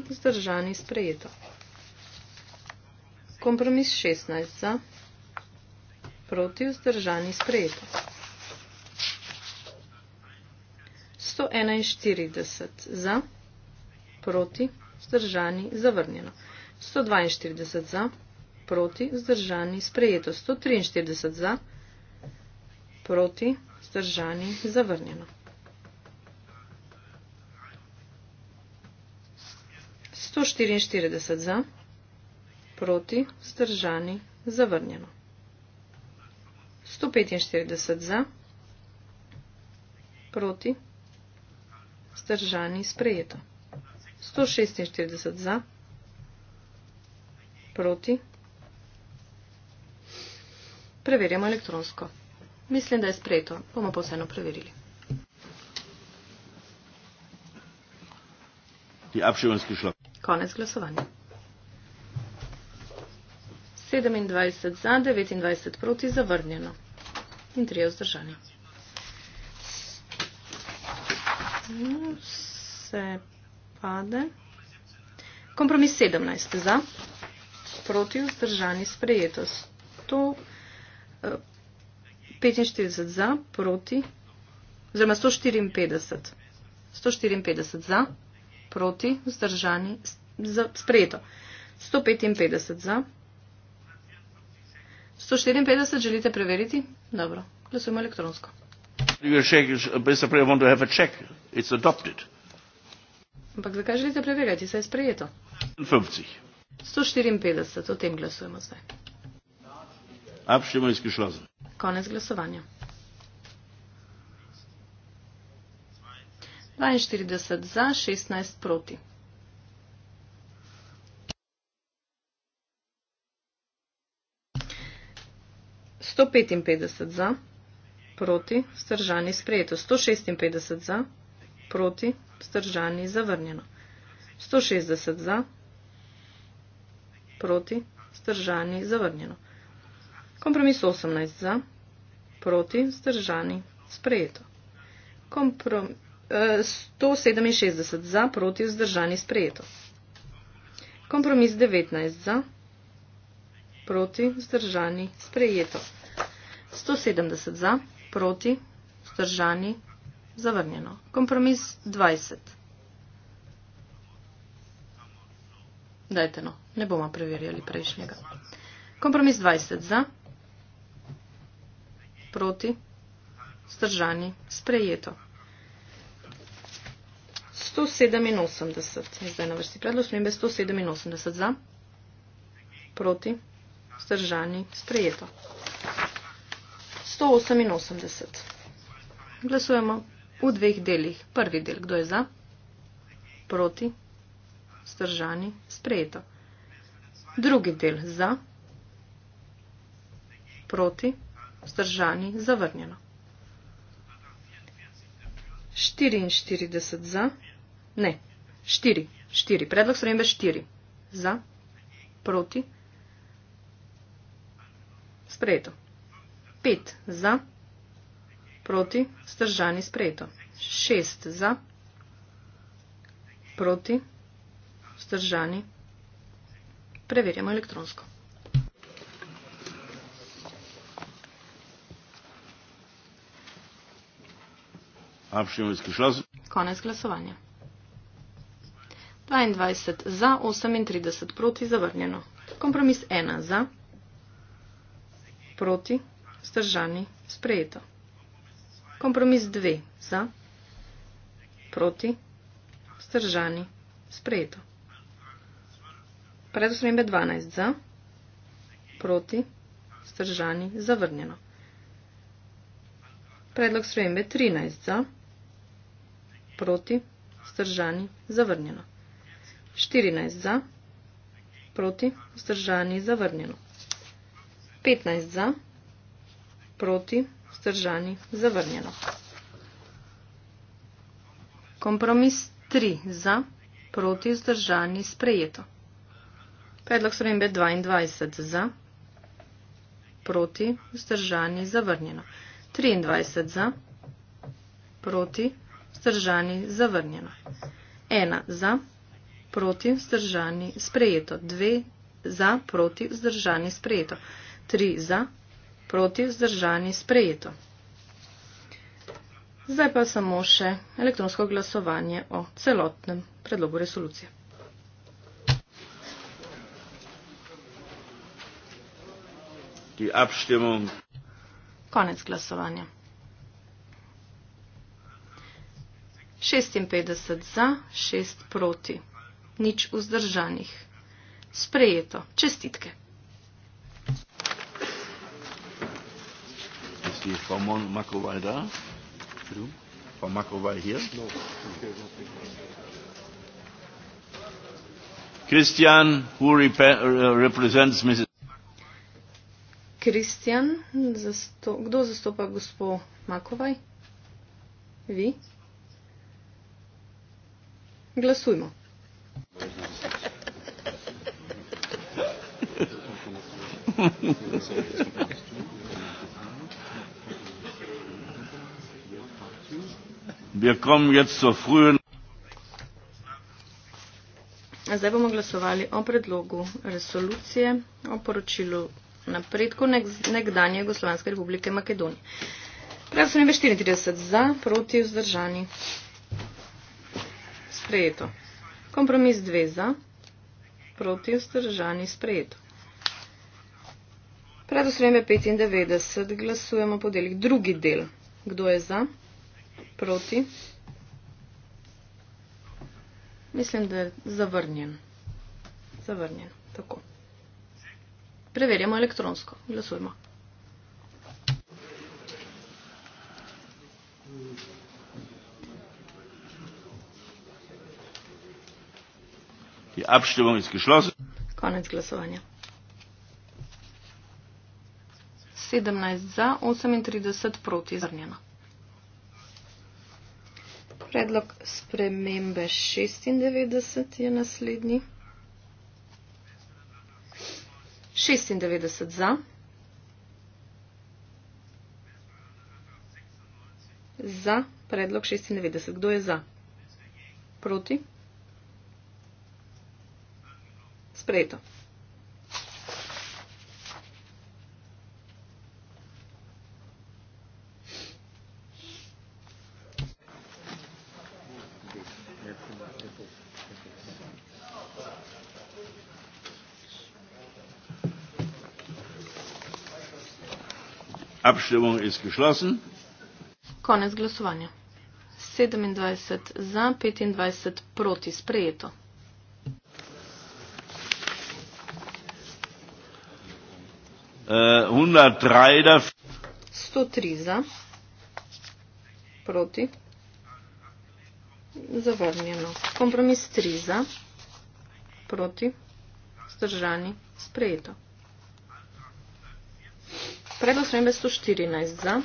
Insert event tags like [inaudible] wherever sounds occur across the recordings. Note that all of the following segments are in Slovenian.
proti, zdržani sprejeto. Kompromis 16 za, proti, zdržani sprejeto. 141 za, proti, zdržani zavrnjeno. 142 za, proti, zdržani sprejeto. 143 za, proti, zdržani zavrnjeno. 144 za, proti, zdržani zavrnjeno. 144 za, proti, vzdržani, zavrnjeno. 145 za, proti, vzdržani, sprejeto. 146 za, proti. Preverjamo elektronsko. Mislim, da je sprejeto. Bomo pa vseeno preverili. Die Abstimmung ist geschlossen. Konec glasovanja. 27 za, 29 proti, zavrnjeno in 3 vzdržani. Se pade. Kompromis 17 za, proti, vzdržani, sprejeto 145 eh, za, proti, oziroma 154. 154 za proti, vzdržani, sprejeto. 155 za. 154 želite preveriti? Dobro, glasujemo elektronsko. Ampak zakaj želite preverjati, saj je sprejeto? 154, o tem glasujemo zdaj. Konec glasovanja. 42 za, 16 proti. Sto petinpetdeset za, proti, vzdržani, sprejeto. Sto šestinpetdeset za, proti, vzdržani, zavrnjeno. Sto šestdeset za, proti, vzdržani, zavrnjeno. Kompromis osemnajst za, proti, vzdržani, sprejeto. Kompromis 167 za, proti vzdržani sprejeto. Kompromis 19 za, proti vzdržani sprejeto. 170 za, proti vzdržani zavrnjeno. Kompromis 20. Dajte no, ne bomo preverjali prejšnjega. Kompromis 20 za, proti, vzdržani, sprejeto. 187. Zdaj na vrsti predlog smembe 187 za, proti, vzdržani, sprejeto. 188. Glasujemo v dveh delih. Prvi del, kdo je za, proti, vzdržani, sprejeto. Drugi del za, proti, vzdržani, zavrnjeno. 44 za, Ne, štiri. Štiri. Predlog spremembe štiri. Za, proti. Sprejeto. Pet za, proti, stržani sprejeto. Šest za, proti, stržani. Preverjamo elektronsko. Konec glasovanja. 22 za, 38 proti, zavrnjeno. Kompromis 1 za, proti, vzdržani, sprejeto. Kompromis 2 za, proti, vzdržani, sprejeto. Predosrembe 12 za, proti, vzdržani, zavrnjeno. Predlog srembe 13 za, proti, vzdržani, zavrnjeno. 14 za, proti, vzdržani, zavrnjeno. 15 za, proti, vzdržani, zavrnjeno. Kompromis 3 za, proti, vzdržani, sprejeto. Predlog srembe 22 za, proti, vzdržani, zavrnjeno. 23 za, proti, vzdržani, zavrnjeno. 1 za, proti, vzdržani, zavrnjeno proti vzdržani sprejeto, dve za proti vzdržani sprejeto, tri za proti vzdržani sprejeto. Zdaj pa samo še elektronsko glasovanje o celotnem predlogu resolucije. Konec glasovanja. 56 za, 6 proti nič vzdržanih. Sprejeto. Čestitke. Christian, who uh, represents Mrs. Christian, kdo zastopa gospo Makovaj? Vi? Glasujmo. Wir kommen jetzt zur frühen. Zdaj bomo glasovali o predlogu resolucije o poročilu napredku nekdanje Jugoslovanske republike Makedonije. Prav so 34 za, proti vzdržani. Sprejeto. Kompromis 2 za, proti vzdržani sprejeto. Pred osrembe 95 glasujemo po delih. Drugi del. Kdo je za? Proti? Mislim, da je zavrnjen. Zavrnjen. Tako. Preverjamo elektronsko. Glasujemo. Hmm. Die Abstimmung ist geschlossen. Konec glasovanja. 17 za, 38 proti. Zrnjena. Predlog spremembe 96 je naslednji. 96 za. Za predlog 96. Kdo je za? Proti? sprejeto. Abstimmung ist geschlossen. Konec glasovanja. 27 za, 25 proti sprejeto. 103 za. 103 za. Proti. Zavrnjeno. Kompromis 3 za. Proti. Zdržani. Sprejeto. Predlog sprejme 114 za.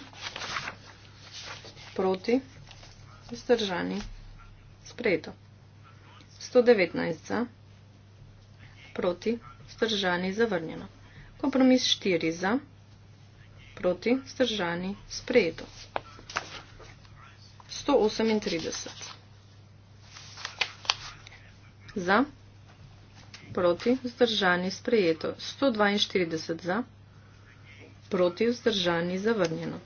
Proti. Zdržani. Sprejeto. 119 za. Proti. Zdržani. Zavrnjeno. Kompromis 4 za, proti, zdržani, sprejeto. 138. Za, proti, zdržani, sprejeto. 142 za, proti, zdržani, zavrnjeno.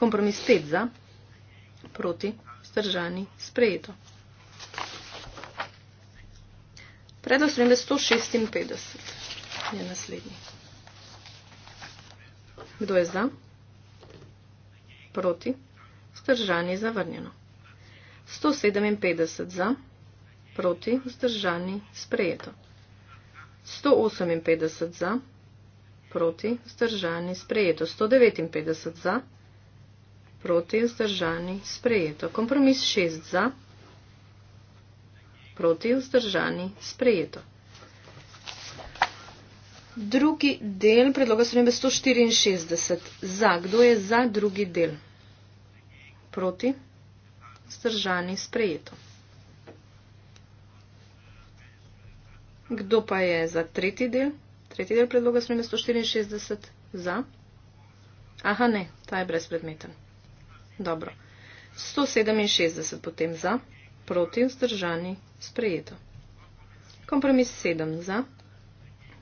Kompromis 5 za, proti, zdržani, sprejeto. Predlog spremembe 156 je naslednji. Kdo je za? Proti. Vzdržani zavrnjeno. 157 za. Proti. Vzdržani sprejeto. 158 za. Proti. Vzdržani sprejeto. 159 za. Proti. Vzdržani sprejeto. Kompromis 6 za. Proti. Vzdržani sprejeto drugi del predloga spremembe 164. Za, kdo je za drugi del? Proti? Zdržani sprejeto. Kdo pa je za tretji del? Tretji del predloga spremembe 164. Za? Aha, ne, ta je brezpredmeten. Dobro. 167 potem za, proti, vzdržani, sprejeto. Kompromis 7 za,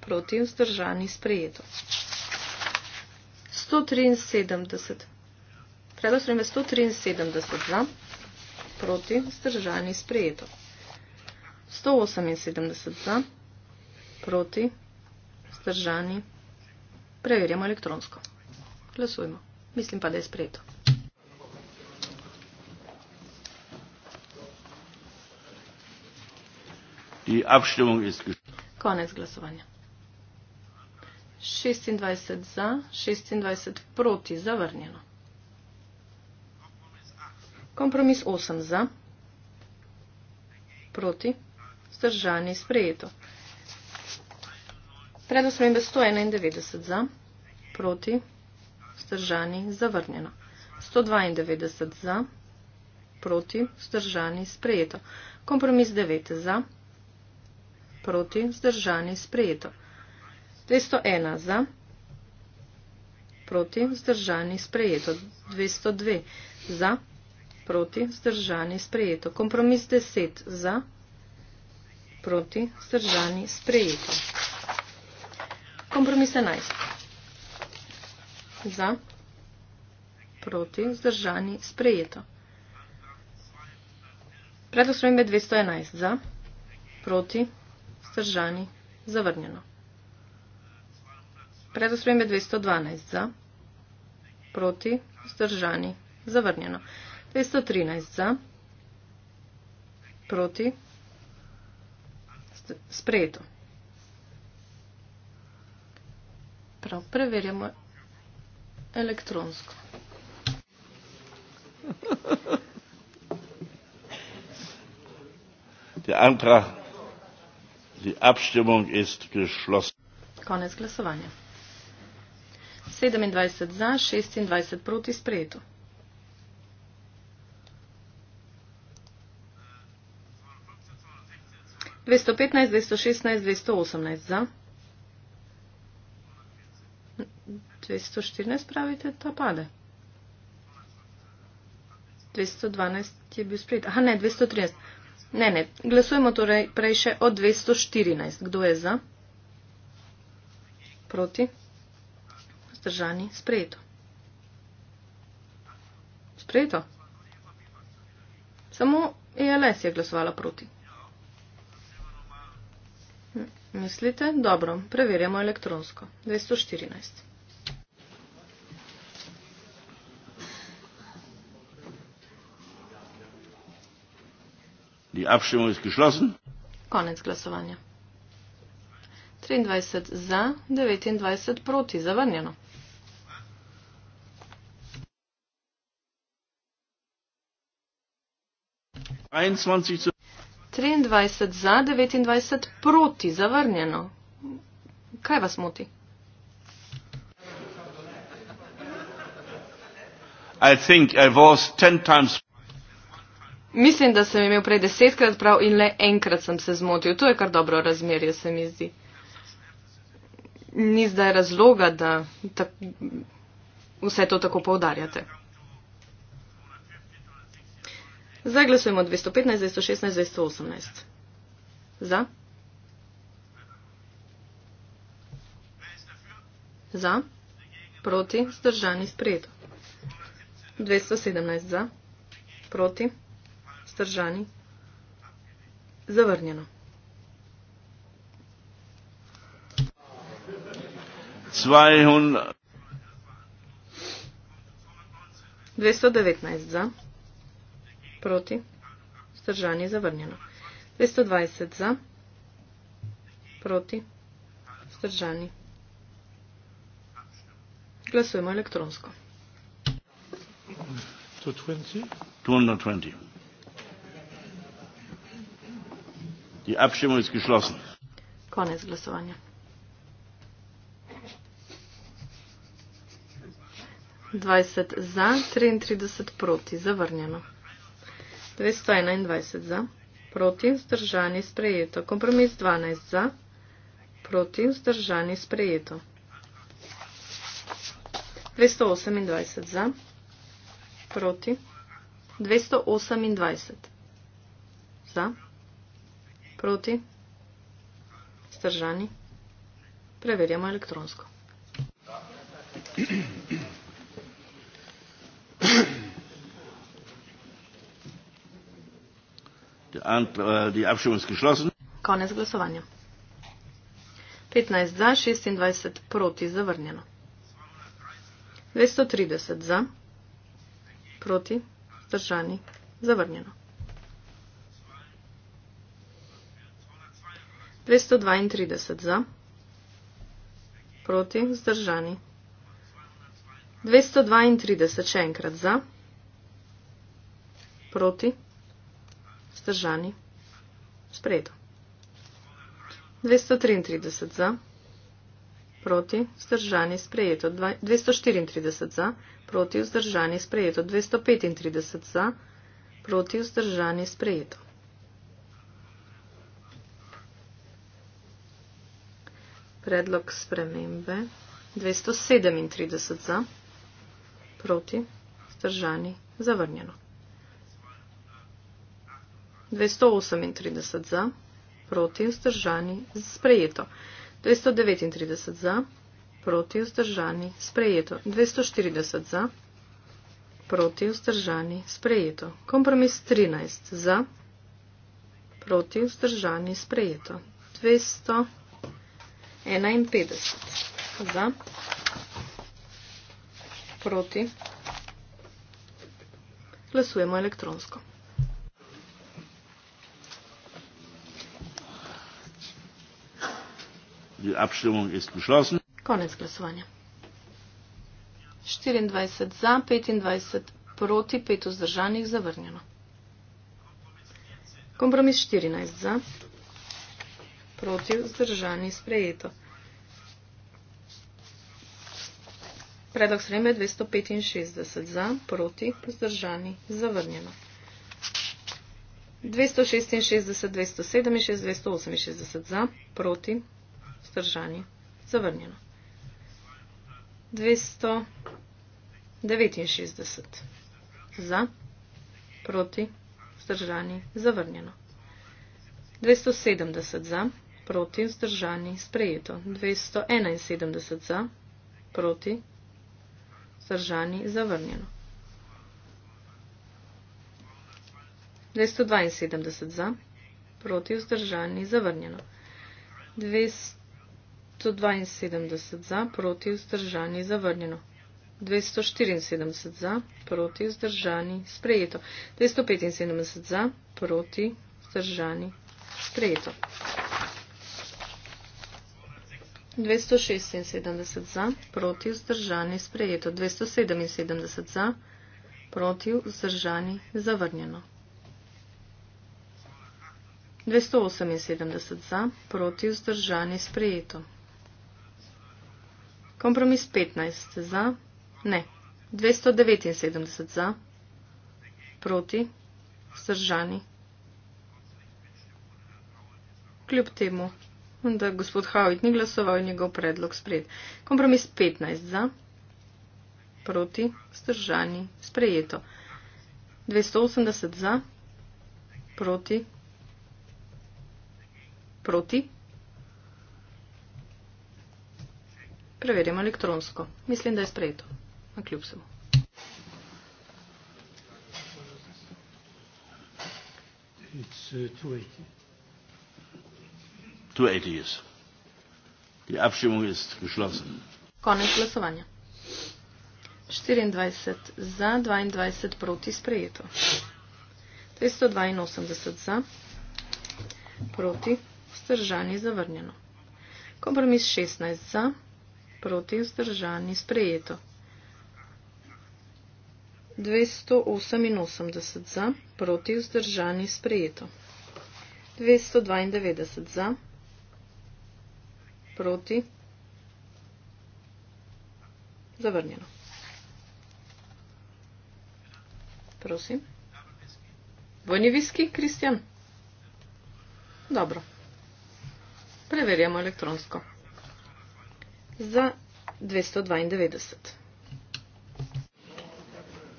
proti in vzdržani sprejeto. 173. Predlog sprejme 173 za, proti, vzdržani, sprejeto. 178 za, proti, vzdržani, preverjamo elektronsko. Glasujmo. Mislim pa, da je sprejeto. Konec glasovanja. 26 za, 26 proti, zavrnjeno. Kompromis 8 za, proti, zdržanje, sprejeto. Predlog spremembe 191 za, proti, zdržanje, zavrnjeno. 192 za, proti, zdržanje, sprejeto. Kompromis 9 za, proti, zdržanje, sprejeto. 201 za, proti, vzdržani, sprejeto. 202 za, proti, vzdržani, sprejeto. Kompromis 10 za, proti, vzdržani, sprejeto. Kompromis 11 za, proti, vzdržani, sprejeto. Predostrojme 211 za, proti, vzdržani, zavrnjeno. Predospreme 212 za, proti, vzdržani, zavrnjeno. 213 za, proti, sprejeto. Prav, preverjamo elektronsko. [laughs] Die Antrag, die Abstimmung ist geschlossen. Konec glasovanja. 27 za, 26 proti sprejeto. dvesto petnajst, dvesto šestnajst, dvesto osemnajst za, dvesto štirinajst pravite, ta pade, dvesto dvanajst je bil sprejet, aha ne, dvesto trinajst, ne, ne, glasujemo torej prej še o dvesto štirinajst, kdo je za, proti, zdržani, sprejeto. Sprejeto. Samo ELS je glasovala proti. Mislite? Dobro, preverjamo elektronsko. 214. Die Abstimmung ist geschlossen. Konec glasovanja. 23 za, 29 proti, zavrnjeno. 23 za, 29 proti, zavrnjeno. Kaj vas moti? I think I was ten times... Mislim, da sem imel prej desetkrat prav in le enkrat sem se zmotil. To je kar dobro razmerje, se mi zdi. Ni zdaj razloga, da ta... vse to tako povdarjate. Zdaj glasujemo 215, 216, 218. Za. Za. Proti. Zdržani. Sprejeto. 217. Za. Proti. Zdržani. Zavrnjeno. Zvajhun. 219 za. Proti. Vzdržanje je zavrnjeno. 220 za. Proti. Vzdržanje. Glasujemo elektronsko. 220. 220. Konec glasovanja. Dvajset za, triintrideset proti, zavrnjeno. 221 za, proti vzdržani sprejeto. Kompromis 12 za, proti vzdržani sprejeto. 228 za, proti 228 za, proti vzdržani. Preverjamo elektronsko. Eh, die Abstimmung ist geschlossen. Konec glasovanja. 15 za, 26 proti, zavrnjeno. 230 za, proti, zdržani, zavrnjeno. 232 za, proti, zdržani. 232 še enkrat za, proti, zdržani. Zdržani. Spredo. 233 za. Proti. Zdržani. Sprejeto. 234 za. Proti. Zdržani. Sprejeto. 235 za. Proti. Zdržani. Sprejeto. 237 za. Proti. Zdržani. Zavrnjeno. 238 za, proti vzdržani, sprejeto. 239 za, proti vzdržani, sprejeto. 240 za, proti vzdržani, sprejeto. Kompromis 13 za, proti vzdržani, sprejeto. 251 za, proti. Glasujemo elektronsko. Die Abstimmung ist geschlossen. Konec glasovanja. 24 za, 25 proti, 5 vzdržanih, zavrnjeno. Kompromis 14 za, proti, vzdržanih, sprejeto. Predlog sreme 265 za, proti, vzdržanih, zavrnjeno. 266, 267, 268 za, proti, vzdržanih. Zdržanje. Zavrnjeno. 269. Za. Proti. Zdržanje. Zavrnjeno. 270. Za. Proti. Zdržanje. Sprejeto. 271. Za. Proti. Zdržanje. Zavrnjeno. 272 za, proti vzdržani, zavrnjeno. 200. 272 za, proti vzdržani, zavrnjeno. 274 za, proti vzdržani, sprejeto. 275 za, proti vzdržani, sprejeto. 276 za, proti vzdržani, sprejeto. 277 za, proti vzdržani, zavrnjeno. 278 za, proti vzdržani, sprejeto. Kompromis 15 za, ne, 279 za, proti, vzdržani. Kljub temu, da gospod Havit ni glasoval in njegov predlog sprejet. Kompromis 15 za, proti, vzdržani, sprejeto. 280 za, proti, proti. Preverim elektronsko. Mislim, da je sprejeto. Na kljub se mu. Uh, Konec glasovanja. 24 za, 22 proti sprejeto. 382 za, proti, stržani zavrnjeno. Kompromis 16 za, proti vzdržani sprejeto. 288 za, proti vzdržani sprejeto. 292 za, proti, zavrnjeno. Prosim. Vojni viski, Kristjan? Dobro. Preverjamo elektronsko za 292.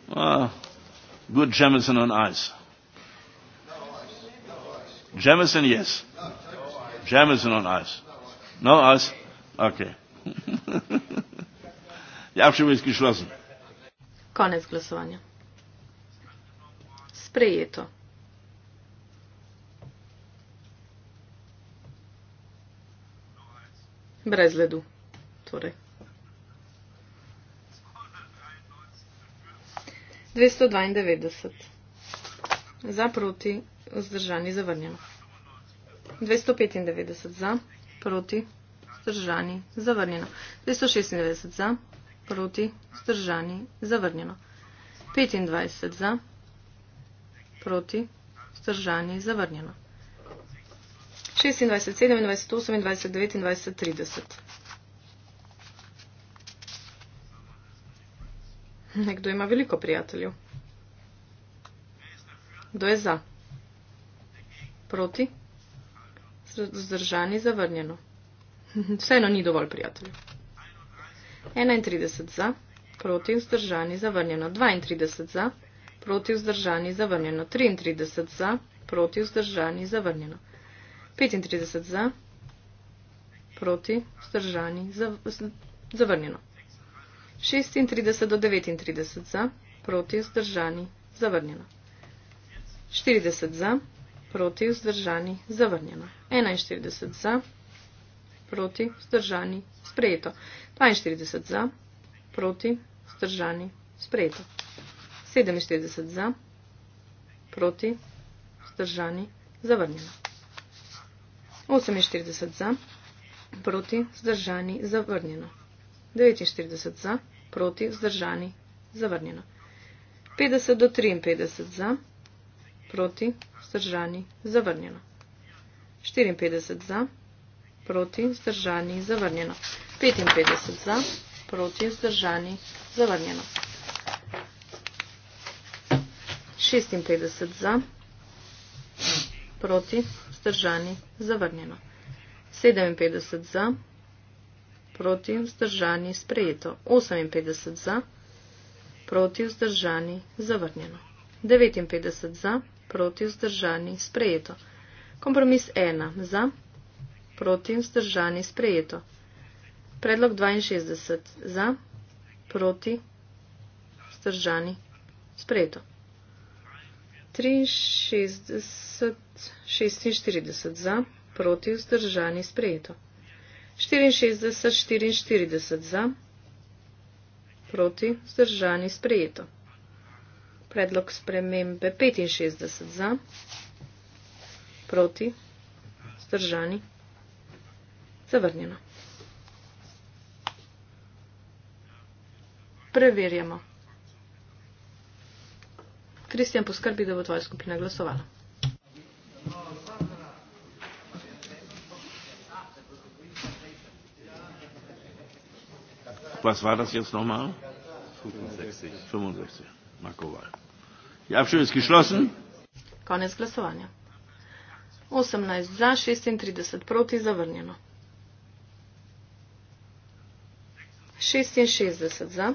Uh, ah, good Jemison on ice. Jemison, yes. Jemison on ice. No ice? Okay. [laughs] ja, še bo izkišlo sem. Konec glasovanja. Sprejeto. Brez ledu torej. 292. Za, proti, vzdržani, zavrnjeno. 295. Za, proti, vzdržani, zavrnjeno. 296. Za, proti, vzdržani, zavrnjeno. 25. Za, proti, vzdržani, zavrnjeno. 26, 27, 28, 29, 30. Nekdo ima veliko prijateljev. Kdo je za? Proti? Zdržani, zavrnjeno. [laughs] Vseeno ni dovolj prijateljev. 31 za, proti, vzdržani, zavrnjeno. 32 za, proti, vzdržani, zavrnjeno. 33 za, proti, vzdržani, zavrnjeno. 35 za, proti, vzdržani, zavrnjeno. 36 do 39 za, proti vzdržani, zavrnjeno. 40 za, proti vzdržani, zavrnjeno. 41 za, proti vzdržani, sprejeto. 42 za, proti vzdržani, sprejeto. 47 za, proti vzdržani, zavrnjeno. 48 za, proti vzdržani, zavrnjeno. 49 za, proti vzdržani, zavrnjeno proti vzdržani, zavrnjeno. 50 do 53 za, proti vzdržani, zavrnjeno. 54 za, proti vzdržani, zavrnjeno. 55 za, proti vzdržani, zavrnjeno. 56 za, proti vzdržani, zavrnjeno. 57 za, proti vzdržani, zavrnjeno proti vzdržani sprejeto, 58 za, proti vzdržani zavrnjeno, 59 za, proti vzdržani sprejeto, kompromis 1 za, proti vzdržani sprejeto, predlog 62 za, proti vzdržani sprejeto. 63, 46 za, proti vzdržani sprejeto. 64 za, proti, vzdržani, sprejeto. Predlog spremembe 65 za, proti, vzdržani, zavrnjeno. Preverjamo. Kristjan, poskrbi, da bo tvoja skupina glasovala. Was war das jetzt nochmal? 65. 65. Markowal. Die Abstimmung ist geschlossen. Konec glasovanja. 18 za, 36 proti, zavrnjeno. 66 za,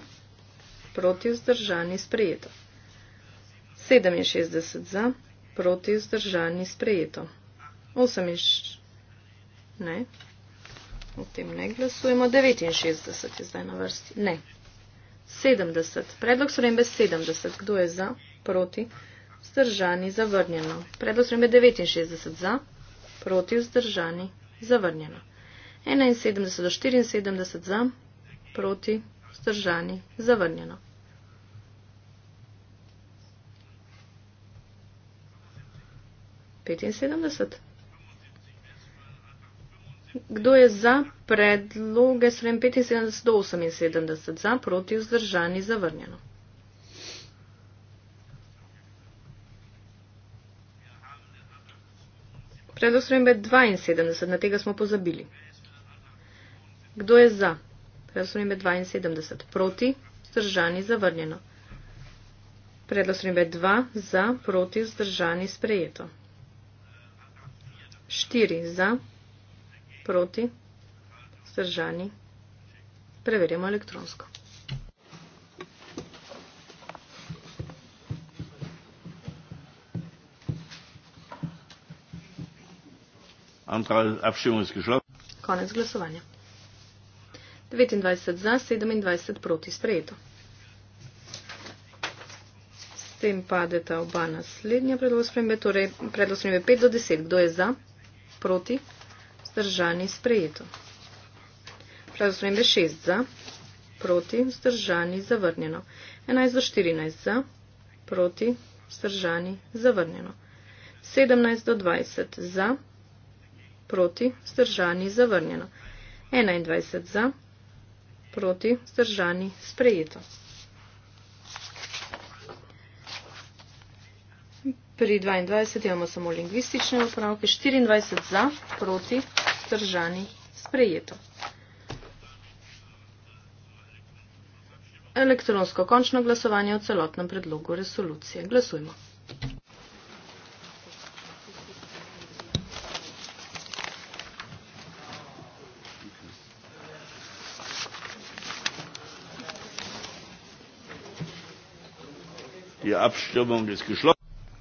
proti vzdržani sprejeto. 67 za, proti vzdržani sprejeto. 8 je š... Ne. V tem ne glasujemo. 69 je zdaj na vrsti. Ne. 70. Predlog sprejembe 70. Kdo je za? Proti. Zdržani. Zavrnjeno. Predlog sprejembe 69. Za. Proti. Zdržani. Zavrnjeno. 71 do 74. Za. Proti. Zdržani. Zavrnjeno. Petinsedemdeset. Kdo je za predloge 75 do 78, za proti vzdržani zavrnjeno? Predlog 72, na tega smo pozabili. Kdo je za? Predlog 72, proti, zdržani, zavrnjeno. Predlog 72, za, proti, zdržani, sprejeto. 4 za, proti, zdržani. Preverjamo elektronsko. Konec glasovanja. 29 za, 27 proti sprejeto. S tem padeta oba naslednja predlog spremembe, torej predlog spremembe 5 do 10. Kdo je za? Proti? vzdržani, sprejeto. Plazo spremembe 6 za, proti, vzdržani, zavrnjeno. 11 do 14 za, proti, vzdržani, zavrnjeno. 17 do 20 za, proti, vzdržani, zavrnjeno. 21 za, proti, vzdržani, sprejeto. Pri 22 imamo samo lingvistične opravke. 24 za, proti, vzdržani, sprejeto. Elektronsko končno glasovanje o celotnem predlogu resolucije. Glasujmo.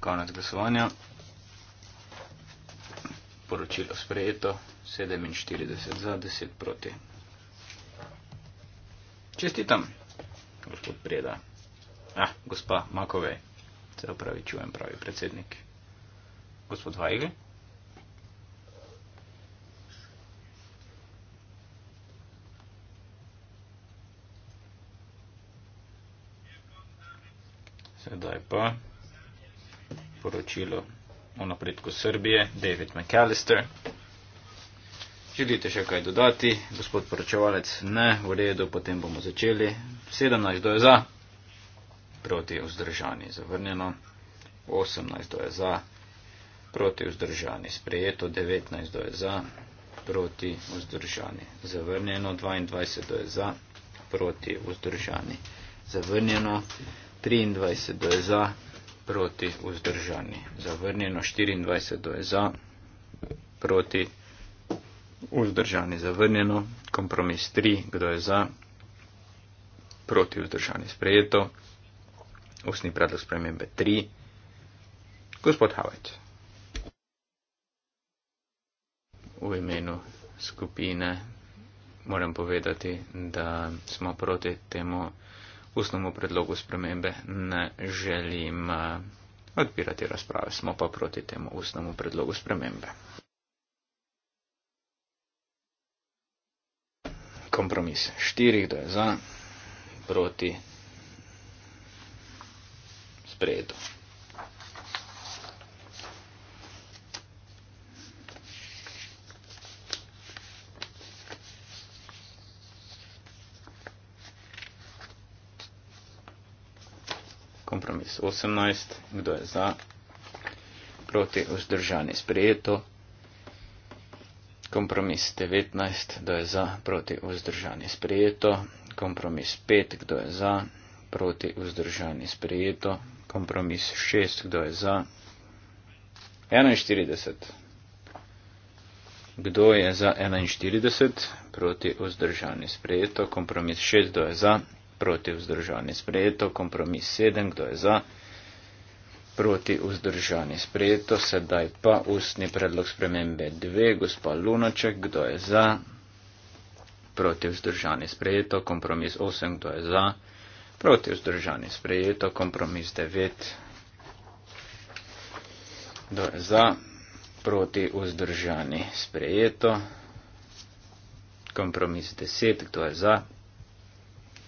Konec glasovanja. Sporočilo sprejeto, 47 za 10 proti. Čestitam, gospod Preda. Ah, gospa Makovej, se pravi, čujem pravi predsednik. Gospod Vajgli. Sedaj pa poročilo o napredku Srbije, David McAllister. Želite še kaj dodati? Gospod poročevalec, ne, v redu, potem bomo začeli. 17 do je za, proti vzdržani zavrnjeno, 18 do je za, proti vzdržani sprejeto, 19 do je za, proti vzdržani zavrnjeno, 22 do je za, proti vzdržani zavrnjeno, 23 do je za, proti vzdržani. Zavrnjeno 24 do je za, proti vzdržani. Zavrnjeno kompromis 3, kdo je za, proti vzdržani. Sprejeto, ustni predlog spremembe 3, gospod Havajc. V imenu skupine moram povedati, da smo proti temu, ustnemu predlogu spremembe ne želim eh, odpirati razprave, smo pa proti temu ustnemu predlogu spremembe. Kompromis štirih, da je za, proti, spredu. kompromis 18, kdo je za, proti vzdržani sprejeto, kompromis 19, kdo je za, proti vzdržani sprejeto, kompromis 5, kdo je za, proti vzdržani sprejeto, kompromis 6, kdo je za, 41. Kdo je za 41, proti vzdržani sprejeto, kompromis 6, kdo je za, proti vzdržani sprejeto, kompromis 7, kdo je za, proti vzdržani sprejeto, sedaj pa ustni predlog spremembe 2, gospa Lunoček, kdo je za, proti vzdržani sprejeto, kompromis 8, kdo je za, proti vzdržani sprejeto, kompromis 9, kdo je za, proti vzdržani sprejeto. Kompromis 10, kdo je za,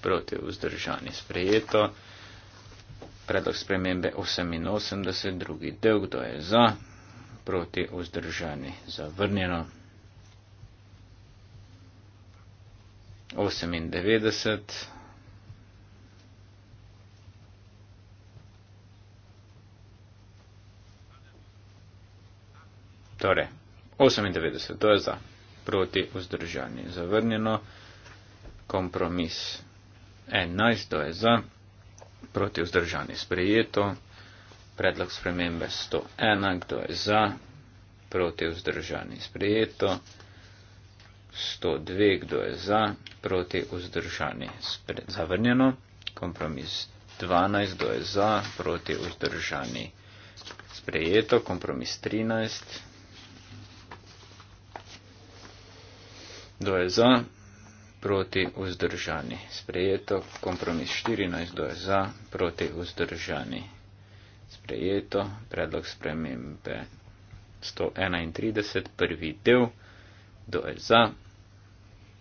nasprotju vzdržani sprejeto. Predlog spremembe 88, drugi del, kdo je za, proti vzdržani zavrnjeno. 98. Torej, 98, to je za, proti vzdržani zavrnjeno. Kompromis 11 je za, proti vzdržani sprejeto, predlog spremembe 101, kdo je za, proti vzdržani sprejeto, 102, kdo je za, proti vzdržani sprejeto, zavrnjeno, kompromis 12, kdo je za, proti vzdržani sprejeto, kompromis 13, kdo je za, proti vzdržani. Sprejeto, kompromis 14, kdo je za, proti vzdržani. Sprejeto, predlog spremembe 131, prvi del, kdo je za,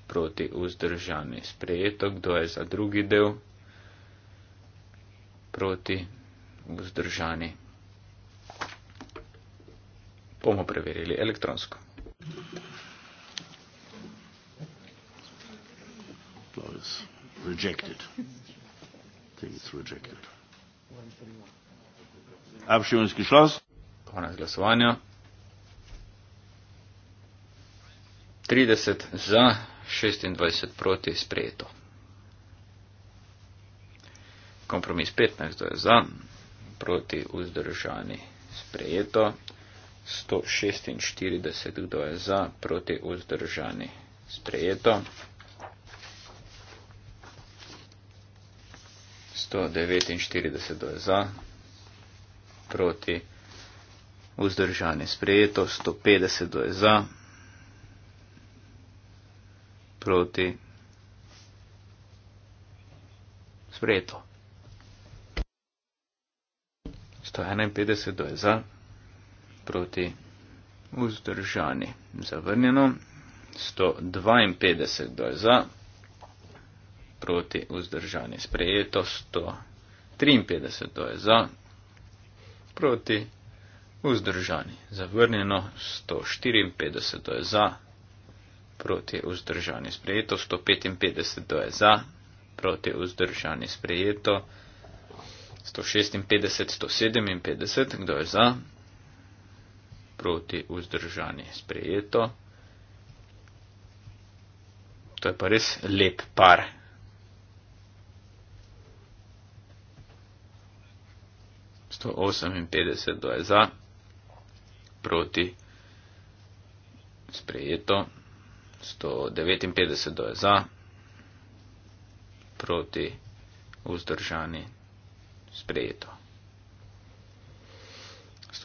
proti vzdržani. Sprejeto, kdo je za drugi del, proti vzdržani. Bomo preverili elektronsko. Thank you. law is rejected. I think it's rejected. Abstimmung ist geschlossen. 30 za, 26 proti, sprejeto. Kompromis 15 je za, proti, vzdržani, sprejeto. 146 kdo je za, proti, vzdržani, sprejeto. 149 do je za, proti vzdržanje sprejeto, 150 do je za, proti sprejeto. 151 do je za, proti vzdržanje zavrnjeno, 152 do je za, proti vzdržanje zavrnjeno proti vzdržanje sprejeto 153, to je za, proti vzdržanje zavrnjeno 154, to je za, proti vzdržanje sprejeto 155, to je za, proti vzdržanje sprejeto 156, 157, kdo je za, proti vzdržanje sprejeto. To je pa res lep par 158 do je za, proti sprejeto, 159 do je za, proti vzdržani sprejeto.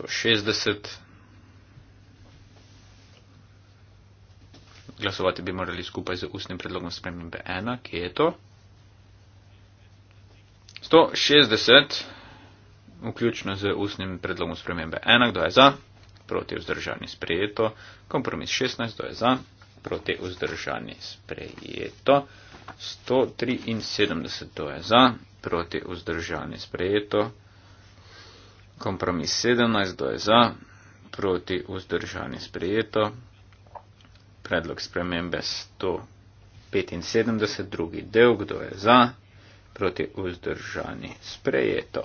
160. Glasovati bi morali skupaj z ustnim predlogom spremembe 1, ki je to. 160 vključno z ustnim predlogom spremembe 1, kdo je za, proti vzdržani sprejeto, kompromis 16, kdo je za, proti vzdržani sprejeto, 173, kdo je za, proti vzdržani sprejeto, kompromis 17, kdo je za, proti vzdržani sprejeto, predlog spremembe 175, drugi del, kdo je za, proti vzdržani sprejeto.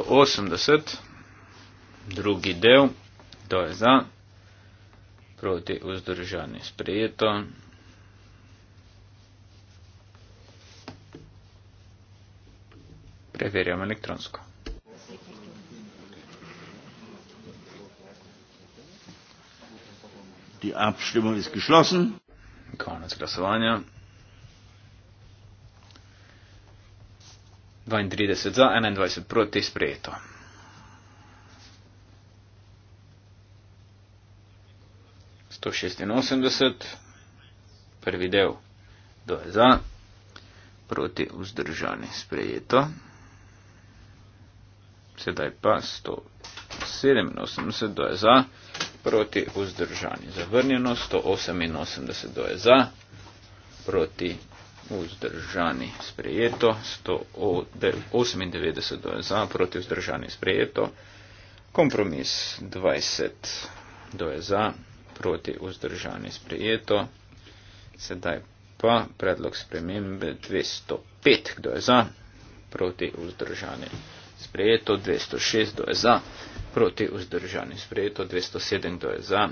180, drugi del, to je za, proti vzdržani sprejeto. Preverjamo elektronsko. Die Abstimmung ist geschlossen. Konec glasovanja. 32 za, 21 proti sprejeto. To 86, prvi del, do je za, proti vzdržani sprejeto. Sedaj pa 187, do je za, proti vzdržani zavrnjeno, 188, do je za, proti vzdržani sprejeto, 198 za, proti vzdržani sprejeto, kompromis 20 do je za, proti vzdržani sprejeto, sedaj pa predlog spremembe 205, kdo je za, proti vzdržani sprejeto, 206 do je za, proti vzdržani sprejeto, 207 do je za,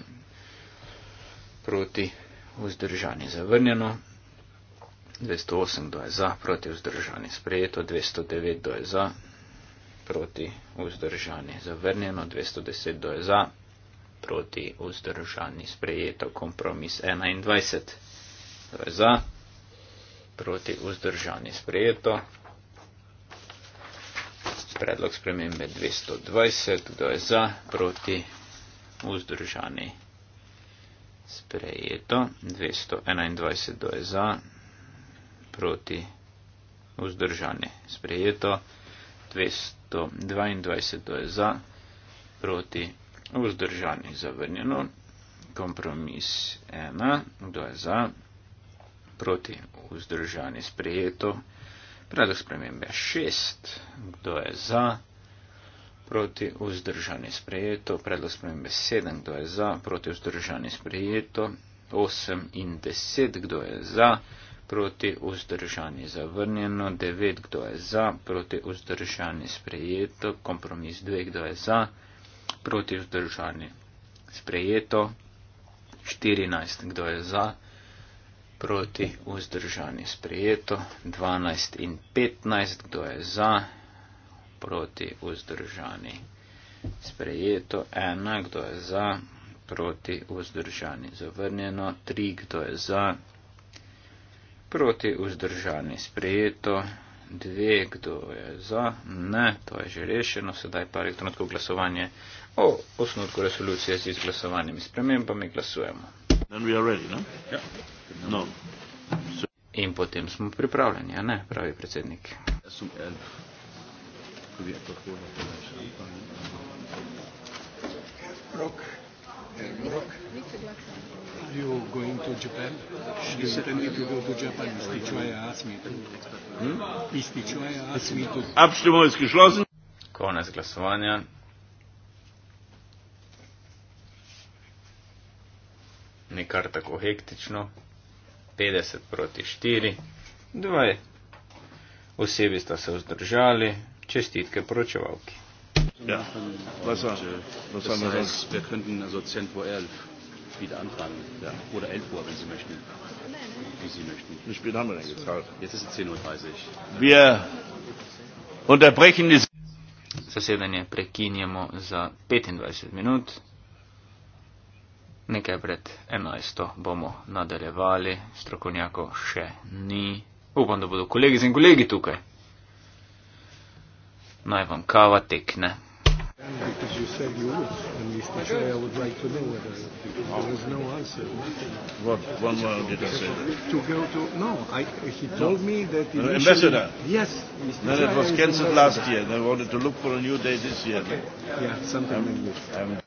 proti vzdržani zavrnjeno. 208 do je za, proti vzdržani sprejeto, 209 do je za, proti vzdržani zavrnjeno, 210 do je za, proti vzdržani sprejeto, kompromis 21 do je za, proti vzdržani sprejeto, predlog spremembe 220 do je za, proti vzdržani sprejeto, 221 do je za, proti vzdržani. Sprejeto 222 to je za, proti vzdržani zavrnjeno. Kompromis 1, kdo je za, proti vzdržani sprejeto. Predlog spremembe 6, kdo je za, proti vzdržani sprejeto. Predlog spremembe 7, kdo je za, proti vzdržani sprejeto. 8 in 10, kdo je za, proti vzdržani sprejeto proti vzdržani zavrnjeno, 9 kdo je za, proti vzdržani sprejeto, kompromis 2 kdo je za, proti vzdržani sprejeto, 14 kdo je za, proti vzdržani sprejeto, 12 in 15 kdo je za, proti vzdržani sprejeto, 1 kdo je za, proti vzdržani zavrnjeno, 3 kdo je za, proti vzdržani sprejeto, dve, kdo je za, ne, to je že rešeno, sedaj pa elektronsko glasovanje o osnutku resolucije z izglasovanimi spremembami glasujemo. Ready, no? Yeah. Ja. No. So... In potem smo pripravljeni, a ne, pravi predsednik. Rok. Rok. Rok you going to Japan? She said I need to go to Japan. Is Tichuaya asked me to. Hmm? Is Tichuaya asked me to. Abstimmung ist geschlossen. Konec glasovanja. Ni kar tako hektično. 50 proti 4. Dvaj. Osebi sta se vzdržali. Čestitke poročevalki. Ja, vas vam je za spekventen na zocent po 11 wieder antragen ja. oder 11 Uhr, wenn Sie möchten. Wie Sie möchten. Wie spät haben wir denn gezahlt? Jetzt ist es 10.30 Uhr. Wir unterbrechen die Zasedanje prekinjamo za 25 minut, nekaj pred 11. bomo nadaljevali, strokovnjako še ni. Upam, da bodo kolegi in kolegi tukaj. Naj vam kava tekne. Because you said you would, and Mr. Chair would like to know whether there was no answer. What one word did I say? To go to no, I, he no? told no. me that no, ambassador. Yes, Mr. No, it was cancelled last year. They wanted to look for a new day this year. Okay. Yeah, something I'm, like this. I'm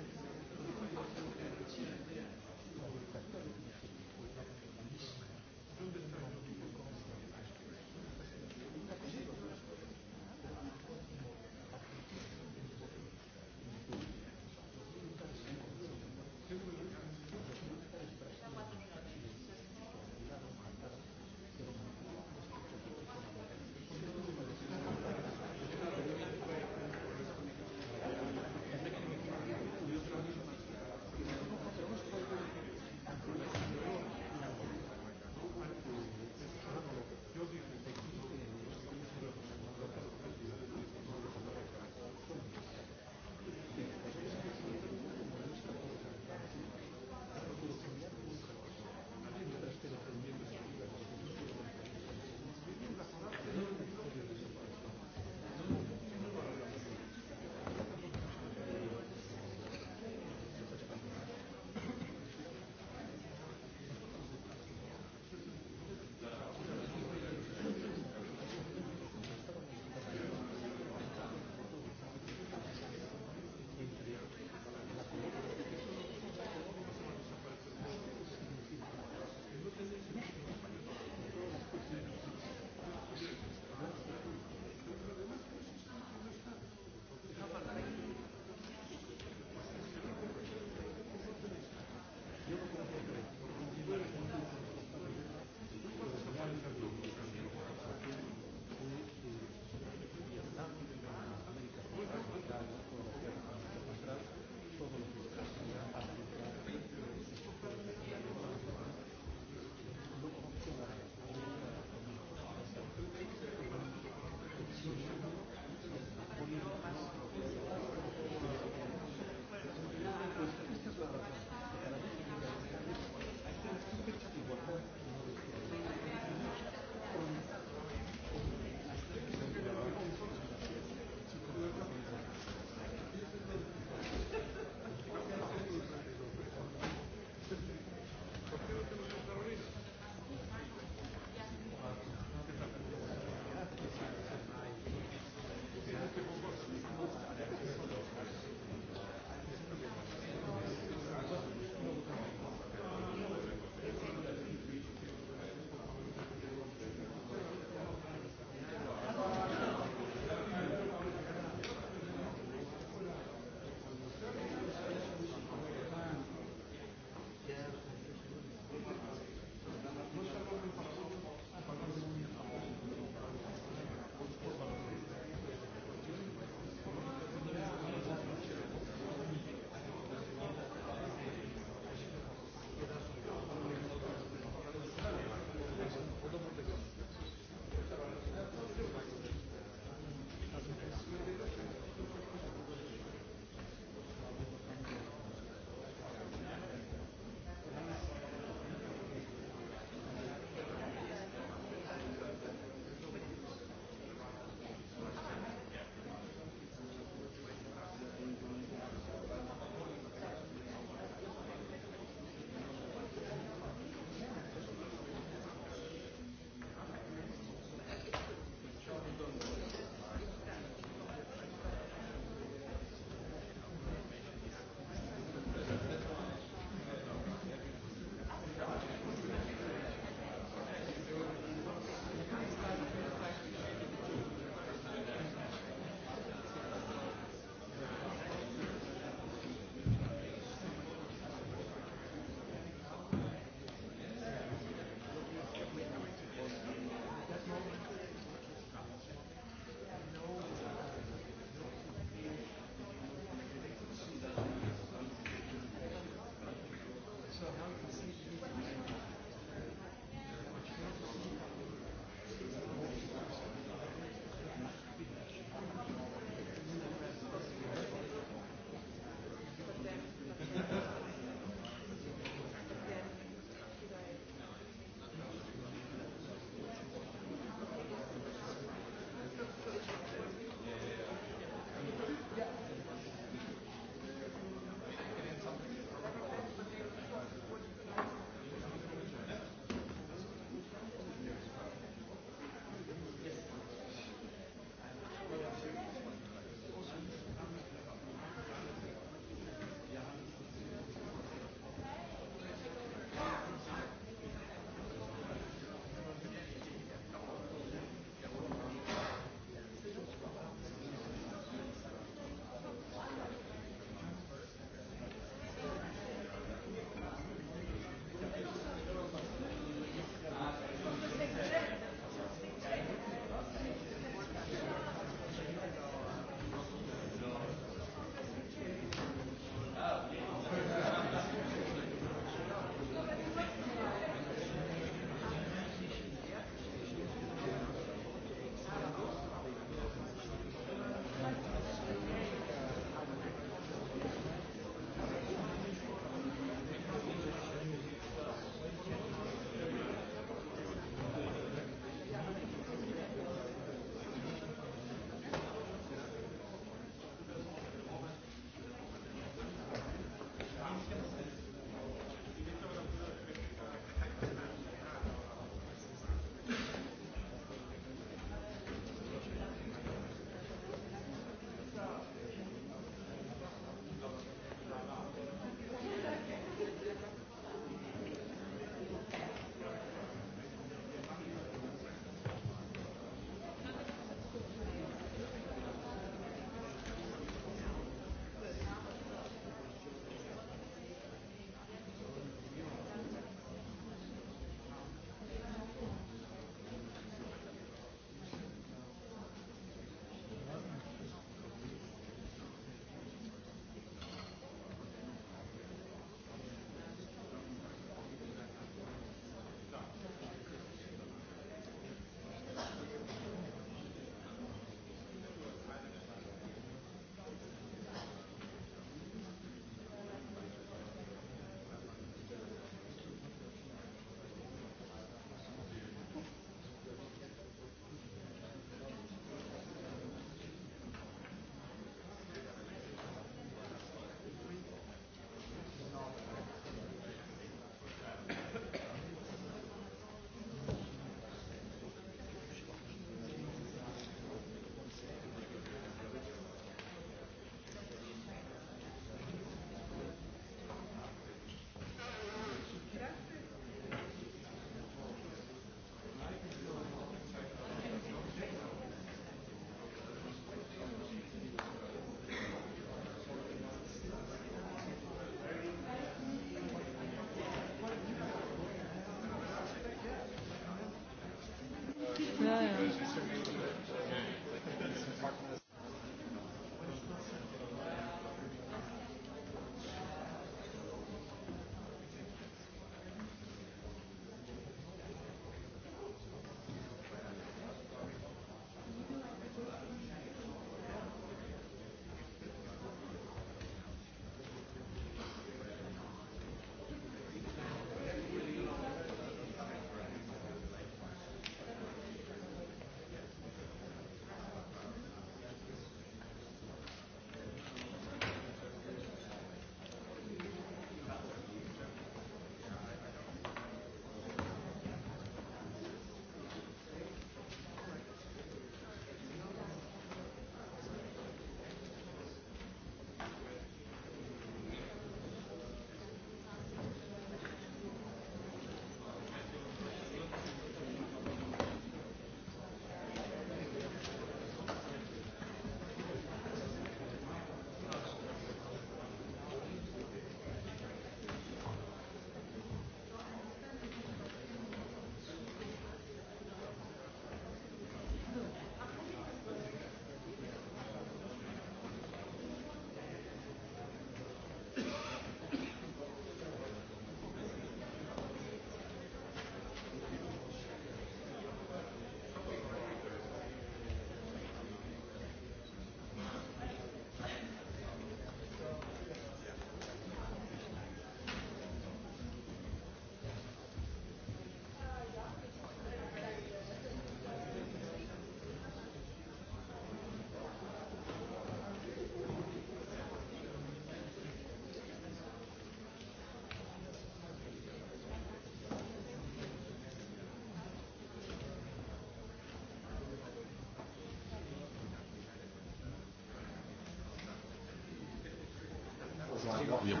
environnement.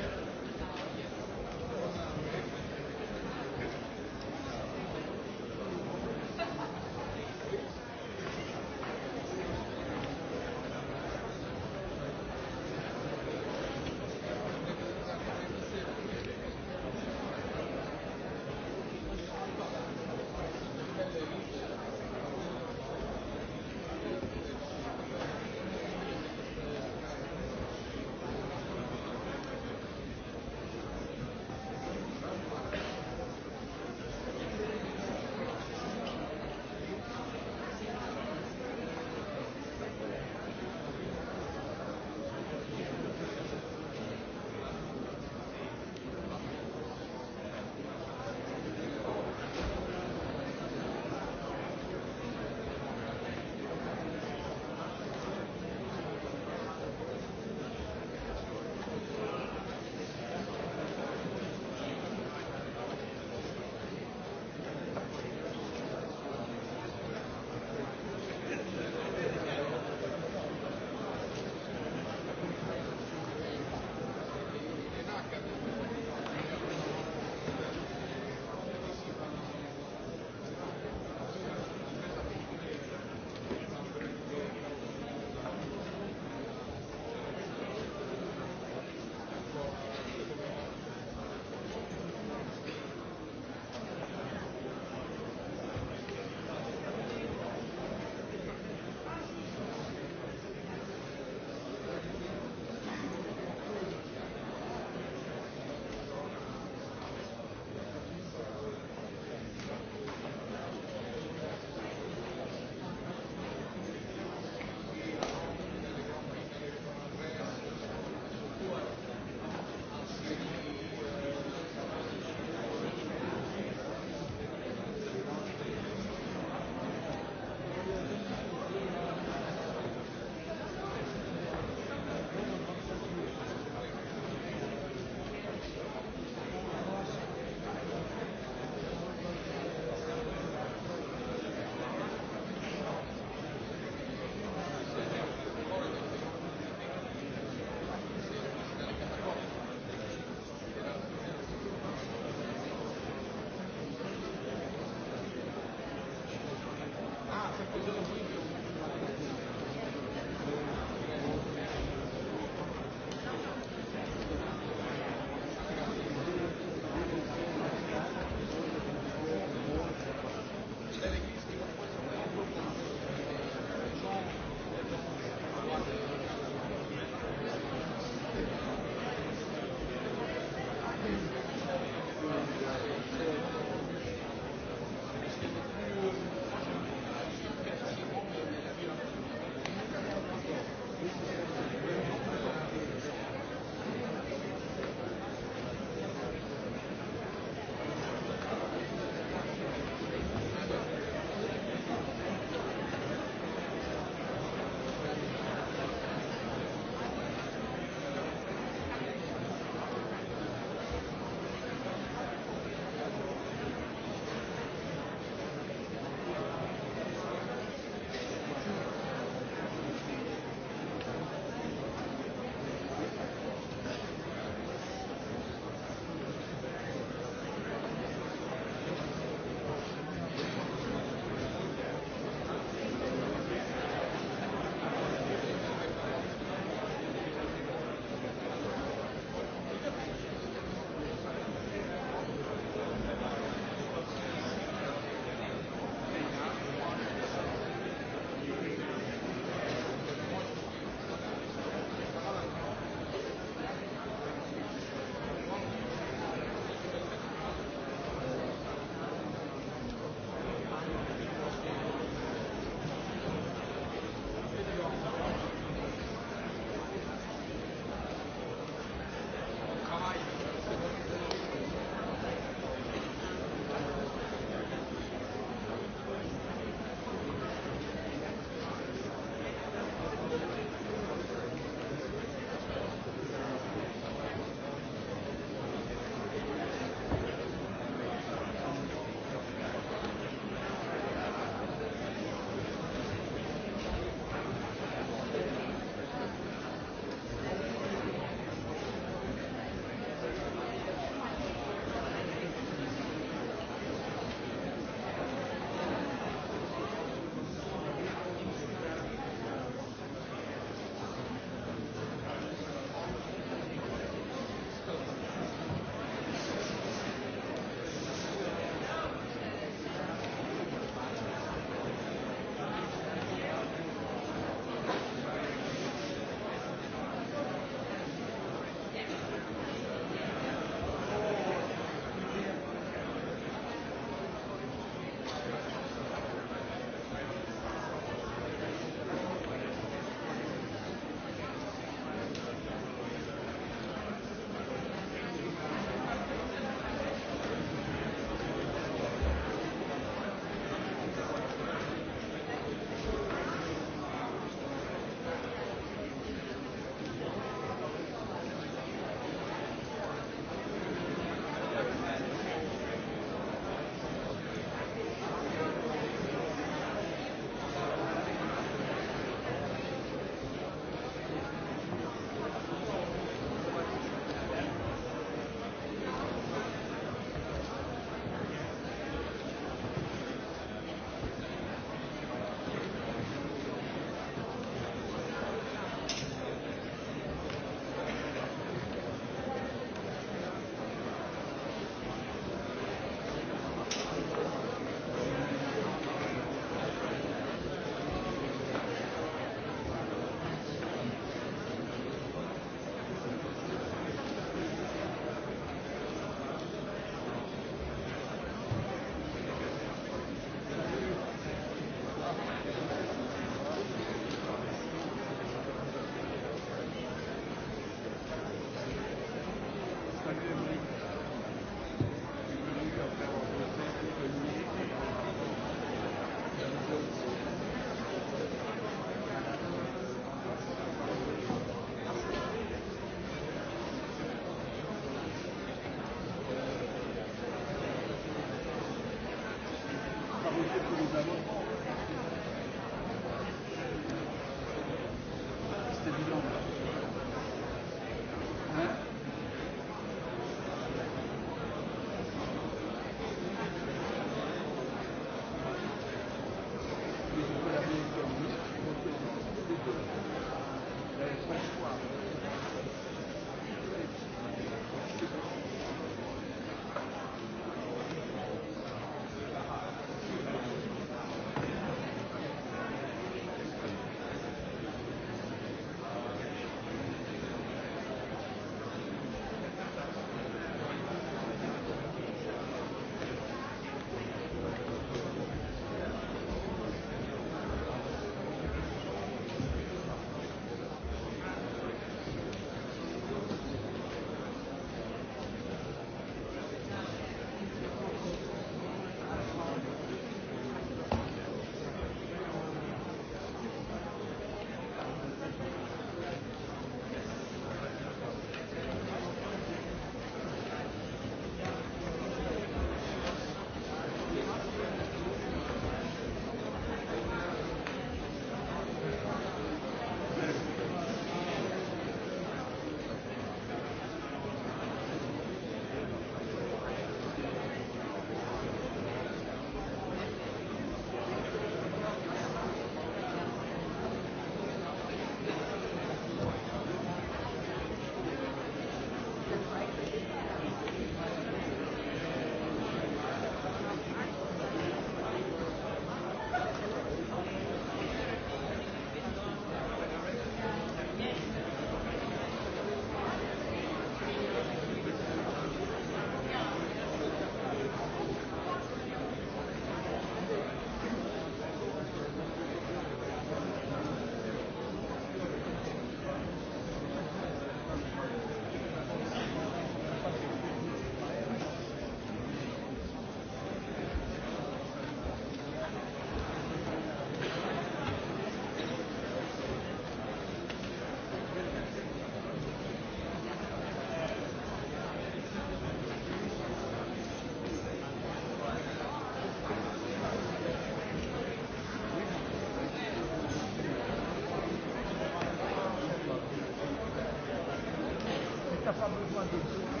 Fabrício Mandir.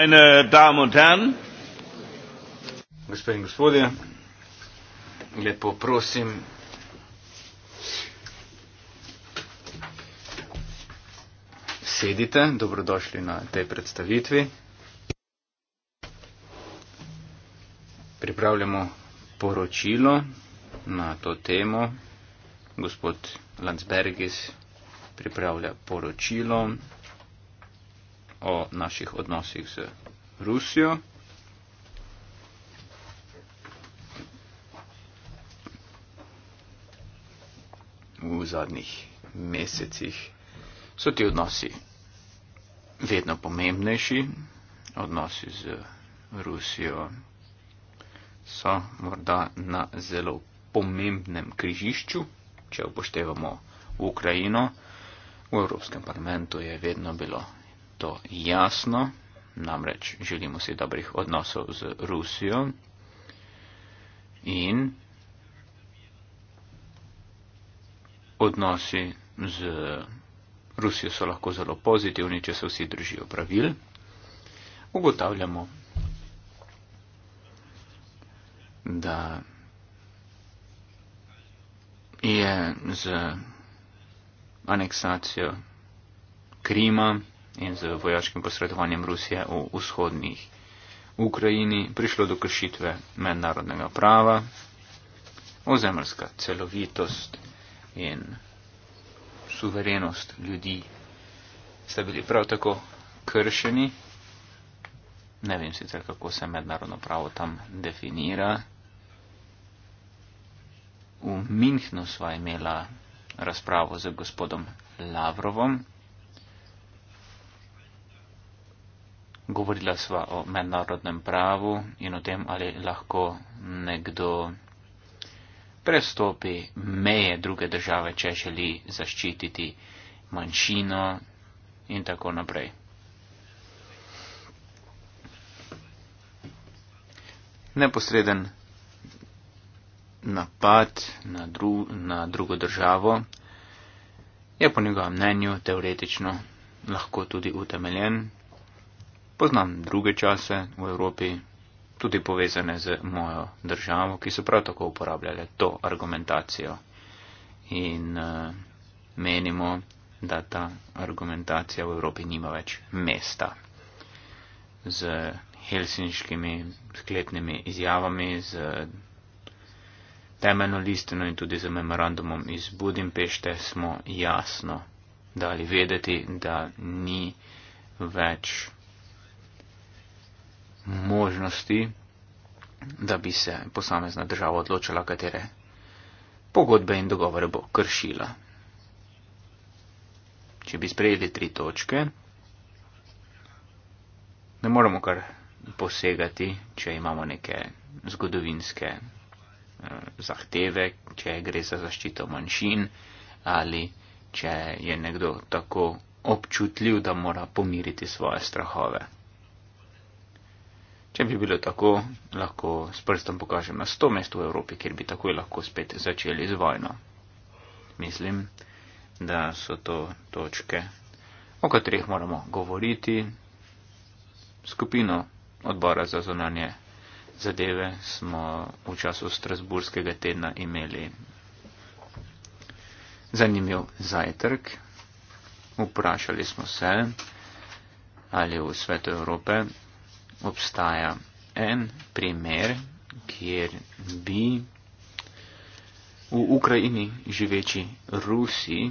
meine Damen und Herren. Gospodin, gospodje, lepo prosim. Sedite, dobrodošli na tej predstavitvi. Pripravljamo poročilo na to temo. Gospod Landsbergis pripravlja poročilo o naših odnosih z Rusijo. V zadnjih mesecih so ti odnosi vedno pomembnejši. Odnosi z Rusijo so morda na zelo pomembnem križišču, če upoštevamo Ukrajino. V Evropskem parlamentu je vedno bilo to jasno, namreč želimo si dobrih odnosov z Rusijo in odnosi z Rusijo so lahko zelo pozitivni, če se vsi držijo pravil. Ugotavljamo, da je z aneksacijo Krima in z vojaškim posredovanjem Rusije v vzhodnih Ukrajini prišlo do kršitve mednarodnega prava, ozemljska celovitost in suverenost ljudi sta bili prav tako kršeni. Ne vem sicer, kako se mednarodno pravo tam definira. V Minhnu sva imela razpravo z gospodom Lavrovom, govorila sva o mednarodnem pravu in o tem, ali lahko nekdo prestopi meje druge države, če želi zaščititi manjšino in tako naprej. Neposreden napad na, dru, na drugo državo je po njegovem mnenju teoretično lahko tudi utemeljen, Poznam druge čase v Evropi, tudi povezane z mojo državo, ki so prav tako uporabljale to argumentacijo. In uh, menimo, da ta argumentacija v Evropi nima več mesta. Z helsinškimi skletnimi izjavami, z temeljno listino in tudi z memorandumom iz Budimpešte smo jasno dali vedeti, da ni več možnosti, da bi se posamezna država odločila, katere pogodbe in dogovore bo kršila. Če bi sprejeli tri točke, ne moramo kar posegati, če imamo neke zgodovinske eh, zahteve, če gre za zaščito manjšin ali če je nekdo tako občutljiv, da mora pomiriti svoje strahove. Če bi bilo tako, lahko s prstom pokažem na sto mest v Evropi, kjer bi takoj lahko spet začeli z vojno. Mislim, da so to točke, o katerih moramo govoriti. Skupino odbora za zonanje zadeve smo v času Strasburskega tedna imeli zanimiv zajtrk. Vprašali smo se, ali v svetu Evrope obstaja en primer, kjer bi v Ukrajini živeči Rusi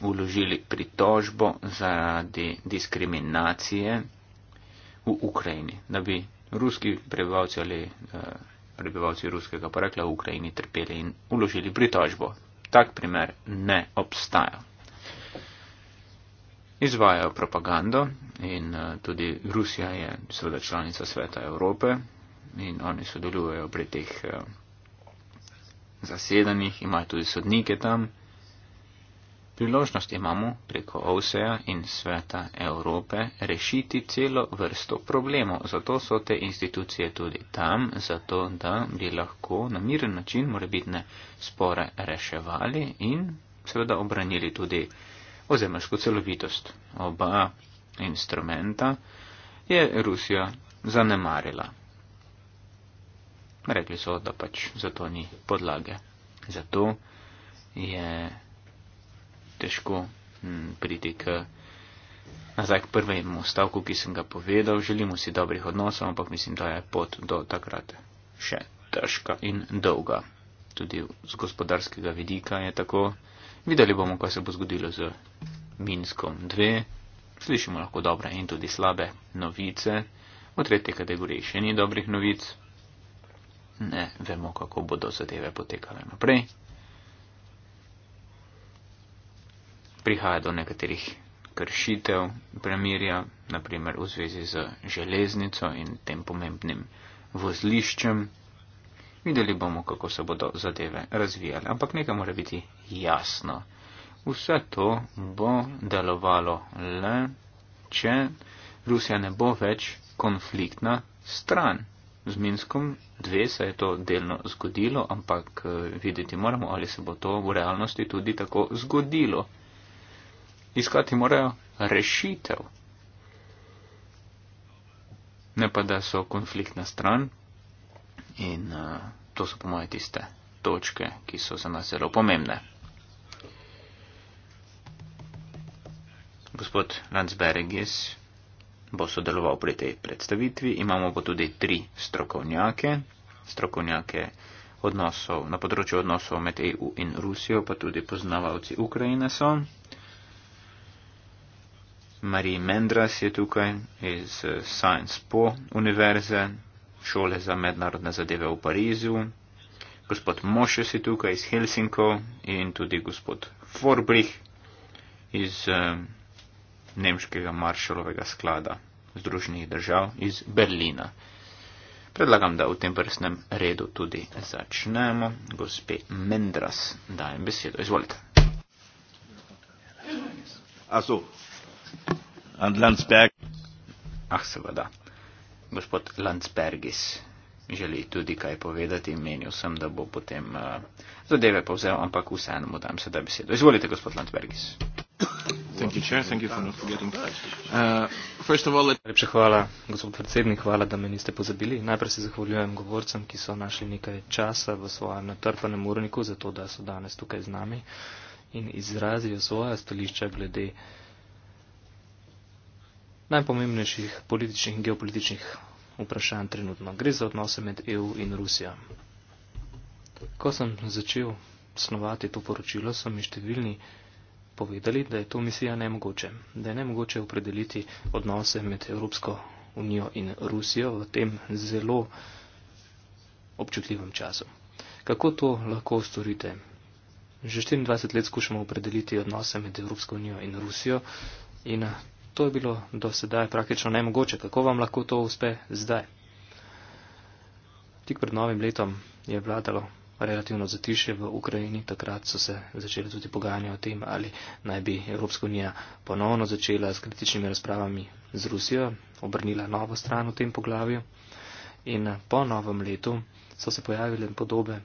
uložili pritožbo zaradi diskriminacije v Ukrajini, da bi ruski prebivalci ali eh, prebivalci ruskega porekla v Ukrajini trpeli in uložili pritožbo. Tak primer ne obstaja izvajajo propagando in eh, tudi Rusija je seveda članica sveta Evrope in oni sodelujejo pri teh eh, zasedanjih, imajo tudi sodnike tam. Priložnost imamo preko OVSE-ja in sveta Evrope rešiti celo vrsto problemov. Zato so te institucije tudi tam, zato da bi lahko na miren način morebitne spore reševali in seveda obranili tudi ozemljsko celovitost. Oba instrumenta je Rusija zanemarila. Rekli so, da pač za to ni podlage. Zato je težko hm, priti k nazaj k prvemu stavku, ki sem ga povedal. Želimo si dobrih odnosov, ampak mislim, da je pot do takrat še težka in dolga. Tudi z gospodarskega vidika je tako. Videli bomo, kaj se bo zgodilo z Minskom 2. Slišimo lahko dobre in tudi slabe novice. V tretji kategoriji še ni dobrih novic. Ne vemo, kako bodo zadeve potekale naprej. Prihaja do nekaterih kršitev premirja, naprimer v zvezi z železnico in tem pomembnim vozliščem. Videli bomo, kako se bodo zadeve razvijale, ampak nekaj mora biti jasno. Vse to bo delovalo le, če Rusija ne bo več konfliktna stran. Z Minskom dve se je to delno zgodilo, ampak eh, videti moramo, ali se bo to v realnosti tudi tako zgodilo. Iskati morajo rešitev. Ne pa, da so konfliktna stran, In uh, to so po moje tiste točke, ki so za nas zelo pomembne. Gospod Landsberg jaz bo sodeloval pri tej predstavitvi. Imamo pa tudi tri strokovnjake, strokovnjake odnosov, na področju odnosov med EU in Rusijo, pa tudi poznavalci Ukrajine so. Marij Mendras je tukaj iz Science Po univerze, šole za mednarodne zadeve v Parizu, gospod Mošes je tukaj iz Helsinko in tudi gospod Forbrich iz eh, nemškega maršalovega sklada Združenih držav iz Berlina. Predlagam, da v tem vrstnem redu tudi začnemo. Gospe Mendras, dajem besedo. Izvolite. Ah, seveda gospod Landsbergis želi tudi kaj povedati, menil sem, da bo potem uh, zadeve povzel, ampak vseeno mu dam sedaj besedo. Izvolite, gospod Landsbergis. Uh, Najlepša uh, hvala, gospod predsednik, hvala, da me niste pozabili. Najprej se zahvaljujem govorcem, ki so našli nekaj časa v svojem natrpanem urniku, zato da so danes tukaj z nami in izrazijo svoje stališče glede najpomembnejših političnih in geopolitičnih vprašanj trenutno. Gre za odnose med EU in Rusijo. Ko sem začel snovati to poročilo, so mi številni povedali, da je to misija nemogoče, da je nemogoče opredeliti odnose med Evropsko unijo in Rusijo v tem zelo občutljivem času. Kako to lahko storite? Že 24 let skušamo opredeliti odnose med Evropsko unijo in Rusijo in To je bilo do sedaj praktično nemogoče. Kako vam lahko to uspe zdaj? Tik pred novim letom je vladalo relativno zatišje v Ukrajini. Takrat so se začele tudi pogajanja o tem, ali naj bi Evropska unija ponovno začela s kritičnimi razpravami z Rusijo, obrnila novo stran v tem poglavju. In po novem letu so se pojavile podobe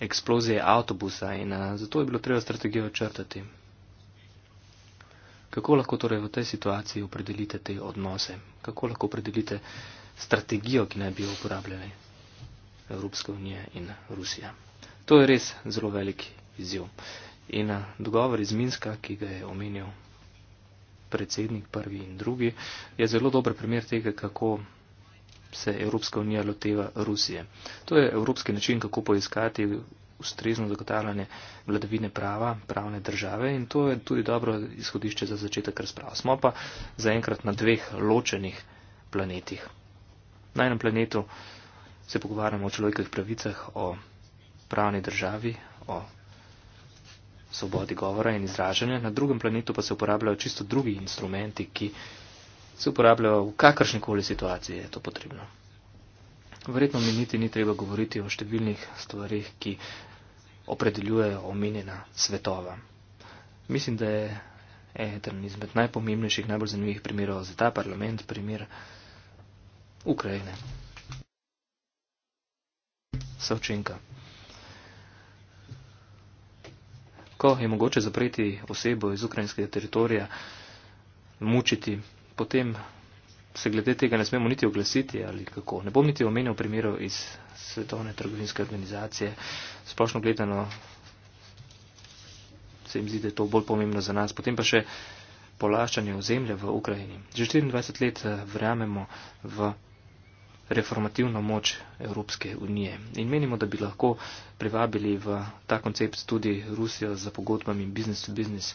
eksplozije avtobusa in eh, zato je bilo treba strategijo črtati. Kako lahko torej v tej situaciji opredelite te odnose? Kako lahko opredelite strategijo, ki naj bi jo uporabljali Evropska unija in Rusija? To je res zelo velik izziv. In eh, dogovor iz Minska, ki ga je omenil predsednik prvi in drugi, je zelo dober primer tega, kako se Evropska unija loteva Rusije. To je evropski način, kako poiskati ustrezno zagotavljanje vladavine prava, pravne države in to je tudi dobro izhodišče za začetek razprav. Smo pa zaenkrat na dveh ločenih planetih. Na enem planetu se pogovarjamo o človekovih pravicah, o pravni državi, o svobodi govora in izražanja, na drugem planetu pa se uporabljajo čisto drugi instrumenti, ki se uporabljajo v kakršnikoli situaciji je to potrebno. Verjetno mi niti ni treba govoriti o številnih stvarih, ki opredeljujejo omenjena svetova. Mislim, da je eden izmed najpomembnejših, najbolj zanimivih primerov za ta parlament primer Ukrajine. Savčenka. Ko je mogoče zapreti osebo iz ukrajinskega teritorija, mučiti, potem se glede tega ne smemo niti oglasiti ali kako. Ne bom niti omenil primerov iz Svetovne trgovinske organizacije. Splošno gledano se jim zdi, da je to bolj pomembno za nas. Potem pa še polaščanje ozemlja v Ukrajini. Že 24 let eh, verjamemo v reformativno moč Evropske unije. In menimo, da bi lahko privabili v ta koncept tudi Rusijo za pogodbami business to business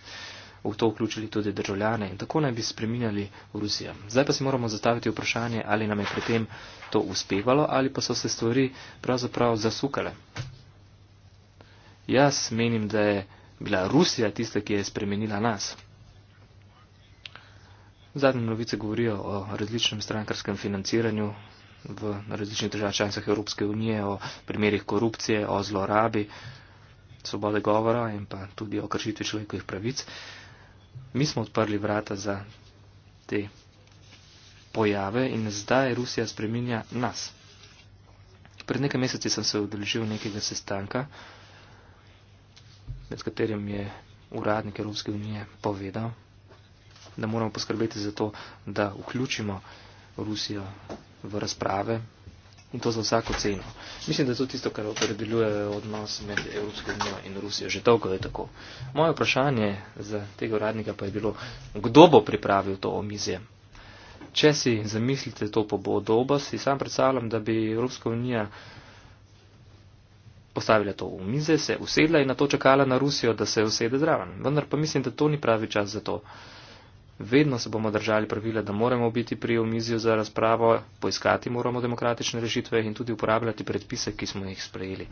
v to vključili tudi državljane in tako naj bi spreminjali Rusijo. Zdaj pa si moramo zastaviti vprašanje, ali nam je pri tem to uspevalo ali pa so se stvari pravzaprav zasukale. Jaz menim, da je bila Rusija tista, ki je spremenila nas. Zadnje novice govorijo o različnem strankarskem financiranju v različnih držav članicah Evropske unije, o primerih korupcije, o zlorabi svobode govora in pa tudi o kršitvi človekovih pravic. Uh, mi smo odprli vrata za te pojave in zdaj Rusija spreminja nas. Pred nekaj meseci sem se odeležil nekega sestanka, med katerim je uradnik Evropske unije povedal, da moramo poskrbeti za to, da vključimo Rusijo v razprave, in to za vsako ceno. Mislim, da je to tisto, kar opredeljuje odnos med Evropsko unijo in Rusijo. Že dolgo je tako. Moje vprašanje za tega uradnika pa je bilo, kdo bo pripravil to omizje. Če si zamislite to pobodoba, si sam predstavljam, da bi Evropska unija postavila to v mize, se usedla in na to čakala na Rusijo, da se usede zraven. Vendar pa mislim, da to ni pravi čas za to. Vedno se bomo držali pravila, da moramo biti pri omizju za razpravo, poiskati moramo demokratične rešitve in tudi uporabljati predpise, ki smo jih sprejeli.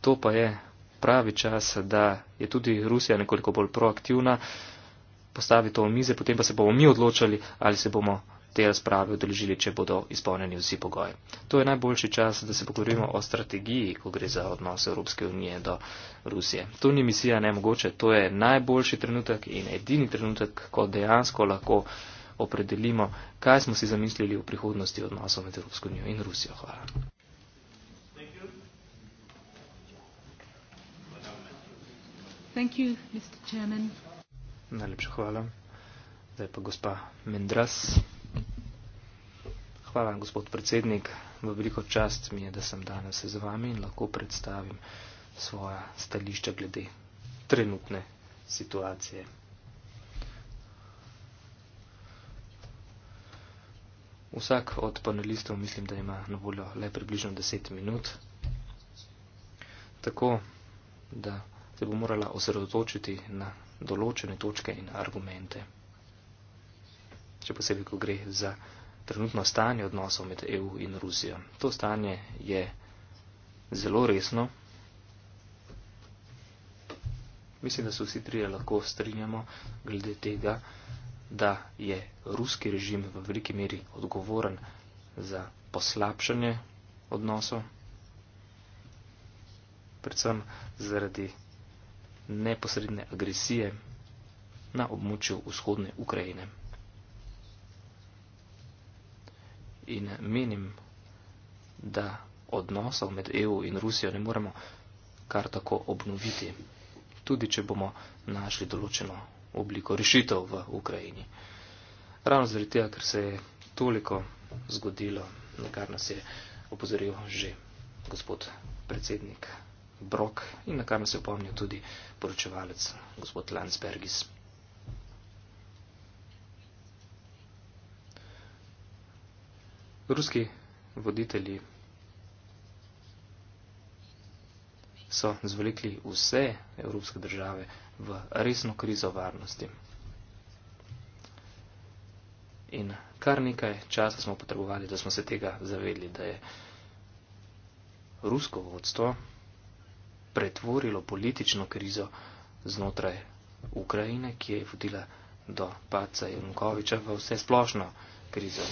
To pa je pravi čas, da je tudi Rusija nekoliko bolj proaktivna, postavi to omize, potem pa se bomo mi odločali, ali se bomo te razprave odeležili, če bodo izpolnjeni vsi pogoji. To je najboljši čas, da se pogovorimo o strategiji, ko gre za odnose Evropske unije do Rusije. To ni misija nemogoče, to je najboljši trenutek in edini trenutek, ko dejansko lahko opredelimo, kaj smo si zamislili v prihodnosti odnosov med Evropsko unijo in Rusijo. Hvala. Najlepša hvala. Zdaj pa gospa Mendras hvala, gospod predsednik. V veliko čast mi je, da sem danes z vami in lahko predstavim svoja stališča glede trenutne situacije. Vsak od panelistov mislim, da ima na voljo le približno 10 minut, tako da se bo morala osredotočiti na določene točke in argumente. Še posebej, ko gre za trenutno stanje odnosov med EU in Rusijo. To stanje je zelo resno. Mislim, da se vsi trije lahko strinjamo glede tega, da je ruski režim v veliki meri odgovoren za poslabšanje odnosov, predvsem zaradi neposredne agresije na območju vzhodne Ukrajine. in menim, da odnosov med EU in Rusijo ne moremo kar tako obnoviti, tudi če bomo našli določeno obliko rešitev v Ukrajini. Ravno zaradi tega, ker se je toliko zgodilo, na kar nas je opozoril že gospod predsednik Brok in na kar nas je opomnil tudi poročevalec gospod Landsbergis. Ruski voditelji so zvolikli vse evropske države v resno krizo varnosti. In kar nekaj časa smo potrebovali, da smo se tega zavedli, da je rusko vodstvo pretvorilo politično krizo znotraj Ukrajine, ki je vodila do paca Jankoviča v vse splošno krizo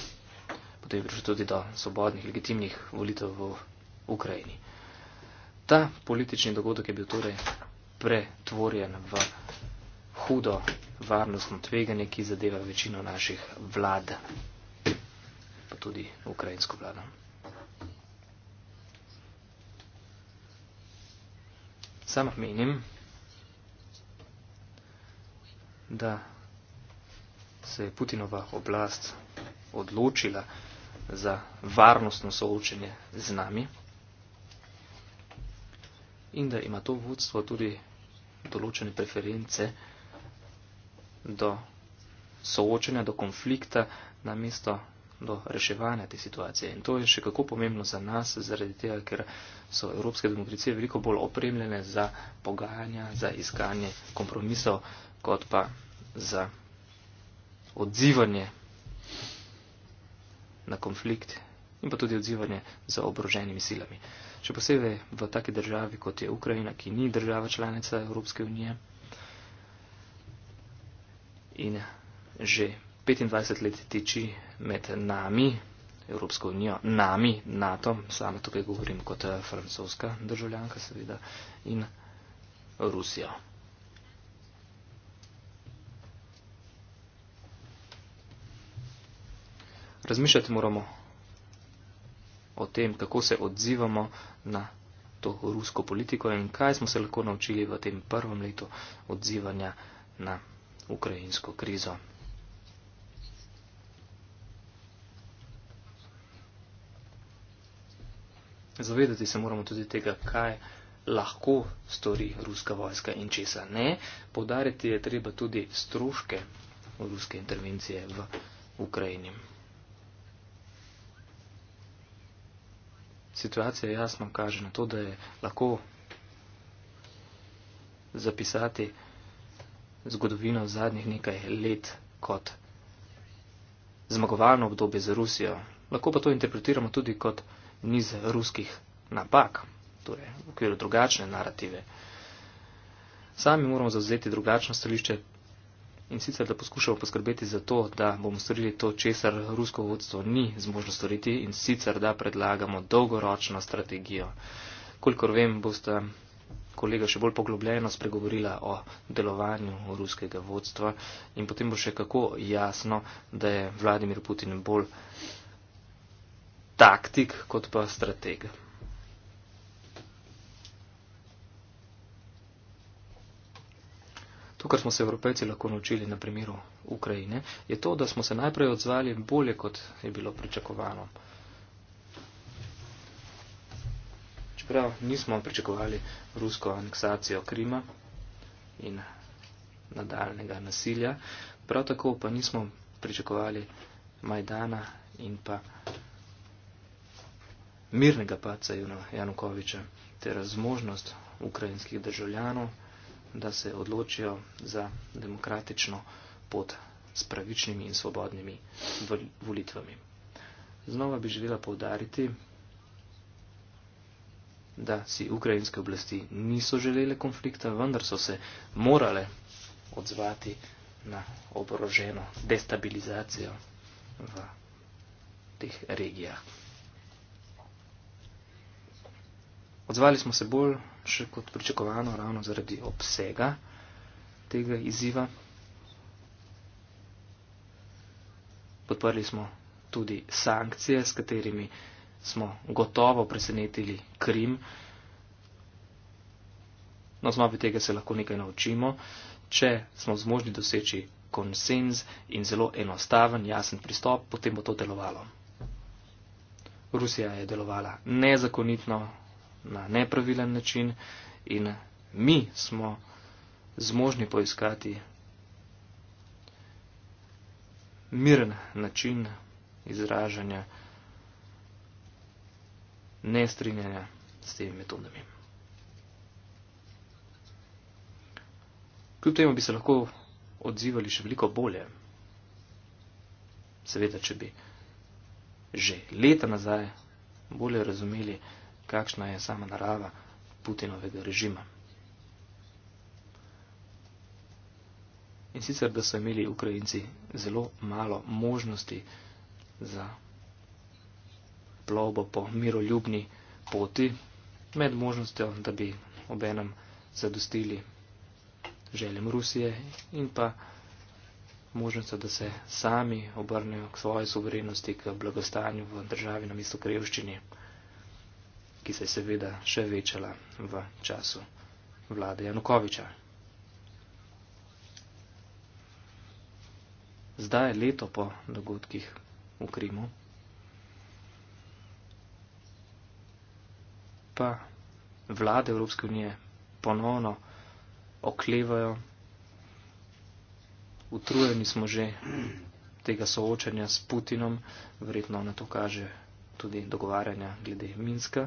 potem je prišlo tudi do svobodnih, legitimnih volitev v Ukrajini. Ta politični dogodek je bil torej pretvorjen v hudo varnostno tveganje, ki zadeva večino naših vlad, pa tudi ukrajinsko vlado. Sam menim, da se je Putinova oblast odločila, za varnostno soočenje z nami. In da ima to vodstvo tudi določene preference do soočenja, do konflikta, namesto do reševanja te situacije. In to je še kako pomembno za nas, zaradi tega, ker so evropske demokracije veliko bolj opremljene za pogajanja, za iskanje kompromisov, kot pa za odzivanje na konflikt in pa tudi odzivanje za obroženimi silami. Še posebej v taki državi, kot je Ukrajina, ki ni država članica Evropske unije in že 25 let teči med nami, Evropsko unijo, nami, NATO, sama tukaj govorim kot eh, francoska državljanka seveda, in Rusijo. Razmišljati moramo o tem, kako se odzivamo na to rusko politiko in kaj smo se lahko naučili v tem prvem letu odzivanja na ukrajinsko krizo. Zavedati se moramo tudi tega, kaj lahko stori ruska vojska in česa ne. Podariti je treba tudi stroške ruske intervencije v Ukrajini. situacija jasno kaže na to, da je lahko zapisati zgodovino zadnjih nekaj let kot zmagovalno obdobje za Rusijo. Lahko pa to interpretiramo tudi kot niz ruskih napak, torej v okviru drugačne narative. Sami moramo zauzeti drugačno stališče in sicer, da poskušajo poskrbeti za to, da bomo storili to, česar rusko vodstvo ni zmožno storiti in sicer, da predlagamo dolgoročno strategijo. Kolikor vem, boste kolega še bolj poglobljeno spregovorila o delovanju ruskega vodstva in potem bo še kako jasno, da je Vladimir Putin bolj taktik kot pa strateg. To, kar smo se evropejci lahko naučili na primeru Ukrajine, je to, da smo se najprej odzvali bolje, kot je bilo pričakovano. Čeprav nismo pričakovali rusko aneksacijo Krima in nadaljnega nasilja, prav tako pa nismo pričakovali Majdana in pa mirnega paca Janukoviča ter razmožnost ukrajinskih državljanov da se odločijo za demokratično pot s pravičnimi in svobodnimi volitvami. Znova bi želela povdariti, da si ukrajinske oblasti niso želele konflikta, vendar so se morale odzvati na oboroženo destabilizacijo v teh regijah. Odzvali smo se bolj še kot pričakovano ravno zaradi obsega tega izziva. Podprli smo tudi sankcije, s katerimi smo gotovo presenetili Krim. Na osnovi tega se lahko nekaj naučimo, če smo zmožni doseči konsenz in zelo enostaven, jasen pristop, potem bo to delovalo. Rusija je delovala nezakonitno, na nepravilen način in mi smo zmožni poiskati miren način izražanja nestrinjanja s temi metodami. Kljub temu bi se lahko odzivali še veliko bolje. Seveda, če bi že leta nazaj bolje razumeli, kakšna je sama narava Putinovega režima. In sicer, da so imeli Ukrajinci zelo malo možnosti za plovbo po miroljubni poti med možnostjo, da bi obenem zadostili željem Rusije in pa možnostjo, da se sami obrnejo k svoji soverenosti, k blagostanju v državi na mestu krevščini ki se je seveda še večala v času vlade Janukoviča. Zdaj, leto po dogodkih v Krimu, pa vlade Evropske unije ponovno oklevajo. Utrujeni smo že tega soočanja s Putinom, verjetno na to kaže tudi dogovarjanja glede Minska.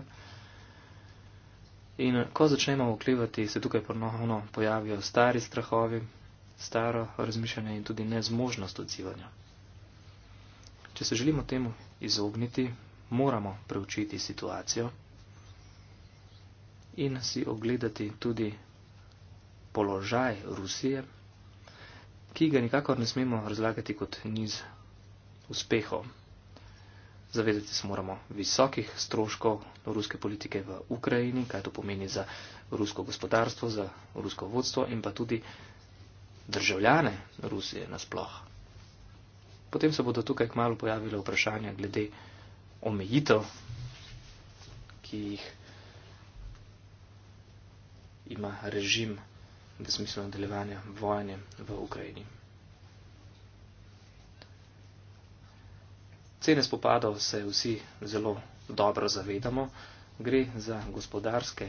In ko začnemo oklevati, se tukaj ponovno pojavijo stari strahovi, staro razmišljanje in tudi nezmožnost odzivanja. Če se želimo temu izogniti, moramo preučiti situacijo in si ogledati tudi položaj Rusije, ki ga nikakor ne smemo razlagati kot niz uspehov. Zavedati se moramo visokih stroškov ruske politike v Ukrajini, kaj to pomeni za rusko gospodarstvo, za rusko vodstvo in pa tudi državljane Rusije nasploh. Potem se bodo tukaj kmalo pojavile vprašanja glede omejitev, ki jih ima režim v smislu nadaljevanja vojne v Ukrajini. Cene spopadov se vsi zelo dobro zavedamo. Gre za gospodarske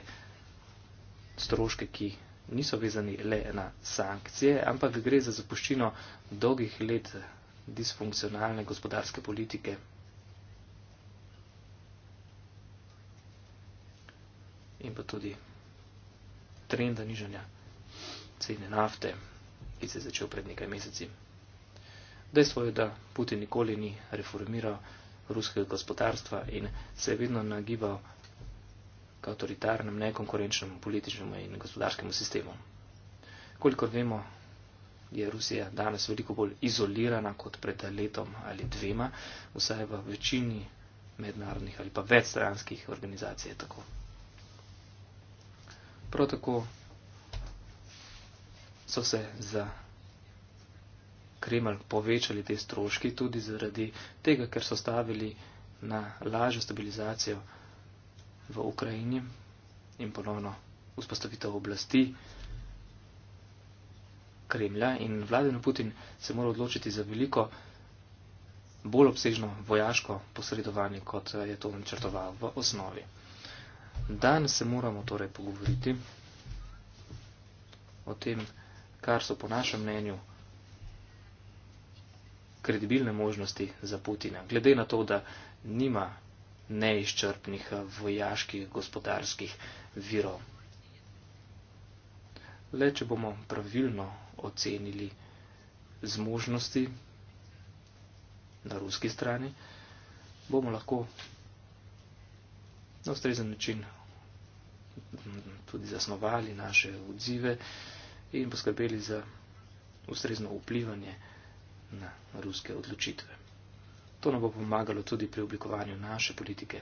stroške, ki niso vezani le na sankcije, ampak gre za zapuščino dolgih let disfunkcionalne gospodarske politike. In pa tudi trenda nižanja cene nafte, ki se je začel pred nekaj meseci. Dejstvo je, da Putin nikoli ni reformiral ruskega gospodarstva in se je vedno nagibal k avtoritarnem, nekonkurenčnemu političnemu in gospodarskemu sistemu. Kolikor vemo, je Rusija danes veliko bolj izolirana kot pred letom ali dvema, vsaj v večini mednarodnih ali pa večstranskih organizacij je tako. Prav tako so se za Kremelj povečali te stroški tudi zaradi tega, ker so stavili na lažjo stabilizacijo v Ukrajini in ponovno vzpostavitev oblasti Kremlja in vladeno Putin se mora odločiti za veliko bolj obsežno vojaško posredovanje, kot je to načrtoval v osnovi. Danes se moramo torej pogovoriti o tem, kar so po našem mnenju vsega kredibilne možnosti za Putina, glede na to, da nima neizčrpnih eh, vojaških gospodarskih virov. Le, če bomo pravilno ocenili zmožnosti na ruski strani, bomo lahko na ustrezen način mm, tudi zasnovali naše odzive in poskrbeli za ustrezno vplivanje na ruske odločitve. To nam bo pomagalo tudi pri oblikovanju naše politike.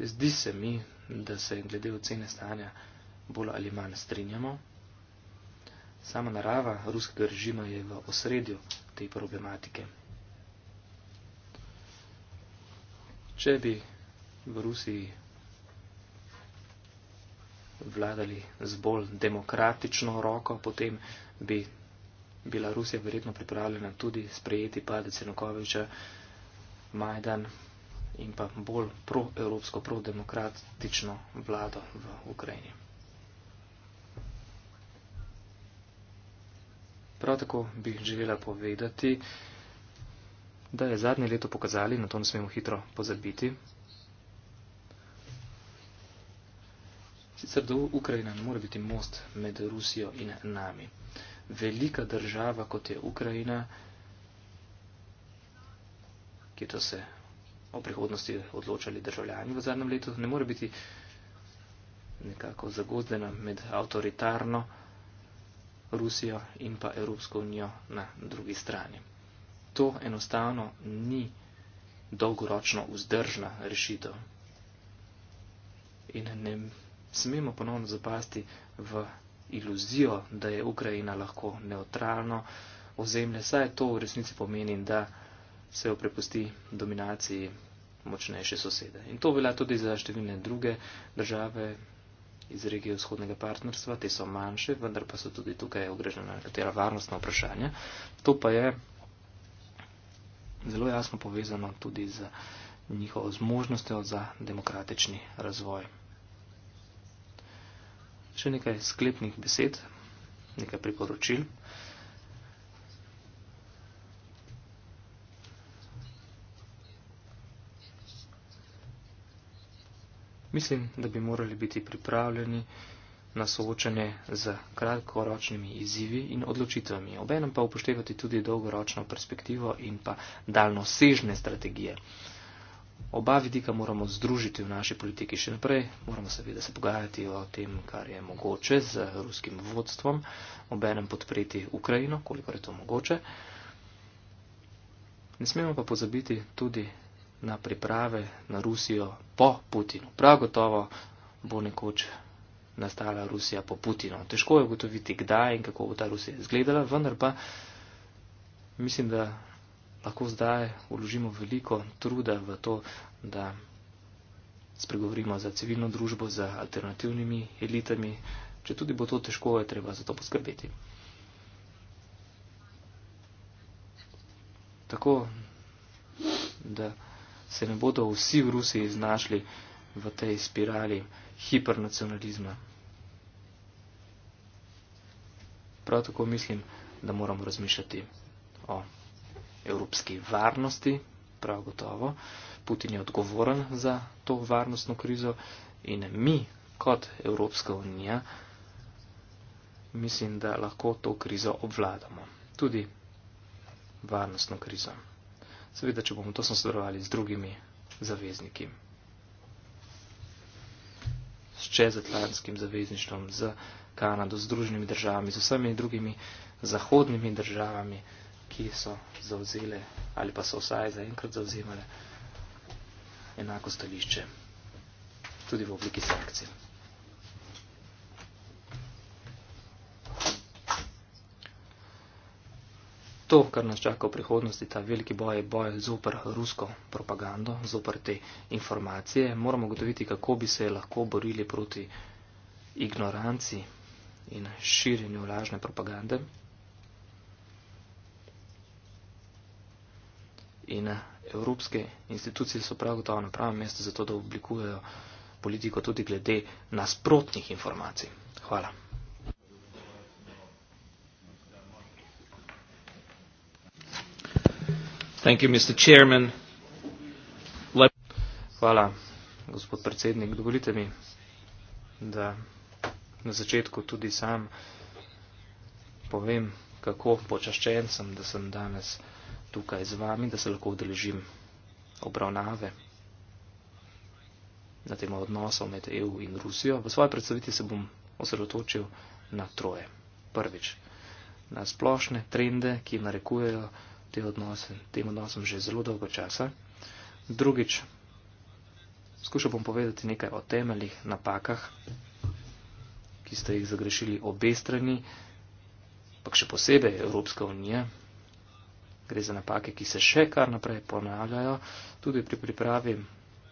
Zdi se mi, da se glede ocene stanja bolj ali manj strinjamo. Sama narava ruskega režima je v osredju te problematike. Če bi v Rusiji vladali z bolj demokratično roko, potem bi bila Rusija verjetno pripravljena tudi sprejeti padec Janukoviča, Majdan in pa bolj proevropsko, prodemokratično vlado v Ukrajini. Prav tako bi želela povedati, da je zadnje leto pokazali, na to ne smemo hitro pozabiti, Sicer do Ukrajina ne more biti most med Rusijo in nami. Velika država, kot je Ukrajina, ki to se o prihodnosti odločali državljani v zadnjem letu, ne more biti nekako zagozdena med avtoritarno Rusijo in pa Evropsko unijo na drugi strani. To enostavno ni dolgoročno vzdržna rešitev. In ne, smemo ponovno zapasti v iluzijo, da je Ukrajina lahko neutralno ozemlje, saj to v resnici pomeni, da se jo prepusti dominaciji močnejše sosede. In to velja tudi za številne druge države iz regije vzhodnega partnerstva, te so manjše, vendar pa so tudi tukaj ogrežena nekatera varnostna vprašanja. To pa je zelo jasno povezano tudi z njihovo zmožnostjo za demokratični razvoj. Še nekaj sklepnih besed, nekaj priporočil. Mislim, da bi morali biti pripravljeni na soočanje z kratkoročnimi izzivi in odločitvami, obenem pa upoštevati tudi dolgoročno perspektivo in pa daljnosežne strategije oba vidika moramo združiti v naši politiki še naprej. Moramo seveda se pogajati o tem, kar je mogoče z ruskim vodstvom, obenem podpreti Ukrajino, koliko je to mogoče. Ne smemo pa pozabiti tudi na priprave na Rusijo po Putinu. Prav gotovo bo nekoč nastala Rusija po Putinu. Težko je ugotoviti, kdaj in kako bo ta Rusija izgledala, vendar pa mislim, da lahko zdaj uložimo veliko truda v to, da spregovorimo za civilno družbo, za alternativnimi elitami, če tudi bo to težko, je treba za to poskrbeti. Tako, da se ne bodo vsi v Rusiji znašli v tej spirali hipernacionalizma. Prav tako mislim, da moramo razmišljati o. Oh evropski varnosti, prav gotovo. Putin je odgovoren za to varnostno krizo in mi, kot Evropska unija, mislim, da lahko to krizo obvladamo. Tudi varnostno krizo. Seveda, če bomo to sodelovali z drugimi zavezniki. S čezatlantskim zavezništvom, z Kanado, z druženimi državami, z vsemi drugimi zahodnimi državami ki so zauzele ali pa so vsaj zaenkrat zauzemale enako stališče, tudi v obliki sankcij. To, kar nas čaka v prihodnosti, ta veliki boj je boj zoper rusko propagando, zoper te informacije. Moramo gotoviti, kako bi se lahko borili proti ignoranci in širjenju lažne propagande. in eh, evropske institucije so prav gotovo na pravem mestu za to, da oblikujejo politiko tudi glede nasprotnih informacij. Hvala. Thank you, Mr. Chairman. Let Hvala, gospod predsednik. Dovolite mi, da na začetku tudi sam povem, kako počaščen sem, da sem danes vsega tukaj z vami, da se lahko udeležim obravnave na temo odnosov med EU in Rusijo. V svoji predstaviti se bom osredotočil na troje. Prvič, na splošne trende, ki narekujejo te odnose, tem odnosom že zelo dolgo časa. Drugič, skušal bom povedati nekaj o temeljih napakah, ki ste jih zagrešili obe strani, pa še posebej Evropska unija, gre za napake, ki se še kar naprej ponavljajo, tudi pri pripravi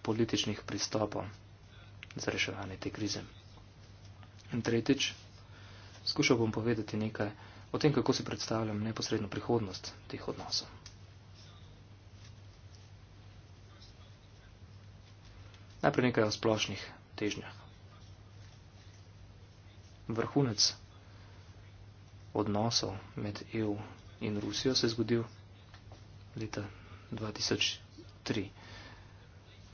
političnih pristopov za reševanje te krize. In tretjič, skušal bom povedati nekaj o tem, kako si predstavljam neposredno prihodnost teh odnosov. Najprej nekaj o splošnih težnjah. Vrhunec odnosov med EU in Rusijo se je zgodil leta 2003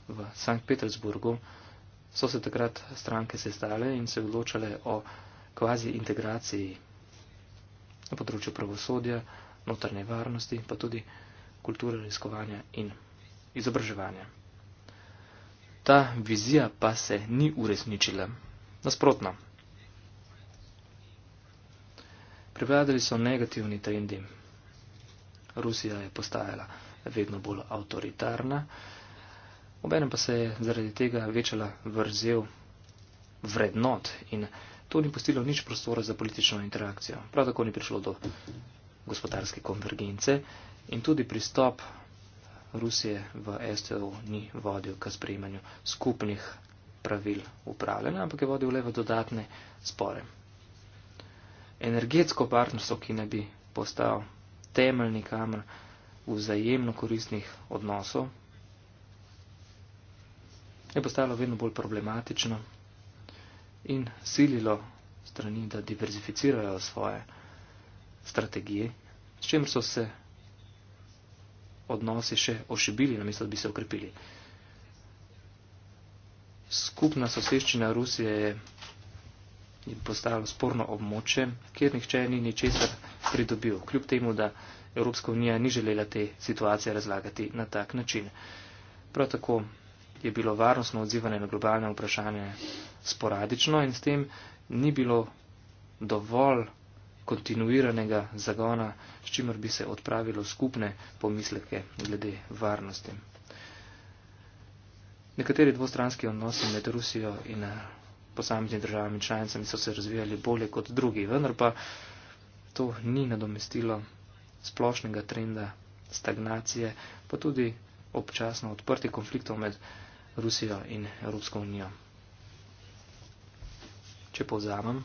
v Sankt Petersburgu, so se takrat stranke sestale in se odločale o kvazi integraciji na področju pravosodja, notrne varnosti, pa tudi kulture raziskovanja in izobraževanja. Ta vizija pa se ni uresničila. Nasprotno. Prevladali so negativni trendi, Rusija je postajala vedno bolj avtoritarna. Obenem pa se je zaradi tega večala vrzel vrednot in to ni postilo nič prostora za politično interakcijo. Prav tako ni prišlo do gospodarske konvergence in tudi pristop Rusije v STO ni vodil k sprejemanju skupnih pravil upravljanja, ampak je vodil le v dodatne spore. Energetsko partnerstvo, ki ne bi postal temeljni kamen vzajemno koristnih odnosov, je postalo vedno bolj problematično in sililo strani, da diverzificirajo svoje strategije, s čem so se odnosi še ošibili, namesto da bi se okrepili. Skupna soseščina Rusije je in postalo sporno območje, kjer nihče ni ničesar pridobil, kljub temu, da Evropska unija ni želela te situacije razlagati na tak način. Prav tako je bilo varnostno odzivanje na globalne vprašanje sporadično in s tem ni bilo dovolj kontinuiranega zagona, s čimer bi se odpravilo skupne pomisleke glede varnosti. Nekateri dvostranski odnosi med Rusijo in posameznimi državami članicami so se razvijali bolje kot drugi, vendar pa to ni nadomestilo splošnega trenda stagnacije, pa tudi občasno odprti konfliktov med Rusijo in Evropsko unijo. Če povzamem,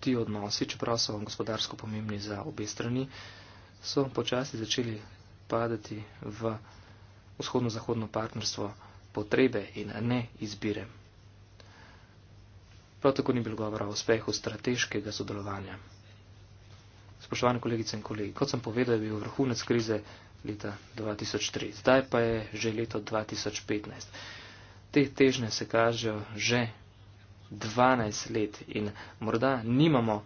ti odnosi, čeprav so gospodarsko pomembni za obe strani, so počasi začeli padati v vzhodno-zahodno partnerstvo potrebe in ne izbire. Prav tako ni bilo govora o uspehu strateškega sodelovanja. Spoštovane kolegice in kolegi, kot sem povedal, je bil vrhunec krize leta 2003, zdaj pa je že leto 2015. Te težne se kažejo že 12 let in morda nimamo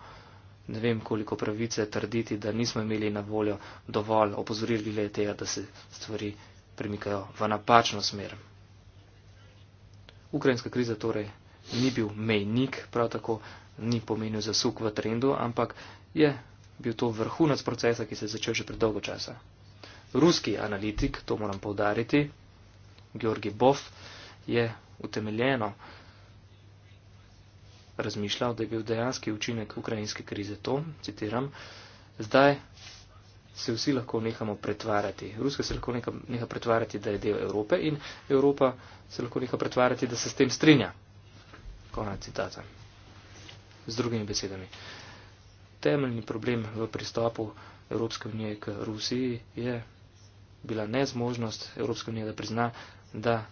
ne vem koliko pravice trditi, da nismo imeli na voljo dovolj opozorili le tega, da se stvari premikajo v napačno smer. Ukrajinska kriza torej ni bil mejnik, prav tako ni pomenil zasuk v trendu, ampak je bil to vrhunac procesa, ki se je začel že pred dolgo časa. Ruski analitik, to moram povdariti, Georgi Bov, je utemeljeno razmišljal, da je bil dejanski učinek ukrajinske krize to, citiram, zdaj se vsi lahko nehamo pretvarjati. Ruska se lahko neha pretvarjati, da je del Evrope in Evropa se lahko neha pretvarjati, da se s tem strinja. Konec citata. Z drugimi besedami. Temeljni problem v pristopu Evropske unije k Rusiji je bila nezmožnost Evropske unije, da prizna, da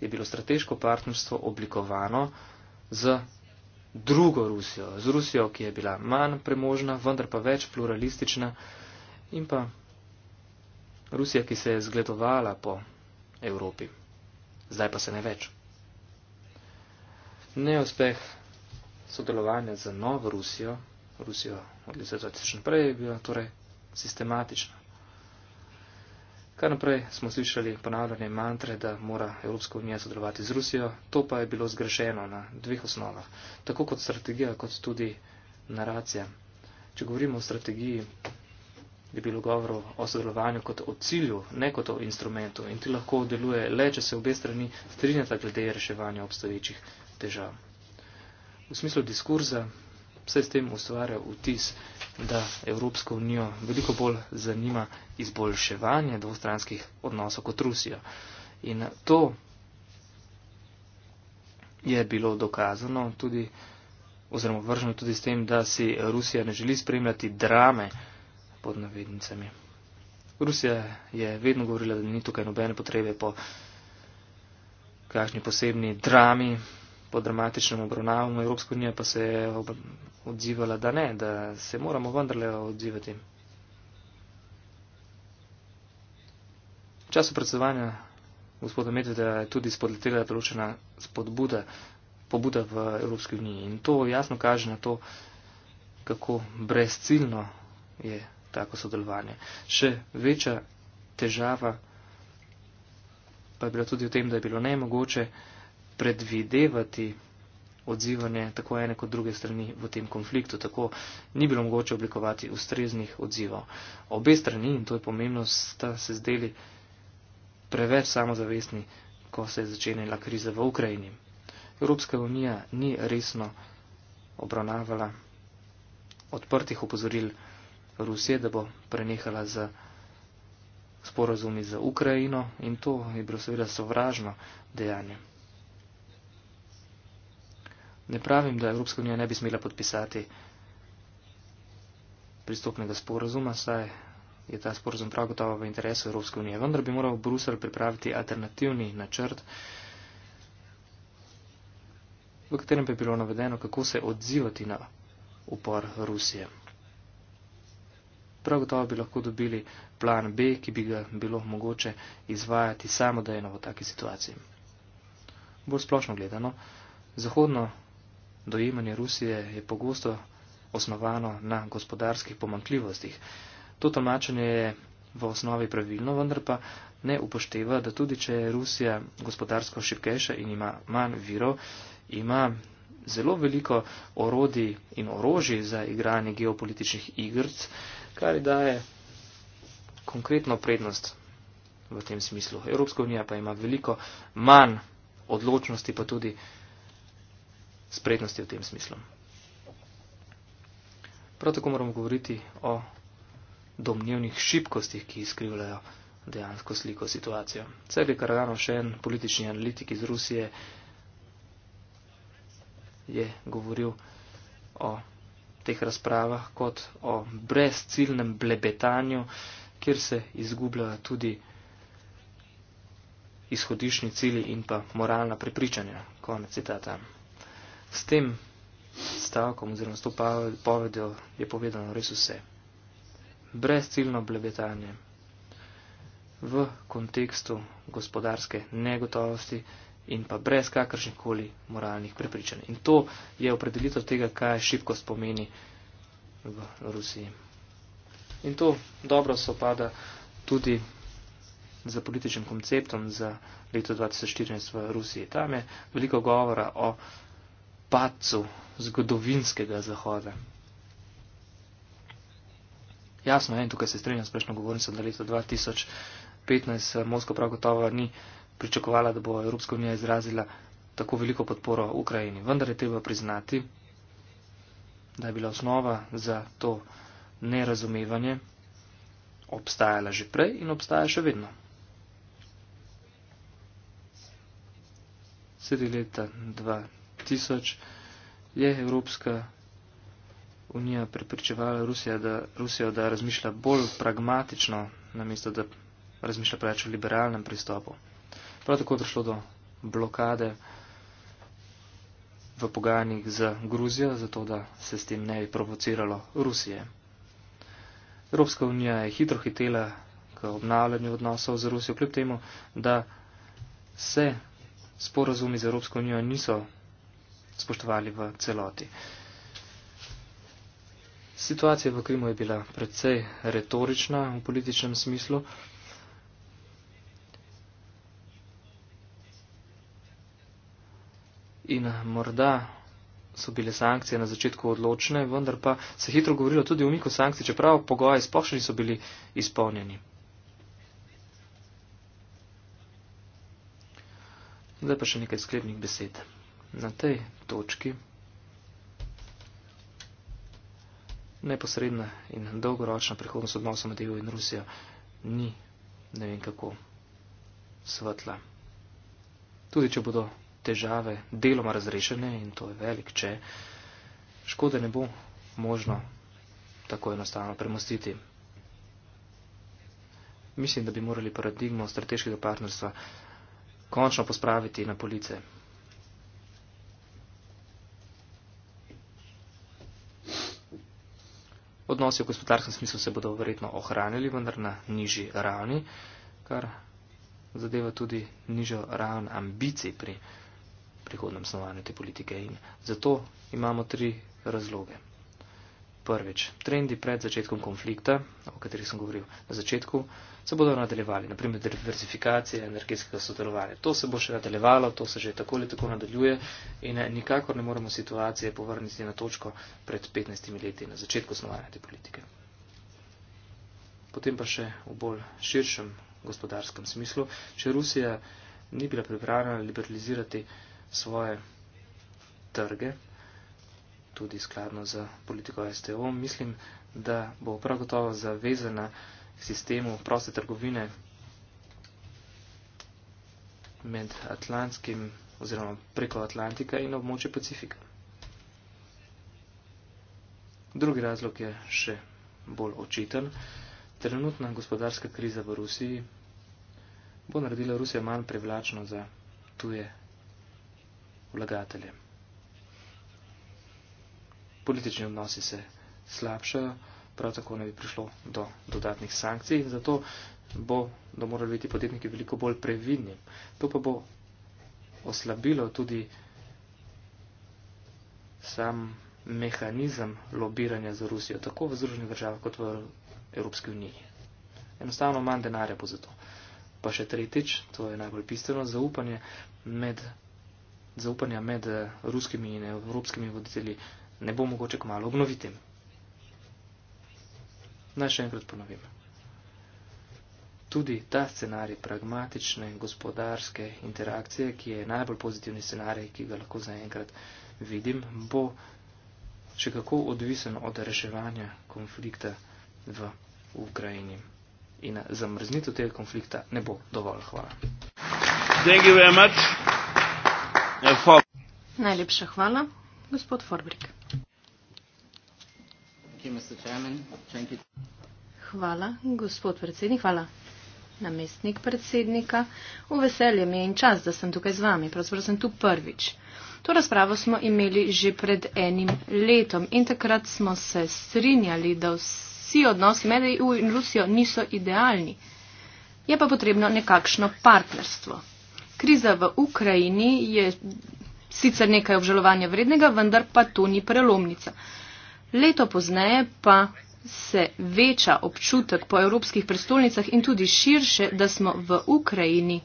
je bilo strateško partnerstvo oblikovano z drugo Rusijo, z Rusijo, ki je bila manj premožna, vendar pa več pluralistična in pa Rusija, ki se je zgledovala po Evropi. Zdaj pa se ne več neuspeh sodelovanja z novo Rusijo, Rusijo od leta 2001 je bila torej sistematična. Kar naprej smo slišali ponavljanje mantre, da mora Evropska unija sodelovati z Rusijo, to pa je bilo zgrešeno na dveh osnovah, tako kot strategija, kot tudi naracija. Če govorimo o strategiji, je bilo govoro o sodelovanju kot o cilju, ne kot o instrumentu in ti lahko deluje le, če se obe strani strinjata glede reševanja obstoječih težav. V smislu diskurza se s tem ustvarja vtis, da Evropsko unijo veliko bolj zanima izboljševanje dvostranskih odnosov kot Rusijo. In to je bilo dokazano tudi, oziroma vrženo tudi s tem, da si Rusija ne želi spremljati drame pod navednicami. Rusija je vedno govorila, da ni tukaj nobene potrebe po kakšni posebni drami, po dramatičnem obravnavanju, Evropska unija pa se je odzivala, da ne, da se moramo vendarle odzivati. V času predsedovanja gospoda Medveda je tudi spodletela določena spodbuda, pobuda v Evropski uniji in to jasno kaže na to, kako brezciljno je tako sodelovanje. Še večja težava pa je bila tudi v tem, da je bilo nemogoče mogoče predvidevati odzivanje tako ene kot druge strani v tem konfliktu. Tako ni bilo mogoče oblikovati ustreznih odzivov. Obe strani, in to je pomembno, sta se zdeli preveč samozavestni, ko se je začenjala kriza v Ukrajini. Evropska unija ni resno obravnavala odprtih opozoril Rusije, da bo prenehala z sporozumi z Ukrajino in to je bilo seveda sovražno dejanje. Ne pravim, da Evropska unija ne bi smela podpisati pristopnega sporozuma, saj je ta sporozum prav gotovo v interesu Evropske unije. Vendar bi moral Brusel pripraviti alternativni načrt, v katerem bi bilo navedeno, kako se odzivati na upor Rusije. Prav gotovo bi lahko dobili plan B, ki bi ga bilo mogoče izvajati samodejno v taki situaciji. Bolj splošno gledano, zahodno dojemanje Rusije je pogosto osnovano na gospodarskih pomankljivostih. To tolmačenje je v osnovi pravilno, vendar pa ne upošteva, da tudi če je Rusija gospodarsko šipkejša in ima manj virov, ima zelo veliko orodij in orožij za igranje geopolitičnih igrc, kar ji daje konkretno prednost v tem smislu. Evropska unija pa ima veliko manj odločnosti, pa tudi spretnosti v tem smislu. Prav tako moramo govoriti o domnevnih šibkostih, ki izkrivljajo dejansko sliko situacijo. Cel je Karagano, še en politični analitik iz Rusije, je govoril o teh razpravah kot o brezciljnem blebetanju, kjer se izgubljajo tudi izhodišnji cilji in pa moralna prepričanja. Konec citata. S tem stavkom oziroma s to povedjo je povedano res vse. Brezciljno blebetanje v kontekstu gospodarske negotovosti in pa brez kakršnih koli moralnih prepričanj. In to je opredelitev tega, kaj šibkost pomeni v Rusiji. In to dobro se opada tudi za političnim konceptom za leto 2014 v Rusiji. Tam je veliko govora o padcu zgodovinskega zahoda. Jasno, en tukaj se strinjam s prejšnjo govornico, da leto 2015 Moskva prav gotovo ni pričakovala, da bo Evropska unija izrazila tako veliko podporo Ukrajini. Vendar je treba priznati, da je bila osnova za to nerazumevanje obstajala že prej in obstaja še vedno. Sredi leta 2015 tisoč, je Evropska unija prepričevala Rusijo, da, Rusijo, da razmišlja bolj pragmatično, namesto da razmišlja preveč o liberalnem pristopu. Prav tako je prišlo do blokade v pogajanjih za Gruzijo, zato da se s tem ne bi provociralo Rusije. Evropska unija je hitro hitela k obnavljanju odnosov z Rusijo, kljub temu, da se sporazumi z Evropsko unijo niso spoštovali v celoti. Situacija v Krimu je bila predvsej retorična v političnem smislu. In morda so bile sankcije na začetku odločne, vendar pa se hitro govorilo tudi o umiku sankcij, čeprav pogoji spoštovani so bili izpolnjeni. Zdaj pa še nekaj sklepnih besed na tej točki neposredna in dolgoročna prihodnost odnosov med EU in Rusijo ni ne vem kako svetla. Tudi če bodo težave deloma razrešene in to je velik, če škode ne bo možno tako enostavno premostiti. Mislim, da bi morali paradigmo strateškega partnerstva končno pospraviti na police. Odnosi v gospodarskem smislu se bodo verjetno ohranili, vendar na nižji ravni, kar zadeva tudi nižjo raven ambicij pri prihodnem snovanju te politike. In zato imamo tri razloge. Prvič, trendi pred začetkom konflikta, o katerih sem govoril na začetku, se bodo nadaljevali, naprimer diversifikacija energetskega sodelovanja. To se bo še nadaljevalo, to se že tako ali tako nadaljuje in nikakor ne moremo situacije povrniti na točko pred 15 leti na začetku osnovanja te politike. Potem pa še v bolj širšem gospodarskem smislu, če Rusija ni bila pripravljena liberalizirati svoje trge, tudi skladno z politiko STO. Mislim, da bo prav gotovo zavezana k sistemu proste trgovine med Atlantskim oziroma preko Atlantika in območje Pacifika. Drugi razlog je še bolj očiten. Trenutna gospodarska kriza v Rusiji bo naredila Rusijo manj privlačno za tuje vlagatelje politični odnosi se slabšajo, prav tako ne bi prišlo do dodatnih sankcij in zato bo, da morali biti podjetniki veliko bolj previdni. To pa bo oslabilo tudi sam mehanizem lobiranja za Rusijo, tako v Združenih državah kot v Evropski uniji. Enostavno manj denarja bo zato. Pa še tretjič, to je najbolj bistveno, zaupanje med, zaupanja med eh, ruskimi in evropskimi voditelji ne bo mogoče kmalo obnoviti. Naj še enkrat ponovim. Tudi ta scenarij pragmatične gospodarske interakcije, ki je najbolj pozitivni scenarij, ki ga lahko zaenkrat vidim, bo še kako odvisen od reševanja konflikta v Ukrajini. In zamrznitev tega konflikta ne bo dovolj. Hvala. Najlepša hvala, gospod Forbrik. Hvala, gospod predsednik, hvala namestnik predsednika. V veselje mi je in čas, da sem tukaj z vami, pravzaprav sem tu prvič. To razpravo smo imeli že pred enim letom in takrat smo se strinjali, da vsi odnosi med EU in Rusijo niso idealni. Je pa potrebno nekakšno partnerstvo. Kriza v Ukrajini je sicer nekaj obžalovanja vrednega, vendar pa to ni prelomnica. Leto pozneje pa se veča občutek po evropskih prestolnicah in tudi širše, da smo v Ukrajini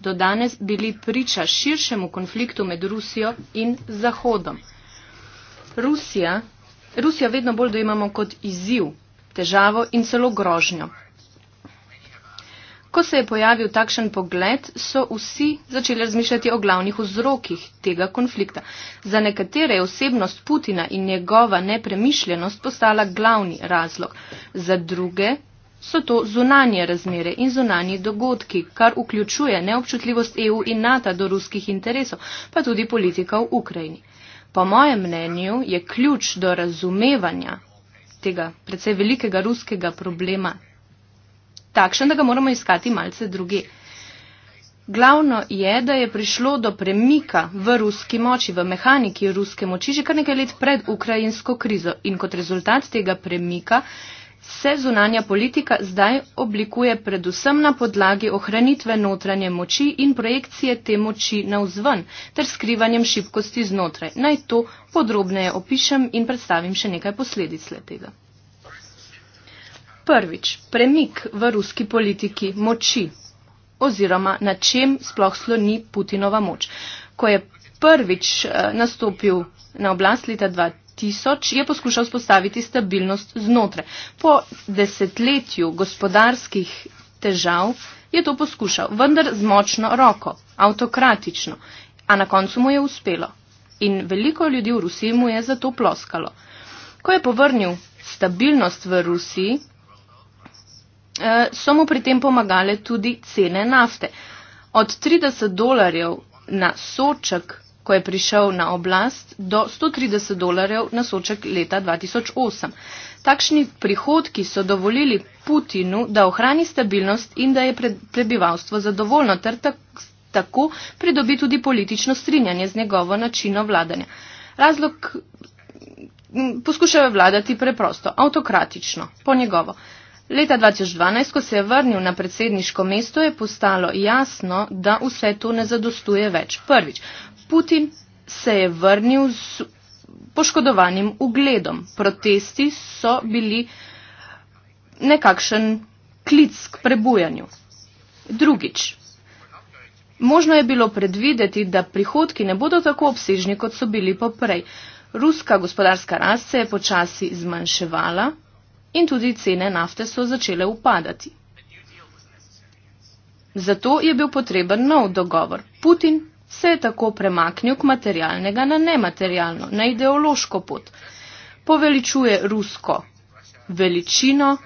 do danes bili priča širšemu konfliktu med Rusijo in Zahodom. Rusija, Rusija vedno bolj dojemamo kot izziv, težavo in celo grožnjo. Ko se je pojavil takšen pogled, so vsi začeli razmišljati o glavnih vzrokih tega konflikta. Za nekatere je osebnost Putina in njegova nepremišljenost postala glavni razlog. Za druge so to zunanje razmere in zunanje dogodki, kar vključuje neobčutljivost EU in NATO do ruskih interesov, pa tudi politika v Ukrajini. Po mojem mnenju je ključ do razumevanja tega precej velikega ruskega problema takšen, da ga moramo iskati malce druge. Glavno je, da je prišlo do premika v ruski moči, v mehaniki ruske moči, že kar nekaj let pred ukrajinsko krizo. In kot rezultat tega premika se zunanja politika zdaj oblikuje predvsem na podlagi ohranitve notranje moči in projekcije te moči na vzven, ter skrivanjem šibkosti znotraj. Naj to podrobneje opišem in predstavim še nekaj posledic le tega. Prvič, premik v ruski politiki moči oziroma na čem sploh sloni Putinova moč. Ko je prvič eh, nastopil na oblast leta 2000, je poskušal spostaviti stabilnost znotraj. Po desetletju gospodarskih težav je to poskušal, vendar z močno roko, avtokratično, a na koncu mu je uspelo. In veliko ljudi v Rusiji mu je zato ploskalo. Ko je povrnil stabilnost v Rusiji, Eh, so mu pri tem pomagale tudi cene nafte. Od 30 dolarjev na soček, ko je prišel na oblast, do 130 dolarjev na soček leta 2008. Takšni prihodki so dovolili Putinu, da ohrani stabilnost in da je prebivalstvo zadovoljno, ter tako pridobi tudi politično strinjanje z njegovo načino vladanja. Razlog poskušajo vladati preprosto, avtokratično, po njegovo. Leta 2012, ko se je vrnil na predsedniško mesto, je postalo jasno, da vse to ne zadostuje več. Prvič, Putin se je vrnil z poškodovanim ugledom. Protesti so bili nekakšen klic k prebujanju. Drugič, možno je bilo predvideti, da prihodki ne bodo tako obsežni, kot so bili poprej. Ruska gospodarska rast se je počasi zmanjševala in tudi cene nafte so začele upadati. Zato je bil potreben nov dogovor. Putin se je tako premaknil k materialnega na nematerialno, na ideološko pot. Poveličuje rusko veličino,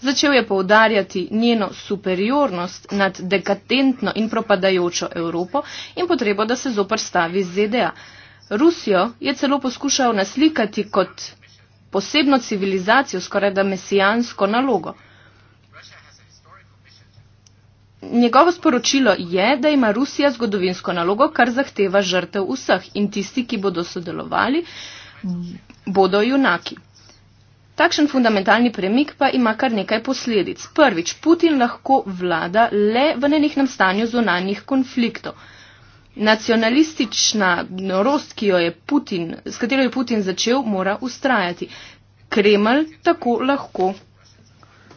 začel je poudarjati njeno superiornost nad dekatentno in propadajočo Evropo in potrebo, da se zoprstavi ZDA. Rusijo je celo poskušal naslikati kot posebno civilizacijo, skoraj da mesijansko nalogo. Njegovo sporočilo je, da ima Rusija zgodovinsko nalogo, kar zahteva žrtev vseh in tisti, ki bodo sodelovali, bodo junaki. Takšen fundamentalni premik pa ima kar nekaj posledic. Prvič, Putin lahko vlada le v nenehnem stanju zunanjih konfliktov nacionalistična norost, ki jo je Putin, s katero je Putin začel, mora ustrajati. Kreml tako lahko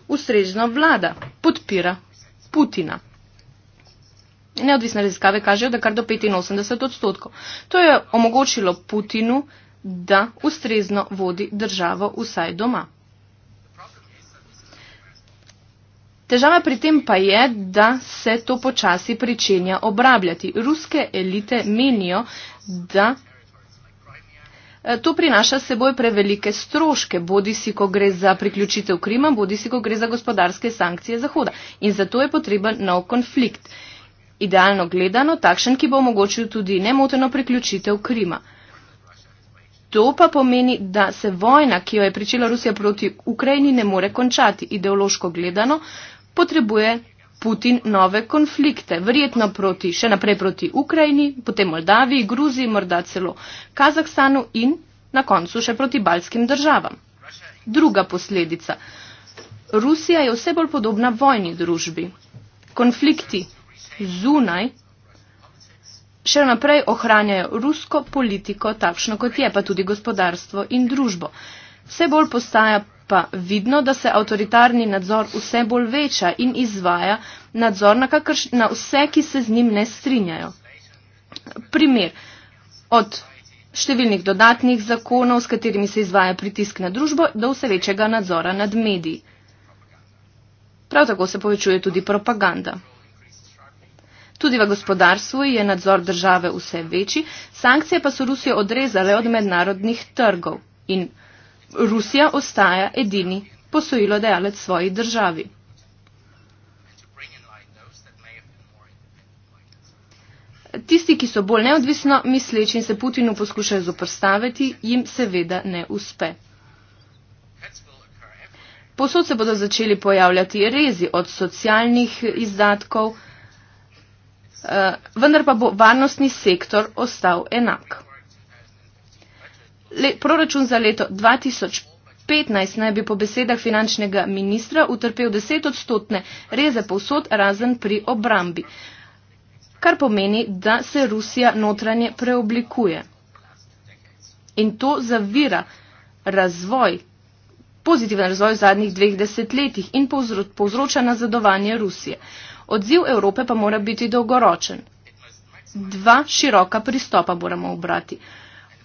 ustrežna vlada podpira Putina. Neodvisne raziskave kažejo, da kar do 85 odstotkov. To je omogočilo Putinu, da ustrezno vodi državo vsaj doma. Težava pri tem pa je, da se to počasi pričenja obrabljati. Ruske elite menijo, da e, to prinaša s seboj prevelike stroške, bodi si, ko gre za priključitev Krima, bodi si, ko gre za gospodarske sankcije Zahoda. In zato je potreben nov konflikt. Idealno gledano, takšen, ki bo omogočil tudi nemoteno priključitev Krima. To pa pomeni, da se vojna, ki jo je pričela Rusija proti Ukrajini, ne more končati. Ideološko gledano, potrebuje Putin nove konflikte, verjetno proti, še naprej proti Ukrajini, potem Moldaviji, Gruziji, morda celo Kazahstanu in na koncu še proti balskim državam. Druga posledica. Rusija je vse bolj podobna vojni družbi. Konflikti zunaj še naprej ohranjajo rusko politiko, takšno kot je, pa tudi gospodarstvo in družbo. Vse bolj postaja pa vidno, da se avtoritarni nadzor vse bolj veča in izvaja nadzor na, kakrš, na vse, ki se z njim ne strinjajo. Primer od številnih dodatnih zakonov, s katerimi se izvaja pritisk na družbo, do vse večjega nadzora nad mediji. Prav tako se povečuje tudi propaganda. Tudi v gospodarstvu je nadzor države vse večji, sankcije pa so Rusijo odrezale od mednarodnih trgov in Rusija ostaja edini posojilodajalec svoji državi. Tisti, ki so bolj neodvisno misleči in se Putinu poskušajo zoprstaviti, jim seveda ne uspe. Posod se bodo začeli pojavljati rezi od socialnih izdatkov, eh, vendar pa bo varnostni sektor ostal enak. Le, proračun za leto 2015 naj bi po besedah finančnega ministra utrpel deset odstotne reze povsod razen pri obrambi, kar pomeni, da se Rusija notranje preoblikuje. In to zavira razvoj, pozitiven razvoj v zadnjih dveh desetletjih in povzroča nazadovanje Rusije. Odziv Evrope pa mora biti dolgoročen. Dva široka pristopa moramo obrati.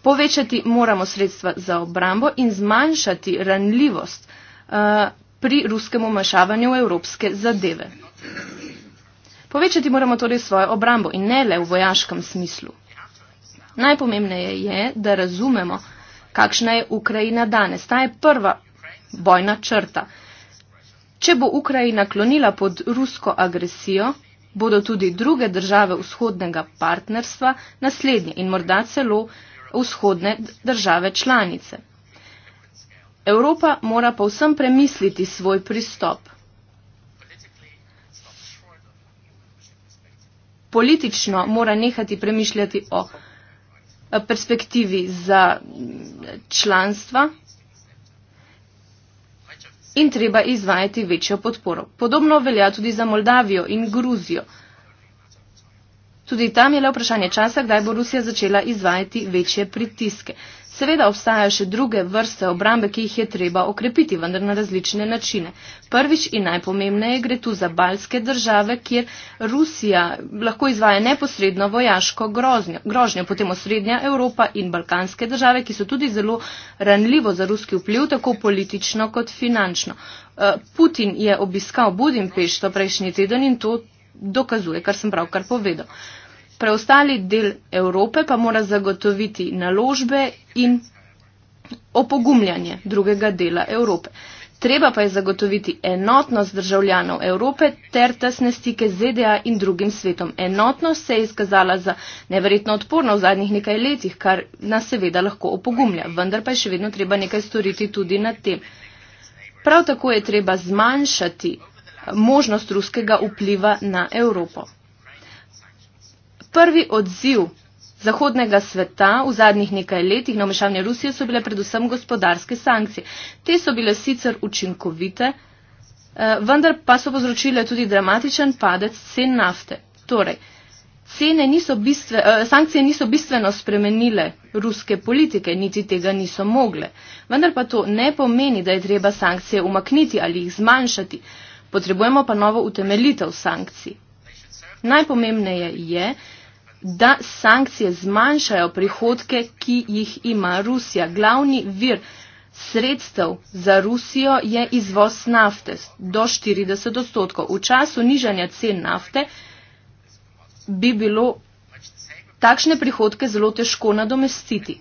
Povečati moramo sredstva za obrambo in zmanjšati ranljivost uh, pri ruskem umašavanju evropske zadeve. Povečati moramo torej svojo obrambo in ne le v vojaškem smislu. Najpomembneje je, da razumemo, kakšna je Ukrajina danes. Ta je prva bojna črta. Če bo Ukrajina klonila pod rusko agresijo, bodo tudi druge države vzhodnega partnerstva naslednje in morda celo uh, vzhodne države članice. Evropa mora povsem premisliti svoj pristop. Politično mora nehati premišljati o eh, perspektivi za mm, članstva in treba izvajati večjo podporo. Podobno velja tudi za Moldavijo in Gruzijo. Tudi tam je le vprašanje časa, kdaj bo Rusija začela izvajati večje pritiske. Seveda obstajajo še druge vrste obrambe, ki jih je treba okrepiti, vendar na različne načine. Prvič in najpomembneje gre tu za balske države, kjer Rusija lahko izvaja neposredno vojaško groznjo. grožnjo, potem osrednja Evropa in balkanske države, ki so tudi zelo ranljivo za ruski vpliv, tako politično kot finančno. Eh, Putin je obiskal Budimpešto prejšnji teden in to dokazuje, kar sem pravkar povedal preostali del Evrope pa mora zagotoviti naložbe in opogumljanje drugega dela Evrope. Treba pa je zagotoviti enotnost državljanov Evrope ter tesne stike z ZDA in drugim svetom. Enotnost se je izkazala za neverjetno odporno v zadnjih nekaj letih, kar nas seveda lahko opogumlja, vendar pa je še vedno treba nekaj storiti tudi na tem. Prav tako je treba zmanjšati možnost ruskega vpliva na Evropo prvi odziv zahodnega sveta v zadnjih nekaj letih na vmešavanje Rusije so bile predvsem gospodarske sankcije. Te so bile sicer učinkovite, eh, vendar pa so povzročile tudi dramatičen padec cen nafte. Torej, cene niso bistve, eh, sankcije niso bistveno spremenile ruske politike, niti tega niso mogle. Vendar pa to ne pomeni, da je treba sankcije umakniti ali jih zmanjšati. Potrebujemo pa novo utemelitev sankcij. Najpomembneje je, je da sankcije zmanjšajo prihodke, ki jih ima Rusija. Glavni vir sredstev za Rusijo je izvoz nafte do 40 odstotkov. V času nižanja cen nafte bi bilo takšne prihodke zelo težko nadomestiti.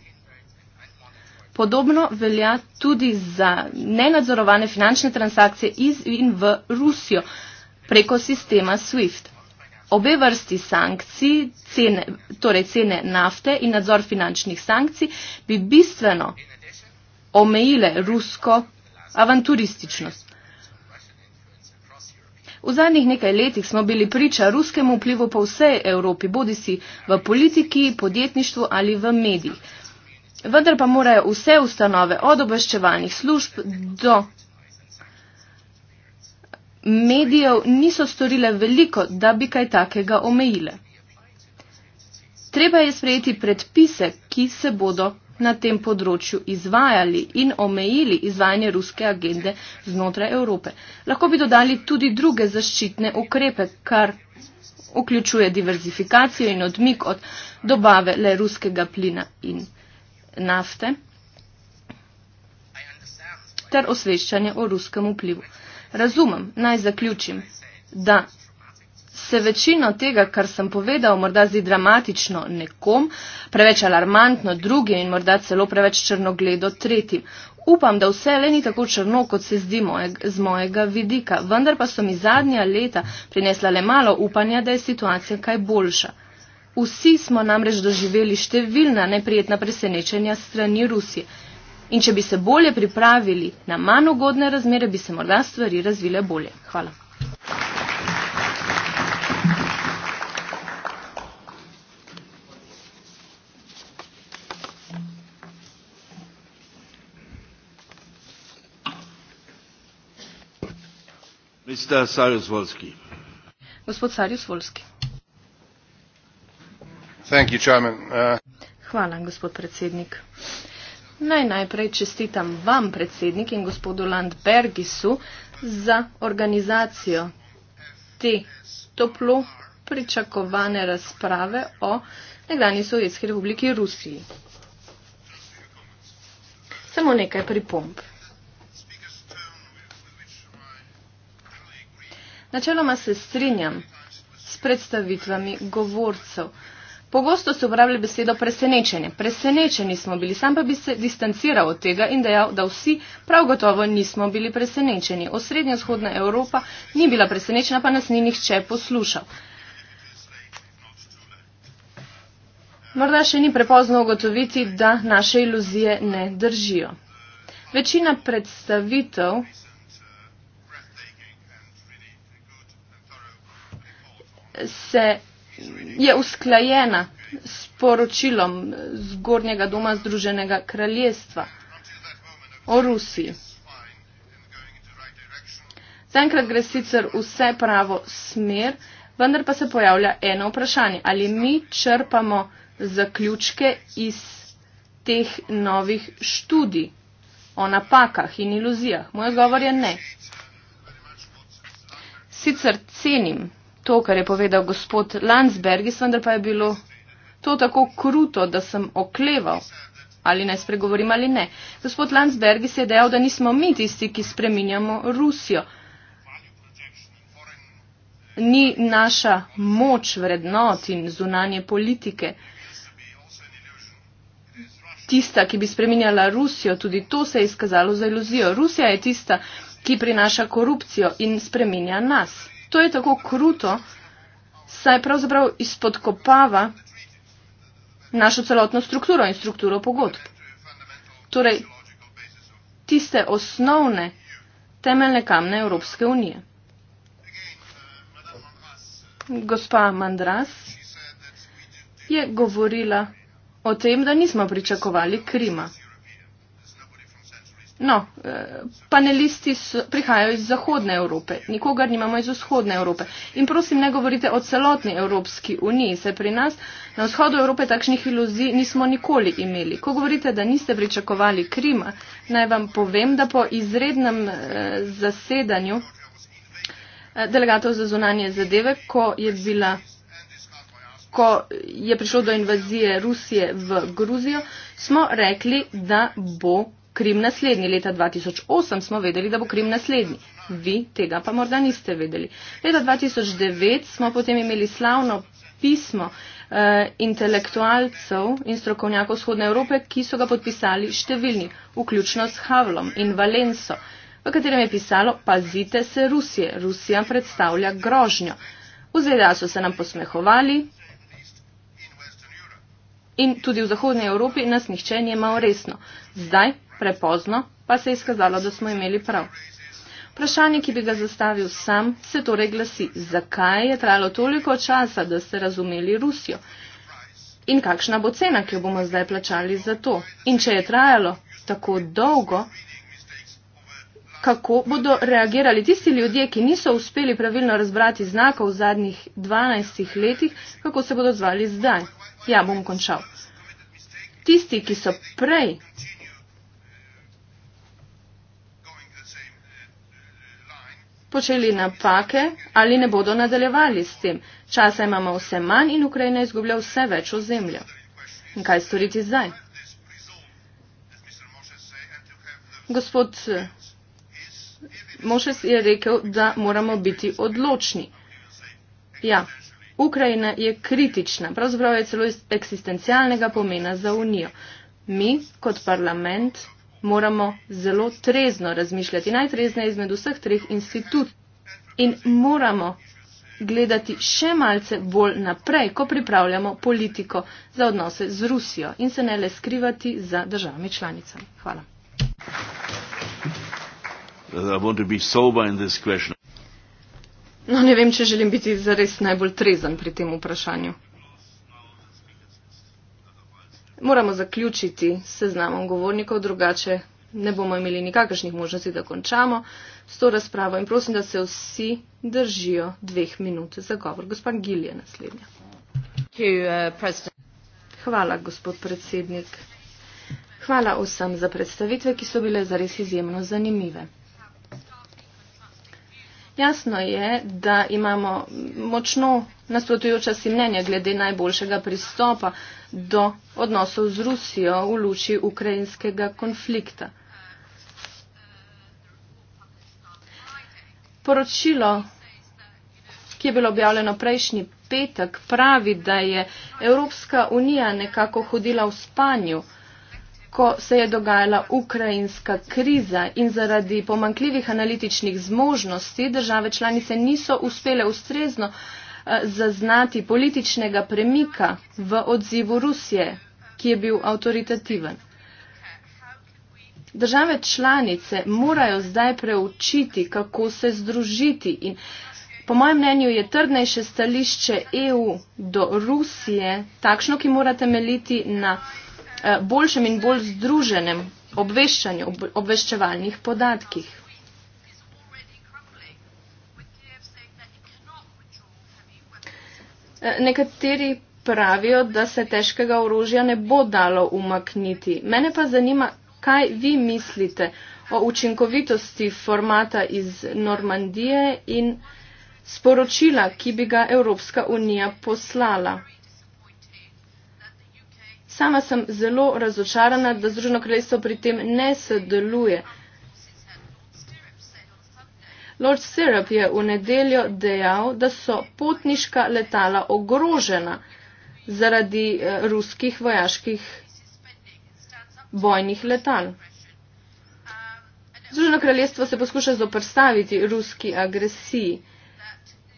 Podobno velja tudi za nenadzorovane finančne transakcije iz in v Rusijo preko sistema SWIFT obe vrsti sankcij, cene, torej cene nafte in nadzor finančnih sankcij, bi bistveno omejile rusko avanturističnost. V zadnjih nekaj letih smo bili priča ruskemu vplivu po vsej Evropi, bodi si v politiki, podjetništvu ali v medijih. Vendar pa morajo vse ustanove od obveščevalnih služb do medijev niso storile veliko, da bi kaj takega omejile. Treba je sprejeti predpise, ki se bodo na tem področju izvajali in omejili izvajanje ruske agende znotraj Evrope. Lahko bi dodali tudi druge zaščitne ukrepe, kar vključuje diverzifikacijo in odmik od dobave le ruskega plina in nafte ter osveščanje o ruskem vplivu. Razumem, naj zaključim, da se večino tega, kar sem povedal, morda zdi dramatično nekom, preveč alarmantno drugim in morda celo preveč črnogledo tretjim. Upam, da vse le ni tako črno, kot se zdi mojeg, z mojega vidika, vendar pa so mi zadnja leta prinesla le malo upanja, da je situacija kaj boljša. Vsi smo namreč doživeli številna neprijetna presenečenja strani Rusije. In če bi se bolje pripravili na manj ugodne razmere, bi se morda stvari razvile bolje. Hvala. Gospod Sarjus Volski. Thank you, uh, Hvala, gospod predsednik. Naj najprej čestitam vam, predsednik in gospodu Landbergisu, za organizacijo te toplo pričakovane razprave o nekdani Sovjetski republiki Rusiji. Samo nekaj pripomb. Načeloma se strinjam s predstavitvami govorcev. Pogosto se uporablja besedo presenečenje. Presenečeni smo bili, sam pa bi se distanciral od tega in dejal, da vsi prav gotovo nismo bili presenečeni. Osrednja vzhodna Evropa ni bila presenečena, pa nas ni nihče poslušal. Morda še ni prepozno ugotoviti, da naše iluzije ne držijo. Večina predstavitev se je usklajena s poročilom zgornjega doma Združenega kraljestva o Rusiji. Zaenkrat gre sicer vse pravo smer, vendar pa se pojavlja eno vprašanje. Ali mi črpamo zaključke iz teh novih študij o napakah in iluzijah? Moj odgovor je ne. Sicer cenim to, kar je povedal gospod Landsbergis, vendar pa je bilo to tako kruto, da sem okleval, ali naj spregovorim ali ne. Gospod Landsbergis je dejal, da nismo mi tisti, ki spreminjamo Rusijo. Ni naša moč vrednot in zunanje politike tista, ki bi spreminjala Rusijo. Tudi to se je izkazalo za iluzijo. Rusija je tista, ki prinaša korupcijo in spreminja nas to je tako kruto, saj pravzaprav izpodkopava našo celotno strukturo in strukturo pogodb. Torej, tiste osnovne temeljne kamne Evropske unije. Gospa Mandras je govorila o tem, da nismo pričakovali Krima. No, eh, panelisti so, prihajajo iz Zahodne Evrope, nikogar nimamo iz Vzhodne Evrope. In prosim, ne govorite o celotni Evropski uniji, se pri nas na vzhodu Evrope takšnih iluzij nismo nikoli imeli. Ko govorite, da niste pričakovali Krima, naj vam povem, da po izrednem eh, zasedanju eh, delegatov za zunanje zadeve, ko je bila ko je prišlo do invazije Rusije v Gruzijo, smo rekli, da bo Krim naslednji. Leta 2008 smo vedeli, da bo Krim naslednji. Vi tega pa morda niste vedeli. Leta 2009 smo potem imeli slavno pismo eh, intelektualcev in strokovnjakov vzhodne Evrope, ki so ga podpisali številni, vključno s Havlom in Valenso, v katerem je pisalo, pazite se Rusije, Rusija predstavlja grožnjo. V ZDA so se nam posmehovali in tudi v Zahodnji Evropi nas nihče ni imel resno. Zdaj prepozno pa se je izkazalo, da smo imeli prav. Vprašanje, ki bi ga zastavil sam, se torej glasi, zakaj je trajalo toliko časa, da ste razumeli Rusijo in kakšna bo cena, ki jo bomo zdaj plačali za to. In če je trajalo tako dolgo, kako bodo reagirali tisti ljudje, ki niso uspeli pravilno razbrati znakov v zadnjih 12 letih, kako se bodo zvali zdaj. Ja, bom končal. Tisti, ki so prej počeli napake ali ne bodo nadaljevali s tem. Časa imamo vse manj in Ukrajina izgublja vse več ozemlja. In kaj storiti zdaj? Gospod eh, Mošes je rekel, da moramo biti odločni. Ja, Ukrajina je kritična, pravzaprav je celo eksistencialnega pomena za Unijo. Mi kot parlament moramo zelo trezno razmišljati, najtrezneje izmed vseh treh institut. In moramo gledati še malce bolj naprej, ko pripravljamo politiko za odnose z Rusijo in se ne le skrivati za državami članicami. Hvala. No, ne vem, če želim biti zares najbolj trezen pri tem vprašanju moramo zaključiti seznamom govornikov, drugače ne bomo imeli nikakršnih možnosti, da končamo s to razpravo in prosim, da se vsi držijo dveh minut za govor. Gospod Gil je naslednja. Uh, Hvala, gospod predsednik. Hvala vsem za predstavitve, ki so bile zares izjemno zanimive. Jasno je, da imamo močno nasprotujoča si mnenja glede najboljšega pristopa do odnosov z Rusijo v luči ukrajinskega konflikta. Poročilo, ki je bilo objavljeno prejšnji petek, pravi, da je Evropska unija nekako hodila v spanju ko se je dogajala ukrajinska kriza in zaradi pomankljivih analitičnih zmožnosti države članice niso uspele ustrezno eh, zaznati političnega premika v odzivu Rusije, ki je bil avtoritativen. Države članice morajo zdaj preučiti, kako se združiti in po mojem mnenju je trdnejše stališče EU do Rusije takšno, ki mora temeljiti na Eh, boljšem in bolj združenem obveščanju, obveščevalnih podatkih. Eh, nekateri pravijo, da se težkega orožja ne bo dalo umakniti. Mene pa zanima, kaj vi mislite o učinkovitosti formata iz Normandije in sporočila, ki bi ga Evropska unija poslala. Sama sem zelo razočarana, da Združeno kraljestvo pri tem ne sodeluje. Lord Syrup je v nedeljo dejal, da so potniška letala ogrožena zaradi eh, ruskih vojaških bojnih letal. Združeno kraljestvo se poskuša zoprstaviti ruski agresiji.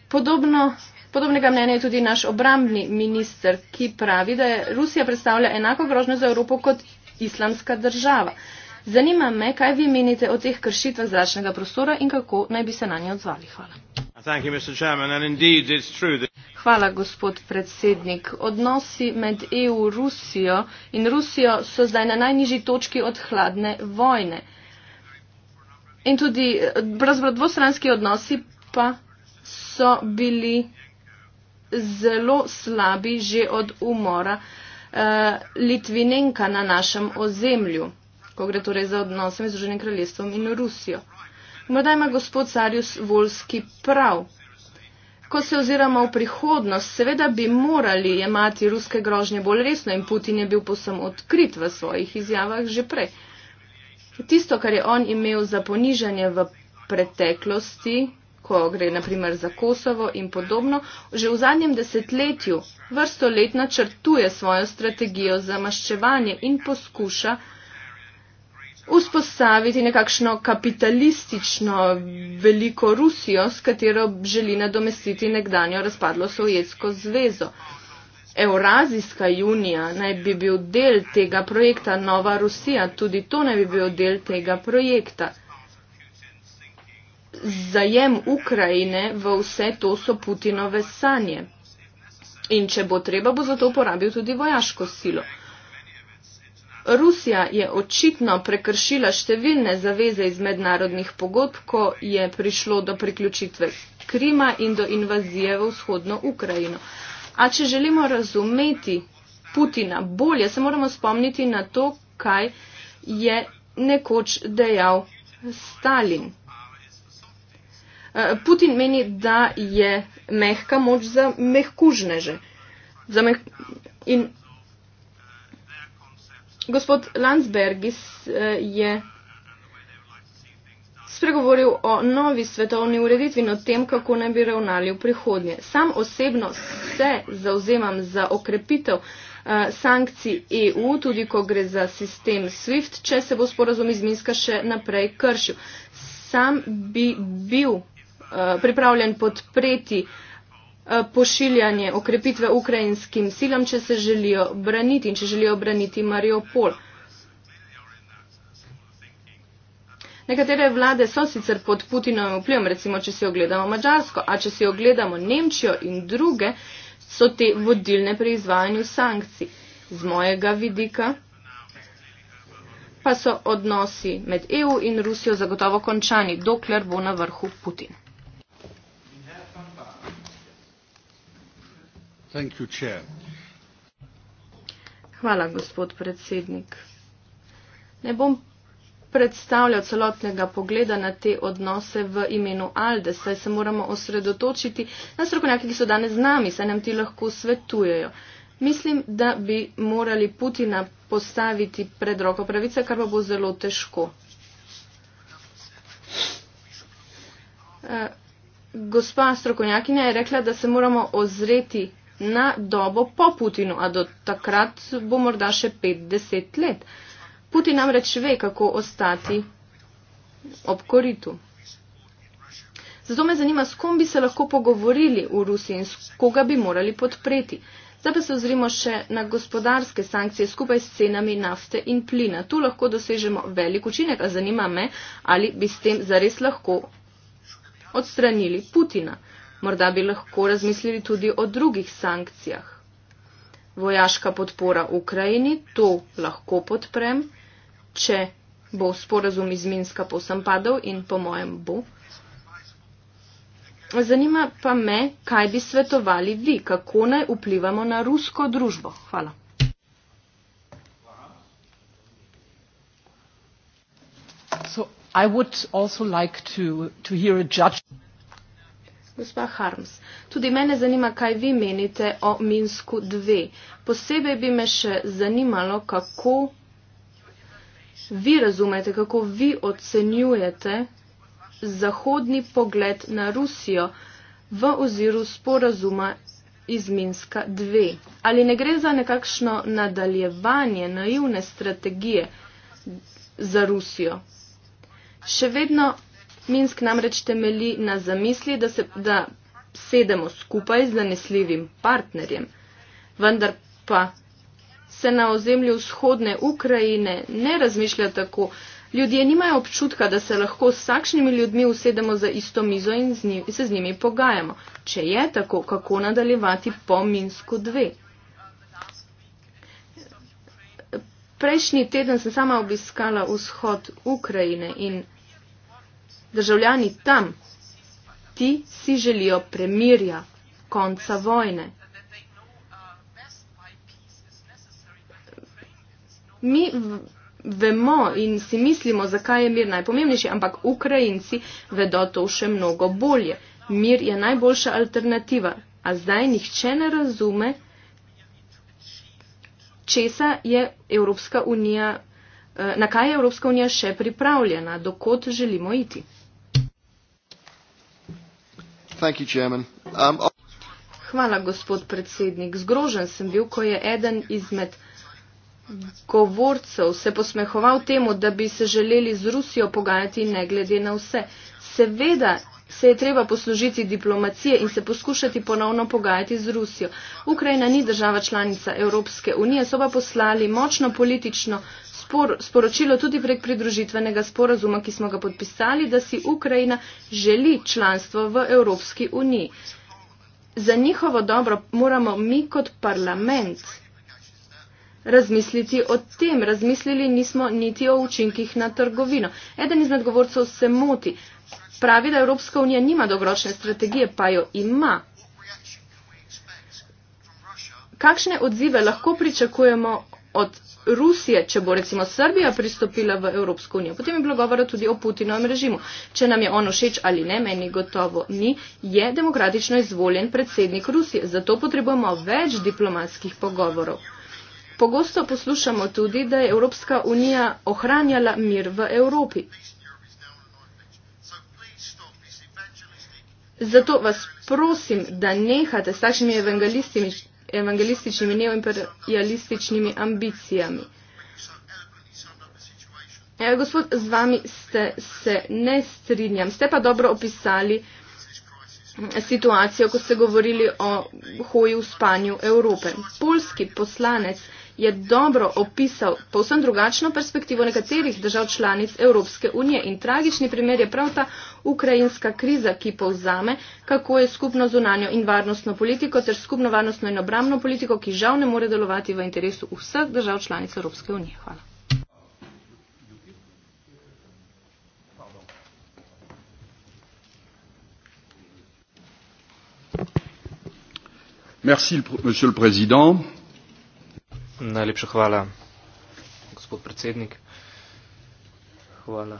Podobno Podobnega mnenja je tudi naš obrambni minister, ki pravi, da je Rusija predstavlja enako grožnjo za Evropo kot islamska država. Zanima me, kaj vi menite o teh kršitvah zračnega prostora in kako naj bi se na nje odzvali. Hvala. Hvala, gospod predsednik. Odnosi med EU Rusijo in Rusijo so zdaj na najnižji točki od hladne vojne. In tudi dvostranski odnosi pa so bili zelo slabi že od umora eh, Litvinenka na našem ozemlju, ko gre torej za odnose med Združenim kraljestvom in Rusijo. Morda ima gospod Carius Volski prav. Ko se oziramo v prihodnost, seveda bi morali jemati ruske grožnje bolj resno in Putin je bil posem odkrit v svojih izjavah že prej. Tisto, kar je on imel za ponižanje v preteklosti, ko gre naprimer za Kosovo in podobno, že v zadnjem desetletju vrsto let načrtuje svojo strategijo za maščevanje in poskuša vzpostaviti nekakšno kapitalistično veliko Rusijo, s katero želi nadomestiti nekdanjo razpadlo Sovjetsko zvezo. Evrazijska unija naj bi bil del tega projekta, Nova Rusija tudi to naj bi bil del tega projekta zajem Ukrajine v vse to so Putinove sanje. In če bo treba, bo zato uporabil tudi vojaško silo. Rusija je očitno prekršila številne zaveze iz mednarodnih pogodb, ko je prišlo do priključitve Krima in do invazije v vzhodno Ukrajino. A če želimo razumeti Putina bolje, se moramo spomniti na to, kaj je nekoč dejal Stalin. Putin meni, da je mehka moč za mehkužneže. Za meh... In gospod Landsbergis eh, je spregovoril o novi svetovni ureditvi in o tem, kako ne bi ravnali v prihodnje. Sam osebno se zauzemam za okrepitev eh, sankcij EU, tudi ko gre za sistem SWIFT, če se bo sporazum iz Minska še naprej kršil. Sam bi bil Eh, pripravljen podpreti eh, pošiljanje okrepitve ukrajinskim silam, če se želijo braniti in če želijo braniti Mariupol. Nekatere vlade so sicer pod Putinovim vplivom, recimo, če si ogledamo Mačarsko, a če si ogledamo Nemčijo in druge, so te vodilne pri izvajanju sankcij. Z mojega vidika pa so odnosi med EU in Rusijo zagotovo končani, dokler bo na vrhu Putin. Hvala, gospod predsednik. Ne bom predstavljal celotnega pogleda na te odnose v imenu Alde, saj se moramo osredotočiti na strokovnjake, ki so danes z nami, saj nam ti lahko svetujejo. Mislim, da bi morali Putina postaviti pred roko pravice, kar pa bo zelo težko. Eh, gospa strokovnjakinja je rekla, da se moramo ozreti na dobo po Putinu, a do takrat bo morda še 50 let. Putin namreč ve, kako ostati ob koritu. Zato me zanima, s kom bi se lahko pogovorili v Rusiji in s koga bi morali podpreti. Zdaj pa se ozrimo še na gospodarske sankcije skupaj s cenami nafte in plina. Tu lahko dosežemo velik učinek, a zanima me, ali bi s tem zares lahko odstranili Putina. Morda bi lahko razmislili tudi o drugih sankcijah. Vojaška podpora Ukrajini, to lahko podprem, če bo sporazum iz Minska povsem padel in po mojem bo. Zanima pa me, kaj bi svetovali vi, kako naj vplivamo na rusko družbo. Hvala. So, I would also like to, to hear a judgment. Gospa Harms, tudi mene zanima, kaj vi menite o Minsku 2. Posebej bi me še zanimalo, kako vi razumete, kako vi ocenjujete zahodni pogled na Rusijo v oziru sporazuma iz Minska 2. Ali ne gre za nekakšno nadaljevanje naivne strategije za Rusijo? Še vedno Minsk namreč temelji na zamisli, da, se, da sedemo skupaj z zanesljivim partnerjem. Vendar pa se na ozemlju vzhodne Ukrajine ne razmišlja tako. Ljudje nimajo občutka, da se lahko s takšnimi ljudmi usedemo za isto mizo in njimi, se z njimi pogajamo. Če je tako, kako nadaljevati po Minsku 2? Prejšnji teden sem sama obiskala vzhod Ukrajine in državljani tam, ti si želijo premirja, konca vojne. Mi vemo in si mislimo, zakaj je mir najpomembnejši, ampak Ukrajinci vedo to še mnogo bolje. Mir je najboljša alternativa, a zdaj nihče ne razume, česa je Evropska unija, eh, na kaj je Evropska unija še pripravljena, dokot želimo iti. Um, Hvala, gospod predsednik. Zgrožen sem bil, ko je eden izmed govorcev se posmehoval temu, da bi se želeli z Rusijo pogajati ne glede na vse. Seveda se je treba poslužiti diplomacije in se poskušati ponovno pogajati z Rusijo. Ukrajina ni država članica Evropske unije, so pa poslali močno politično sporočilo tudi prek pridružitvenega sporazuma, ki smo ga podpisali, da si Ukrajina želi članstvo v Evropski uniji. Za njihovo dobro moramo mi kot parlament razmisliti o tem. Razmislili nismo niti o učinkih na trgovino. Eden iz nadgovorcev se moti. Pravi, da Evropska unija nima dolgoročne strategije, pa jo ima. Kakšne odzive lahko pričakujemo od Rusije, če bo recimo Srbija pristopila v Evropsko unijo. Potem je bilo govora tudi o Putinovem režimu. Če nam je ono všeč ali ne, meni gotovo ni, je demokratično izvoljen predsednik Rusije. Zato potrebujemo več diplomatskih pogovorov. Pogosto poslušamo tudi, da je Evropska unija ohranjala mir v Evropi. Zato vas prosim, da nehate s takšnimi evangelistimi evangelističnimi, neoimperialističnimi ambicijami. E, gospod, z vami ste se ne strinjam. Ste pa dobro opisali situacijo, ko ste govorili o hoju v spanju Evrope. Polski poslanec je dobro opisal povsem drugačno perspektivo nekaterih držav članic Evropske unije in tragični primer je prav ta ukrajinska kriza, ki povzame, kako je skupno zunanjo in varnostno politiko ter skupno varnostno in obramno politiko, ki žal ne more delovati v interesu vseh držav članic Evropske unije. Hvala. Merci, monsieur le Président. Najlepša hvala, gospod predsednik. Hvala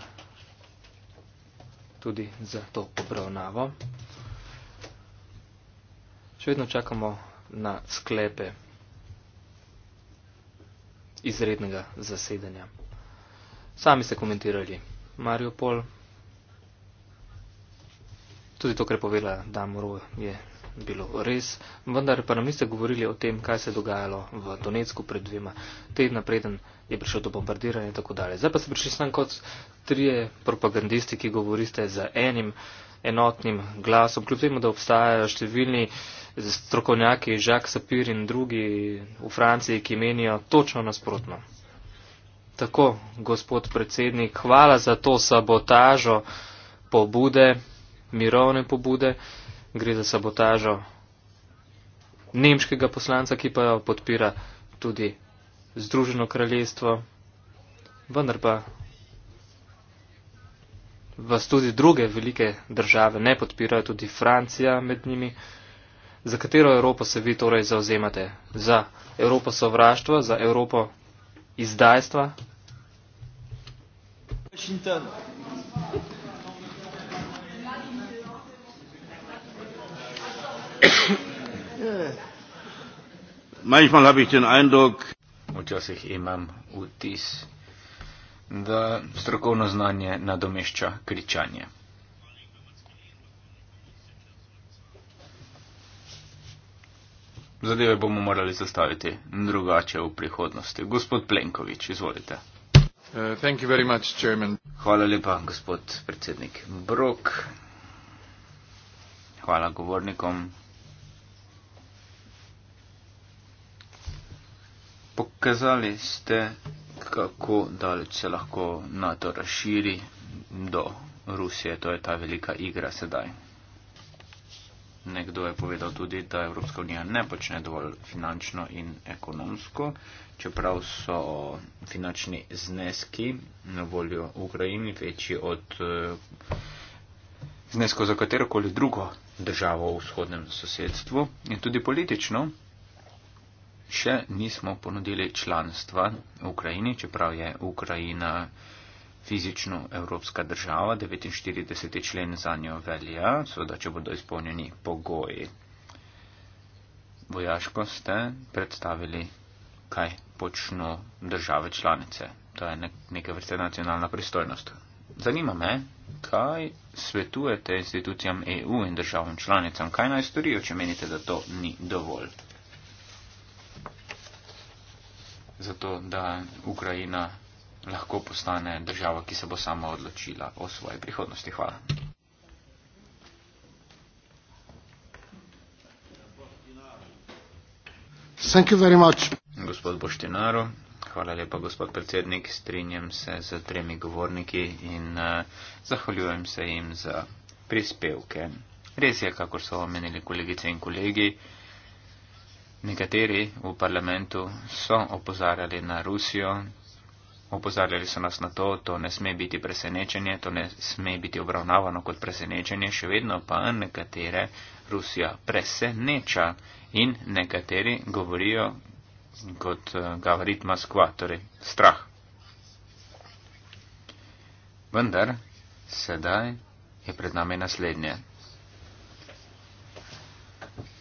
tudi za to obravnavo. Še vedno čakamo na sklepe izrednega zasedanja. Sami ste komentirali Mariupol. Tudi to, kar je povedala Damoro, je bilo res, vendar pa nam niste govorili o tem, kaj se je dogajalo v Donetsku pred dvema tedna, preden je prišel do bombardiranja in tako dalje. Zdaj pa ste prišli sem kot trije propagandisti, ki govorite z enim enotnim glasom, kljub temu, da obstajajo številni strokovnjaki, Žak Sapir in drugi v Franciji, ki menijo točno nasprotno. Tako, gospod predsednik, hvala za to sabotažo pobude, mirovne pobude gre za sabotažo nemškega poslanca, ki pa jo podpira tudi Združeno kraljestvo, vendar pa vas tudi druge velike države ne podpirajo, tudi Francija med njimi. Za katero Evropo se vi torej zauzemate? Za Evropo sovraštva, za Evropo izdajstva? Washington. Manchmal habe ich den Eindruck, včasih imam vtis, da strokovno znanje nadomešča kričanje. Zadeve bomo morali zastaviti drugače v prihodnosti. Gospod Plenković, izvolite. Uh, hvala lepa, gospod predsednik Brok. Hvala govornikom. Pokazali ste, kako daleč se lahko NATO razširi do Rusije. To je ta velika igra sedaj. Nekdo je povedal tudi, da Evropska unija ne počne dovolj finančno in ekonomsko, čeprav so finančni zneski na voljo Ukrajini večji od eh, znesko za katero koli drugo državo v vzhodnem sosedstvu. In tudi politično še nismo ponudili članstva Ukrajini, čeprav je Ukrajina fizično evropska država, 49. člen za njo velja, seveda, če bodo izpolnjeni pogoji. Vojaško ste predstavili, kaj počno države članice. To je neka vrste nacionalna pristojnost. Zanima me, kaj svetujete institucijam EU in državam članicam, kaj naj storijo, če menite, da to ni dovolj zato da Ukrajina lahko postane država, ki se bo sama odločila o svoji prihodnosti. Hvala. Gospod Boštinaro, hvala lepa, gospod predsednik. Strinjam se z tremi govorniki in uh, zahvaljujem se jim za prispevke. Res je, kako so omenili kolegice in kolegi. Nekateri v parlamentu so opozarjali na Rusijo, opozarjali so nas na to, to ne sme biti presenečenje, to ne sme biti obravnavano kot presenečenje, še vedno pa nekatere Rusija preseneča in nekateri govorijo kot eh, govorit Moskva, torej strah. Vendar sedaj je pred nami naslednje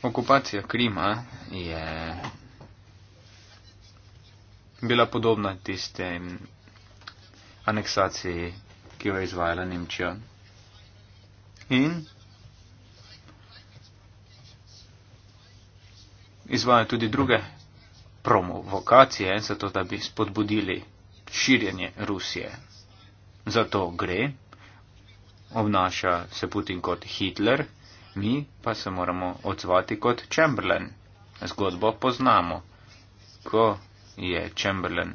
okupacija Krima je bila podobna tistem aneksaciji, ki jo je izvajala Nemčija. In izvajajo tudi druge promovokacije, zato da bi spodbudili širjenje Rusije. Zato gre, obnaša se Putin kot Hitler mi pa se moramo odzvati kot Chamberlain. Zgodbo poznamo. Ko je Chamberlain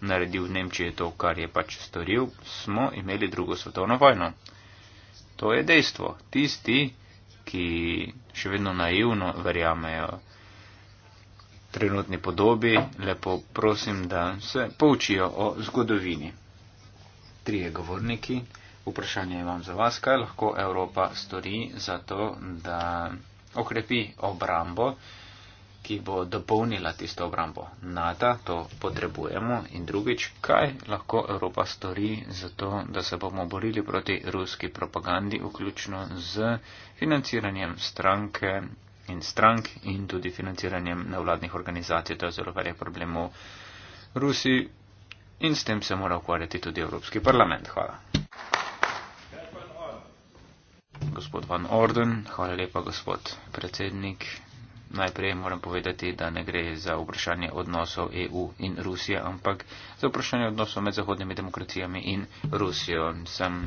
naredil v Nemčiji to, kar je pač storil, smo imeli drugo svetovno vojno. To je dejstvo. Tisti, ki še vedno naivno verjamejo trenutni podobi, lepo prosim, da se poučijo o zgodovini. Trije govorniki. Vprašanje imam za vas, kaj lahko Evropa stori za to, da okrepi obrambo, ki bo dopolnila tisto obrambo NATO, to potrebujemo. In drugič, kaj lahko Evropa stori za to, da se bomo borili proti ruski propagandi, vključno z financiranjem stranke in strank in tudi financiranjem nevladnih organizacij, to je zelo velik problem v Rusiji. In s tem se mora ukvarjati tudi Evropski parlament. Hvala gospod Van Orden. Hvala lepa, gospod predsednik. Najprej moram povedati, da ne gre za vprašanje odnosov EU in Rusije, ampak za vprašanje odnosov med zahodnimi demokracijami in Rusijo. Sem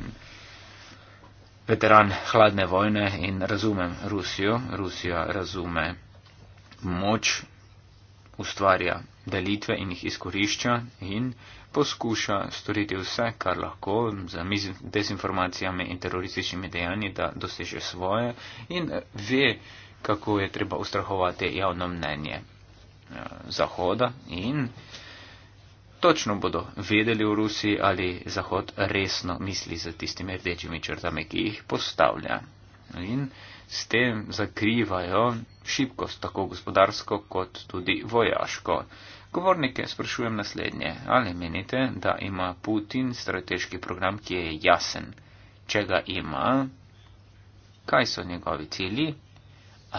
veteran hladne vojne in razumem Rusijo. Rusija razume moč, ustvarja delitve in jih izkorišča in poskuša storiti vse, kar lahko z dezinformacijami in terorističnimi dejanji, da doseže svoje in ve, kako je treba ustrahovati javno mnenje eh, Zahoda in točno bodo vedeli v Rusiji, ali Zahod resno misli z tistimi rdečimi črtami, ki jih postavlja in s tem zakrivajo šibkost, tako gospodarsko kot tudi vojaško. Govornike sprašujem naslednje, ali menite, da ima Putin strateški program, ki je jasen, če ga ima, kaj so njegovi cilji,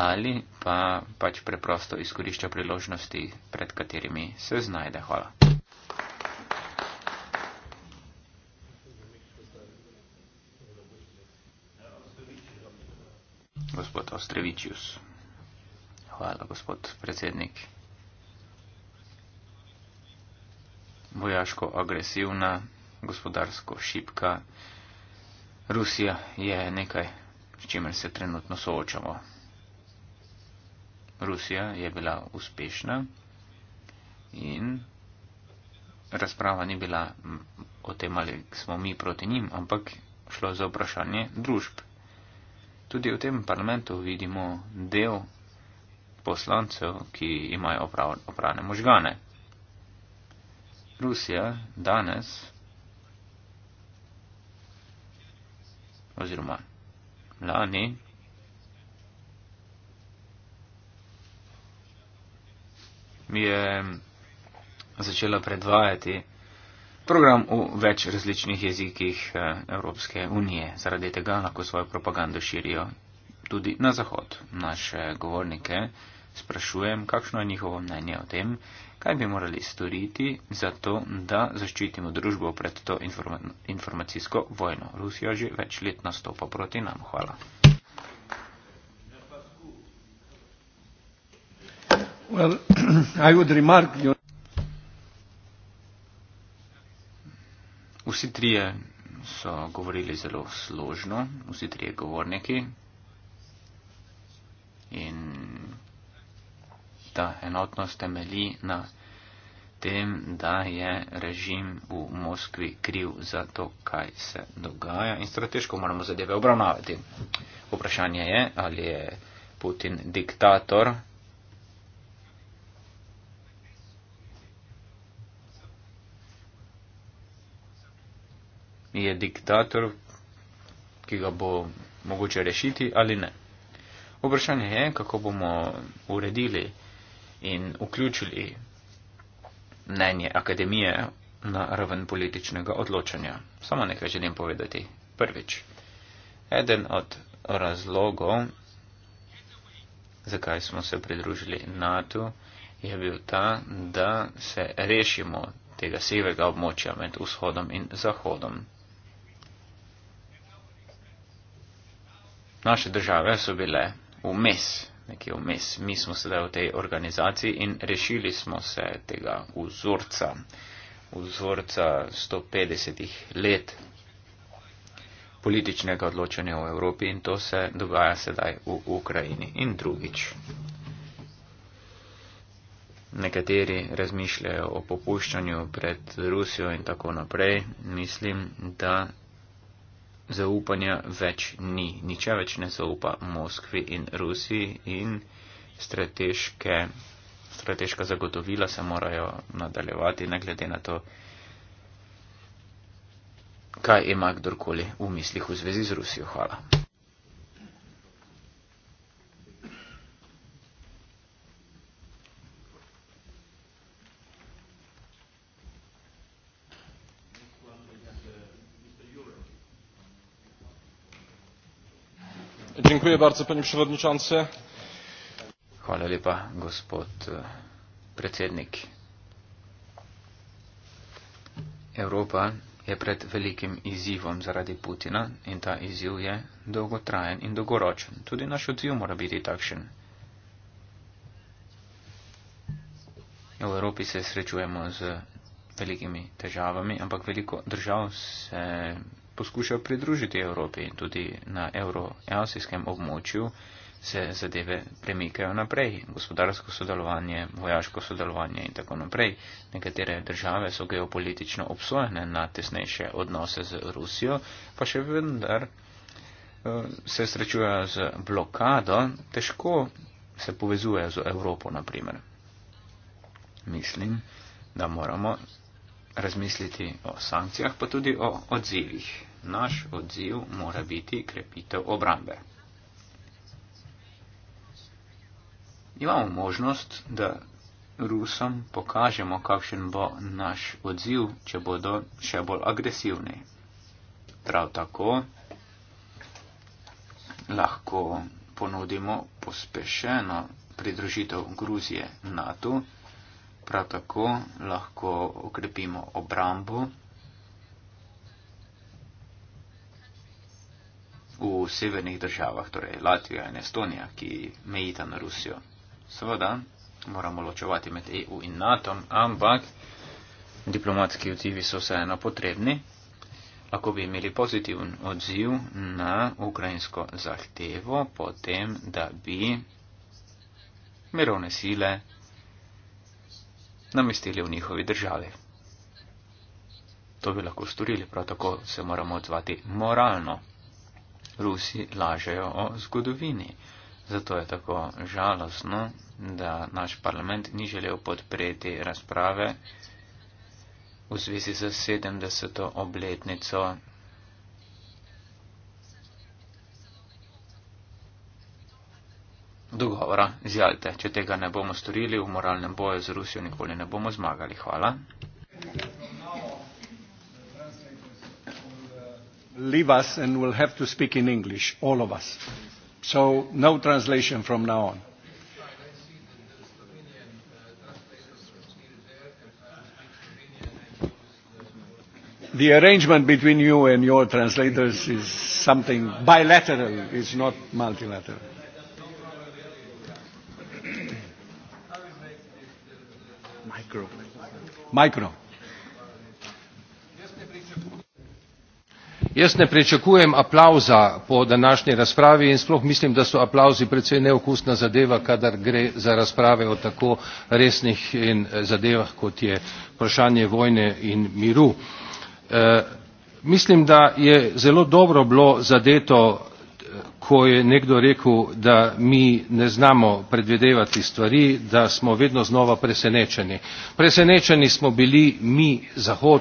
ali pa pač preprosto izkorišča priložnosti, pred katerimi se znajde. Hvala. gospod Ostrevičius. Hvala, gospod predsednik. Vojaško agresivna, gospodarsko šipka Rusija je nekaj, s čimer se trenutno soočamo. Rusija je bila uspešna in razprava ni bila o tem, ali smo mi proti njim, ampak šlo je za vprašanje družb. Tudi v tem parlamentu vidimo del poslancev, ki imajo oprane možgane. Rusija danes oziroma lani je začela predvajati program v več različnih jezikih eh, Evropske unije. Zaradi tega lahko svojo propagando širijo tudi na zahod. Naše govornike sprašujem, kakšno je njihovo mnenje o tem, kaj bi morali storiti za to, da zaščitimo družbo pred to inform informacijsko vojno. Rusija že več let nastopa proti nam. Hvala. Well, [clears throat] I would remark, you know, Vsi trije so govorili zelo složno, vsi trije govorniki. In ta enotnost temelji na tem, da je režim v Moskvi kriv za to, kaj se dogaja. In strateško moramo zadeve obravnavati. Vprašanje je, ali je Putin diktator. je diktator, ki ga bo mogoče rešiti ali ne. Vprašanje je, kako bomo uredili in vključili mnenje akademije na raven političnega odločanja. Samo nekaj želim povedati. Prvič, eden od razlogov, zakaj smo se pridružili NATO, je bil ta, da se rešimo tega sivega območja med vzhodom in zahodom. naše države so bile vmes, nekje vmes. Mi smo sedaj v tej organizaciji in rešili smo se tega vzorca, vzorca 150 let političnega odločanja v Evropi in to se dogaja sedaj v Ukrajini in drugič. Nekateri razmišljajo o popuščanju pred Rusijo in tako naprej. Mislim, da zaupanja več ni. Niče več ne zaupa Moskvi in Rusiji in strateške, strateška zagotovila se morajo nadaljevati, ne glede na to, kaj ima kdorkoli v mislih v zvezi z Rusijo. Hvala. Dziękuję bardzo, panie przewodniczący. Hvala lepa, gospod e, predsednik. Evropa je pred velikim izzivom zaradi Putina in ta izziv je dolgotrajen in dolgoročen. Tudi naš odziv mora biti takšen. V Evropi se srečujemo z velikimi težavami, ampak veliko držav se poskušal pridružiti Evropi in tudi na euroazijskem območju se zadeve premikajo naprej. Gospodarsko sodelovanje, vojaško sodelovanje in tako naprej. Nekatere države so geopolitično obsojene na tesnejše odnose z Rusijo, pa še vendar eh, se srečujejo z blokado, težko se povezujejo z Evropo, naprimer. Mislim, da moramo razmisliti o sankcijah, pa tudi o odzivih naš odziv mora biti krepitev obrambe. Imamo možnost, da Rusom pokažemo, kakšen bo naš odziv, če bodo še bolj agresivni. Prav tako lahko ponudimo pospešeno pridružitev Gruzije NATO, prav tako lahko okrepimo obrambo v severnih državah, torej Latvija in Estonija, ki mejita na Rusijo. Seveda moramo ločevati med EU in NATO, ampak diplomatski odzivi so vseeno potrebni, ako bi imeli pozitiven odziv na ukrajinsko zahtevo, potem da bi mirovne sile namestili v njihovi državi. To bi lahko storili, prav tako se moramo odzvati moralno. Rusi lažejo o zgodovini. Zato je tako žalostno, da naš parlament ni želel podpreti razprave v zvezi z 70. obletnico dogovora z Jalte. Če tega ne bomo storili v moralnem boju z Rusijo, nikoli ne bomo zmagali. Hvala. leave us and will have to speak in English, all of us. So no translation from now on. The arrangement between you and your translators is something bilateral, it's not multilateral. Micro. Micro. jaz ne pričakujem aplavza po današnji razpravi in sploh mislim da so aplavzi precej neokusna zadeva kadar gre za razprave o tako resnih eh, zadevah kot je vprašanje vojne in miru e, mislim da je zelo dobro bilo zadeto eh, ko je nekdo rekel da mi ne znamo predvidevati stvari da smo vedno znova presenečeni presenečeni smo bili mi zahod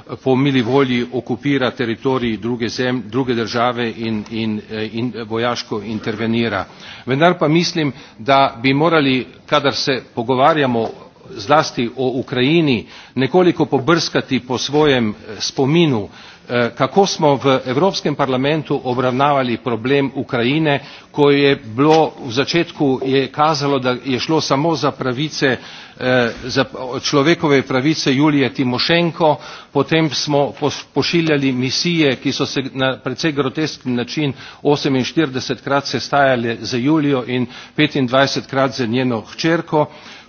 po mili volji okupira teritorij druge države in eh, eh, vojaško intervenira vendar pa mislim da bi morali kadar se pogovarjamo zlasti o ukrajini nekoliko pobrskati po svojem eh, spominu Eh, kako smo v evropskem parlamentu obravnavali problem ukrajine ko je bilo v začetku je kazalo da je šlo samo za pravice eh, za človekove pravice julije timošenko potem smo pošiljali misije ki so se na precej grotesken način oseminštiridesetkrat sestajale z julijo in petindvajsetkrat z njeno hčerko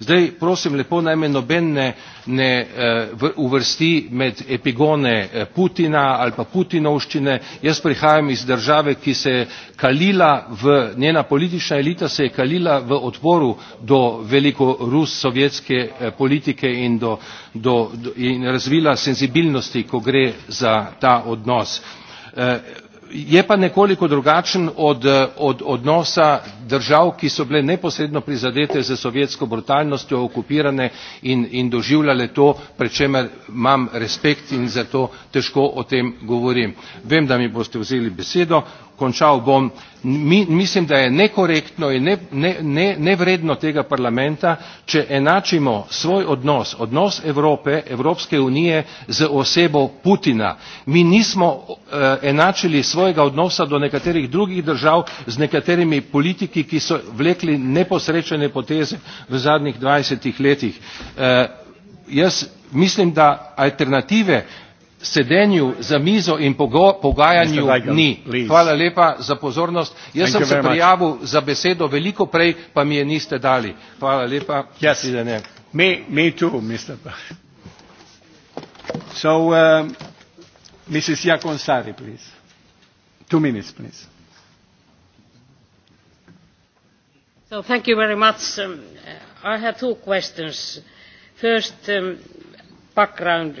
zdaj prosim lepo naj me noben ne eh, uvrsti med epigone eh, putina ali pa putinovščine jaz prihajam iz države ki se je kalila v njena politična elita se je kalila v odporu do velikorus sovjetske eh, politike in do do in razvila senzibilnosti ko gre za ta odnos je pa nekoliko drugačen od, eh, od odnosa držav, ki so bile neposredno prizadete z sovjetsko brutalnostjo, okupirane in, in doživljale to, pred čemer imam respekt in zato težko o tem govorim. Vem, da mi boste vzeli besedo, končal bom. Mi, mislim, da je nekorektno in ne, ne, ne, nevredno tega parlamenta, če enačimo svoj odnos, odnos Evrope, Evropske unije z osebo Putina. Mi nismo eh, enačili svojega odnosa do nekaterih drugih držav z nekaterimi politiki, ki so vlekli neposrečene poteze v zadnjih dvajsetih letih. Eh, jaz mislim, da alternative sedenju za mizo in pogajanju ni. Hvala lepa za pozornost. Jaz sem se prijavil za besedo veliko prej, pa mi je niste dali. Hvala lepa. Yes. Me, me too, Mr. So, um, uh, Mrs. Jakonsari, please. Two minutes, please. So, thank you very much. Um, I have two questions. First, um, background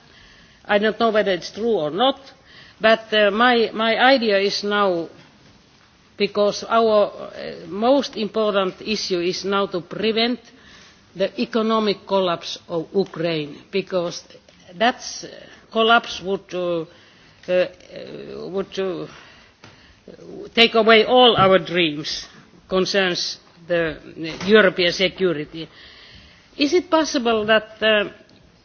i do not know whether it is true or not but uh, my idea is now because our uh, most important issue is now to prevent the economic collapse of ukraine because that uh, collapse would, uh, uh, would uh, take away all our dreams concerns the european security is it possible that uh,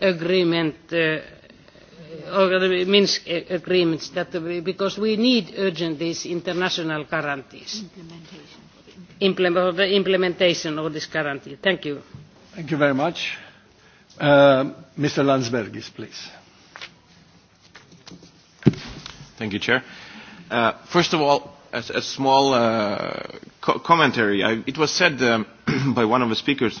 agreement uh, or the minsk agreements because we need urgent these international guarantees implementation. implementation of this guarantee thank you thank you very much uh, mr landsberg please thank you chair uh, first of all as a small uh, co commentary I, it was said um, [clears throat] by one of the speakers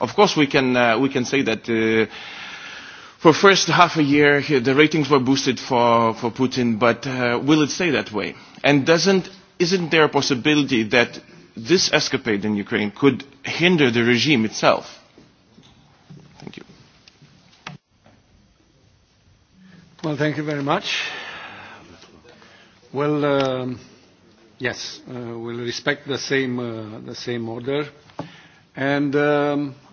Of course, we can uh, say that uh, for first half a year, the ratings were boosted for Putin, uh, will it stay that way? Isn't there a possibility that this escapade in Ukraine could hinder the regime itself? Thank you. Well, thank you very much. Well, um, yes, we'll respect the same order. Um,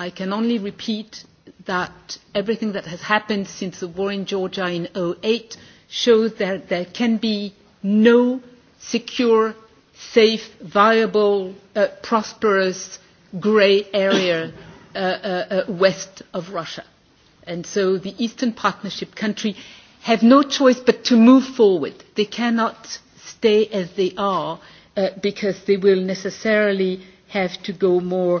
I can only repeat that everything that has happened since the war in Georgia in 2008 shows that there can be no secure, safe, viable, uh, prosperous grey area uh, uh, uh, west of Russia. And so the Eastern Partnership countries have no choice but to move forward. They cannot stay as they are uh, because they will necessarily have to go more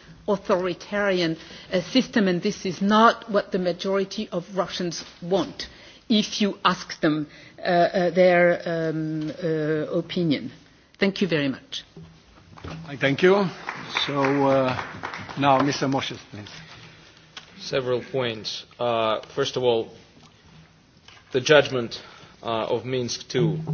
authoritarian uh, system, and this is not what the majority of Russians want if you ask them uh, uh, their um, uh, opinion. Thank you very much. Thank you. So uh, now, Mr. Moshe, please. Several points. Uh, first of all, the judgment uh, of Minsk II. Mm-hmm.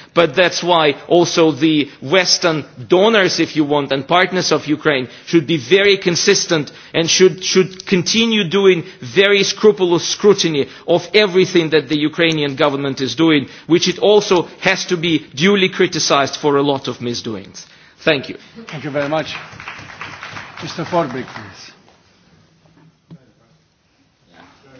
but that is why also the western donors if you want and partners of ukraine should be very consistent and should, should continue doing very scrupulous scrutiny of everything that the ukrainian government is doing which it also has to be duly criticised for a lot of misdoings. thank you. thank you very much. mr forbrick, please.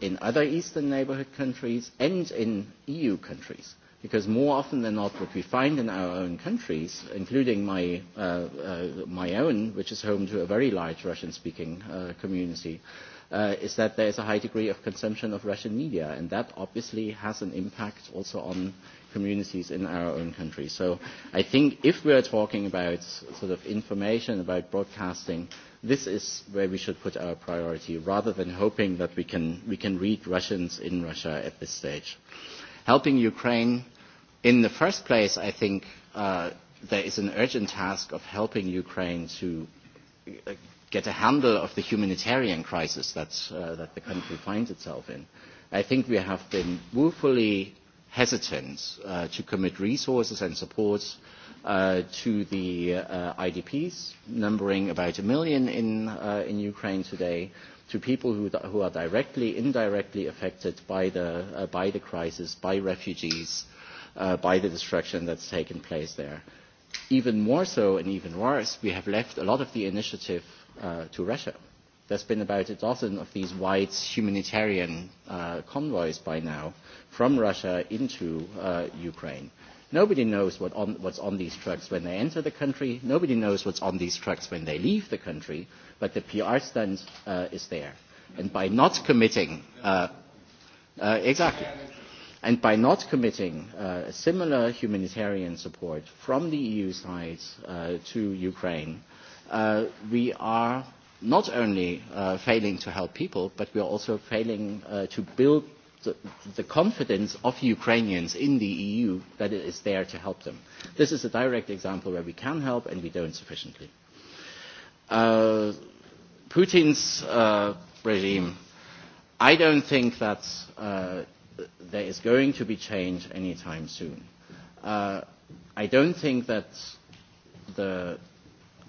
in other eastern neighborhood countries and in EU countries. Because more often than not, what we find in our own countries, including my, uh, uh, my own, which is home to a very large Russian-speaking uh, community, uh, is that there is a high degree of consumption of Russian media, and that obviously has an impact also on communities in our own country. So I think if we are talking about sort of information about broadcasting, this is where we should put our priority rather than hoping that we can, we can read Russians in Russia at this stage. Helping Ukraine, in the first place, I think uh, there is an urgent task of helping Ukraine to uh, get a handle of the humanitarian crisis that, uh, that the country finds itself in. I think we have been woefully hesitant uh, to commit resources and supports uh, uh, to the uh, IDPs, numbering about a million in, uh, in Ukraine today, to people who, who are directly, indirectly affected by the, uh, by the crisis, by refugees, uh, by the destruction that's taken place there. Even more so and even worse, we have left a lot of the initiative uh, to Russia. There's been about a dozen of these wide humanitarian uh, convoys by now from Russia into uh, Ukraine. Nobody knows what on, what's on these trucks when they enter the country. Nobody knows what's on these trucks when they leave the country. But the PR stunt uh, is there. And by not committing, uh, uh, exactly. And by not committing uh, similar humanitarian support from the EU side uh, to Ukraine, uh, we are not only uh, failing to help people, but we are also failing uh, to build the, the confidence of Ukrainians in the EU that it is there to help them. This is a direct example where we can help and we don't sufficiently. Uh, Putin's uh, regime, I don't think that uh, there is going to be change anytime soon. Uh, I don't think that the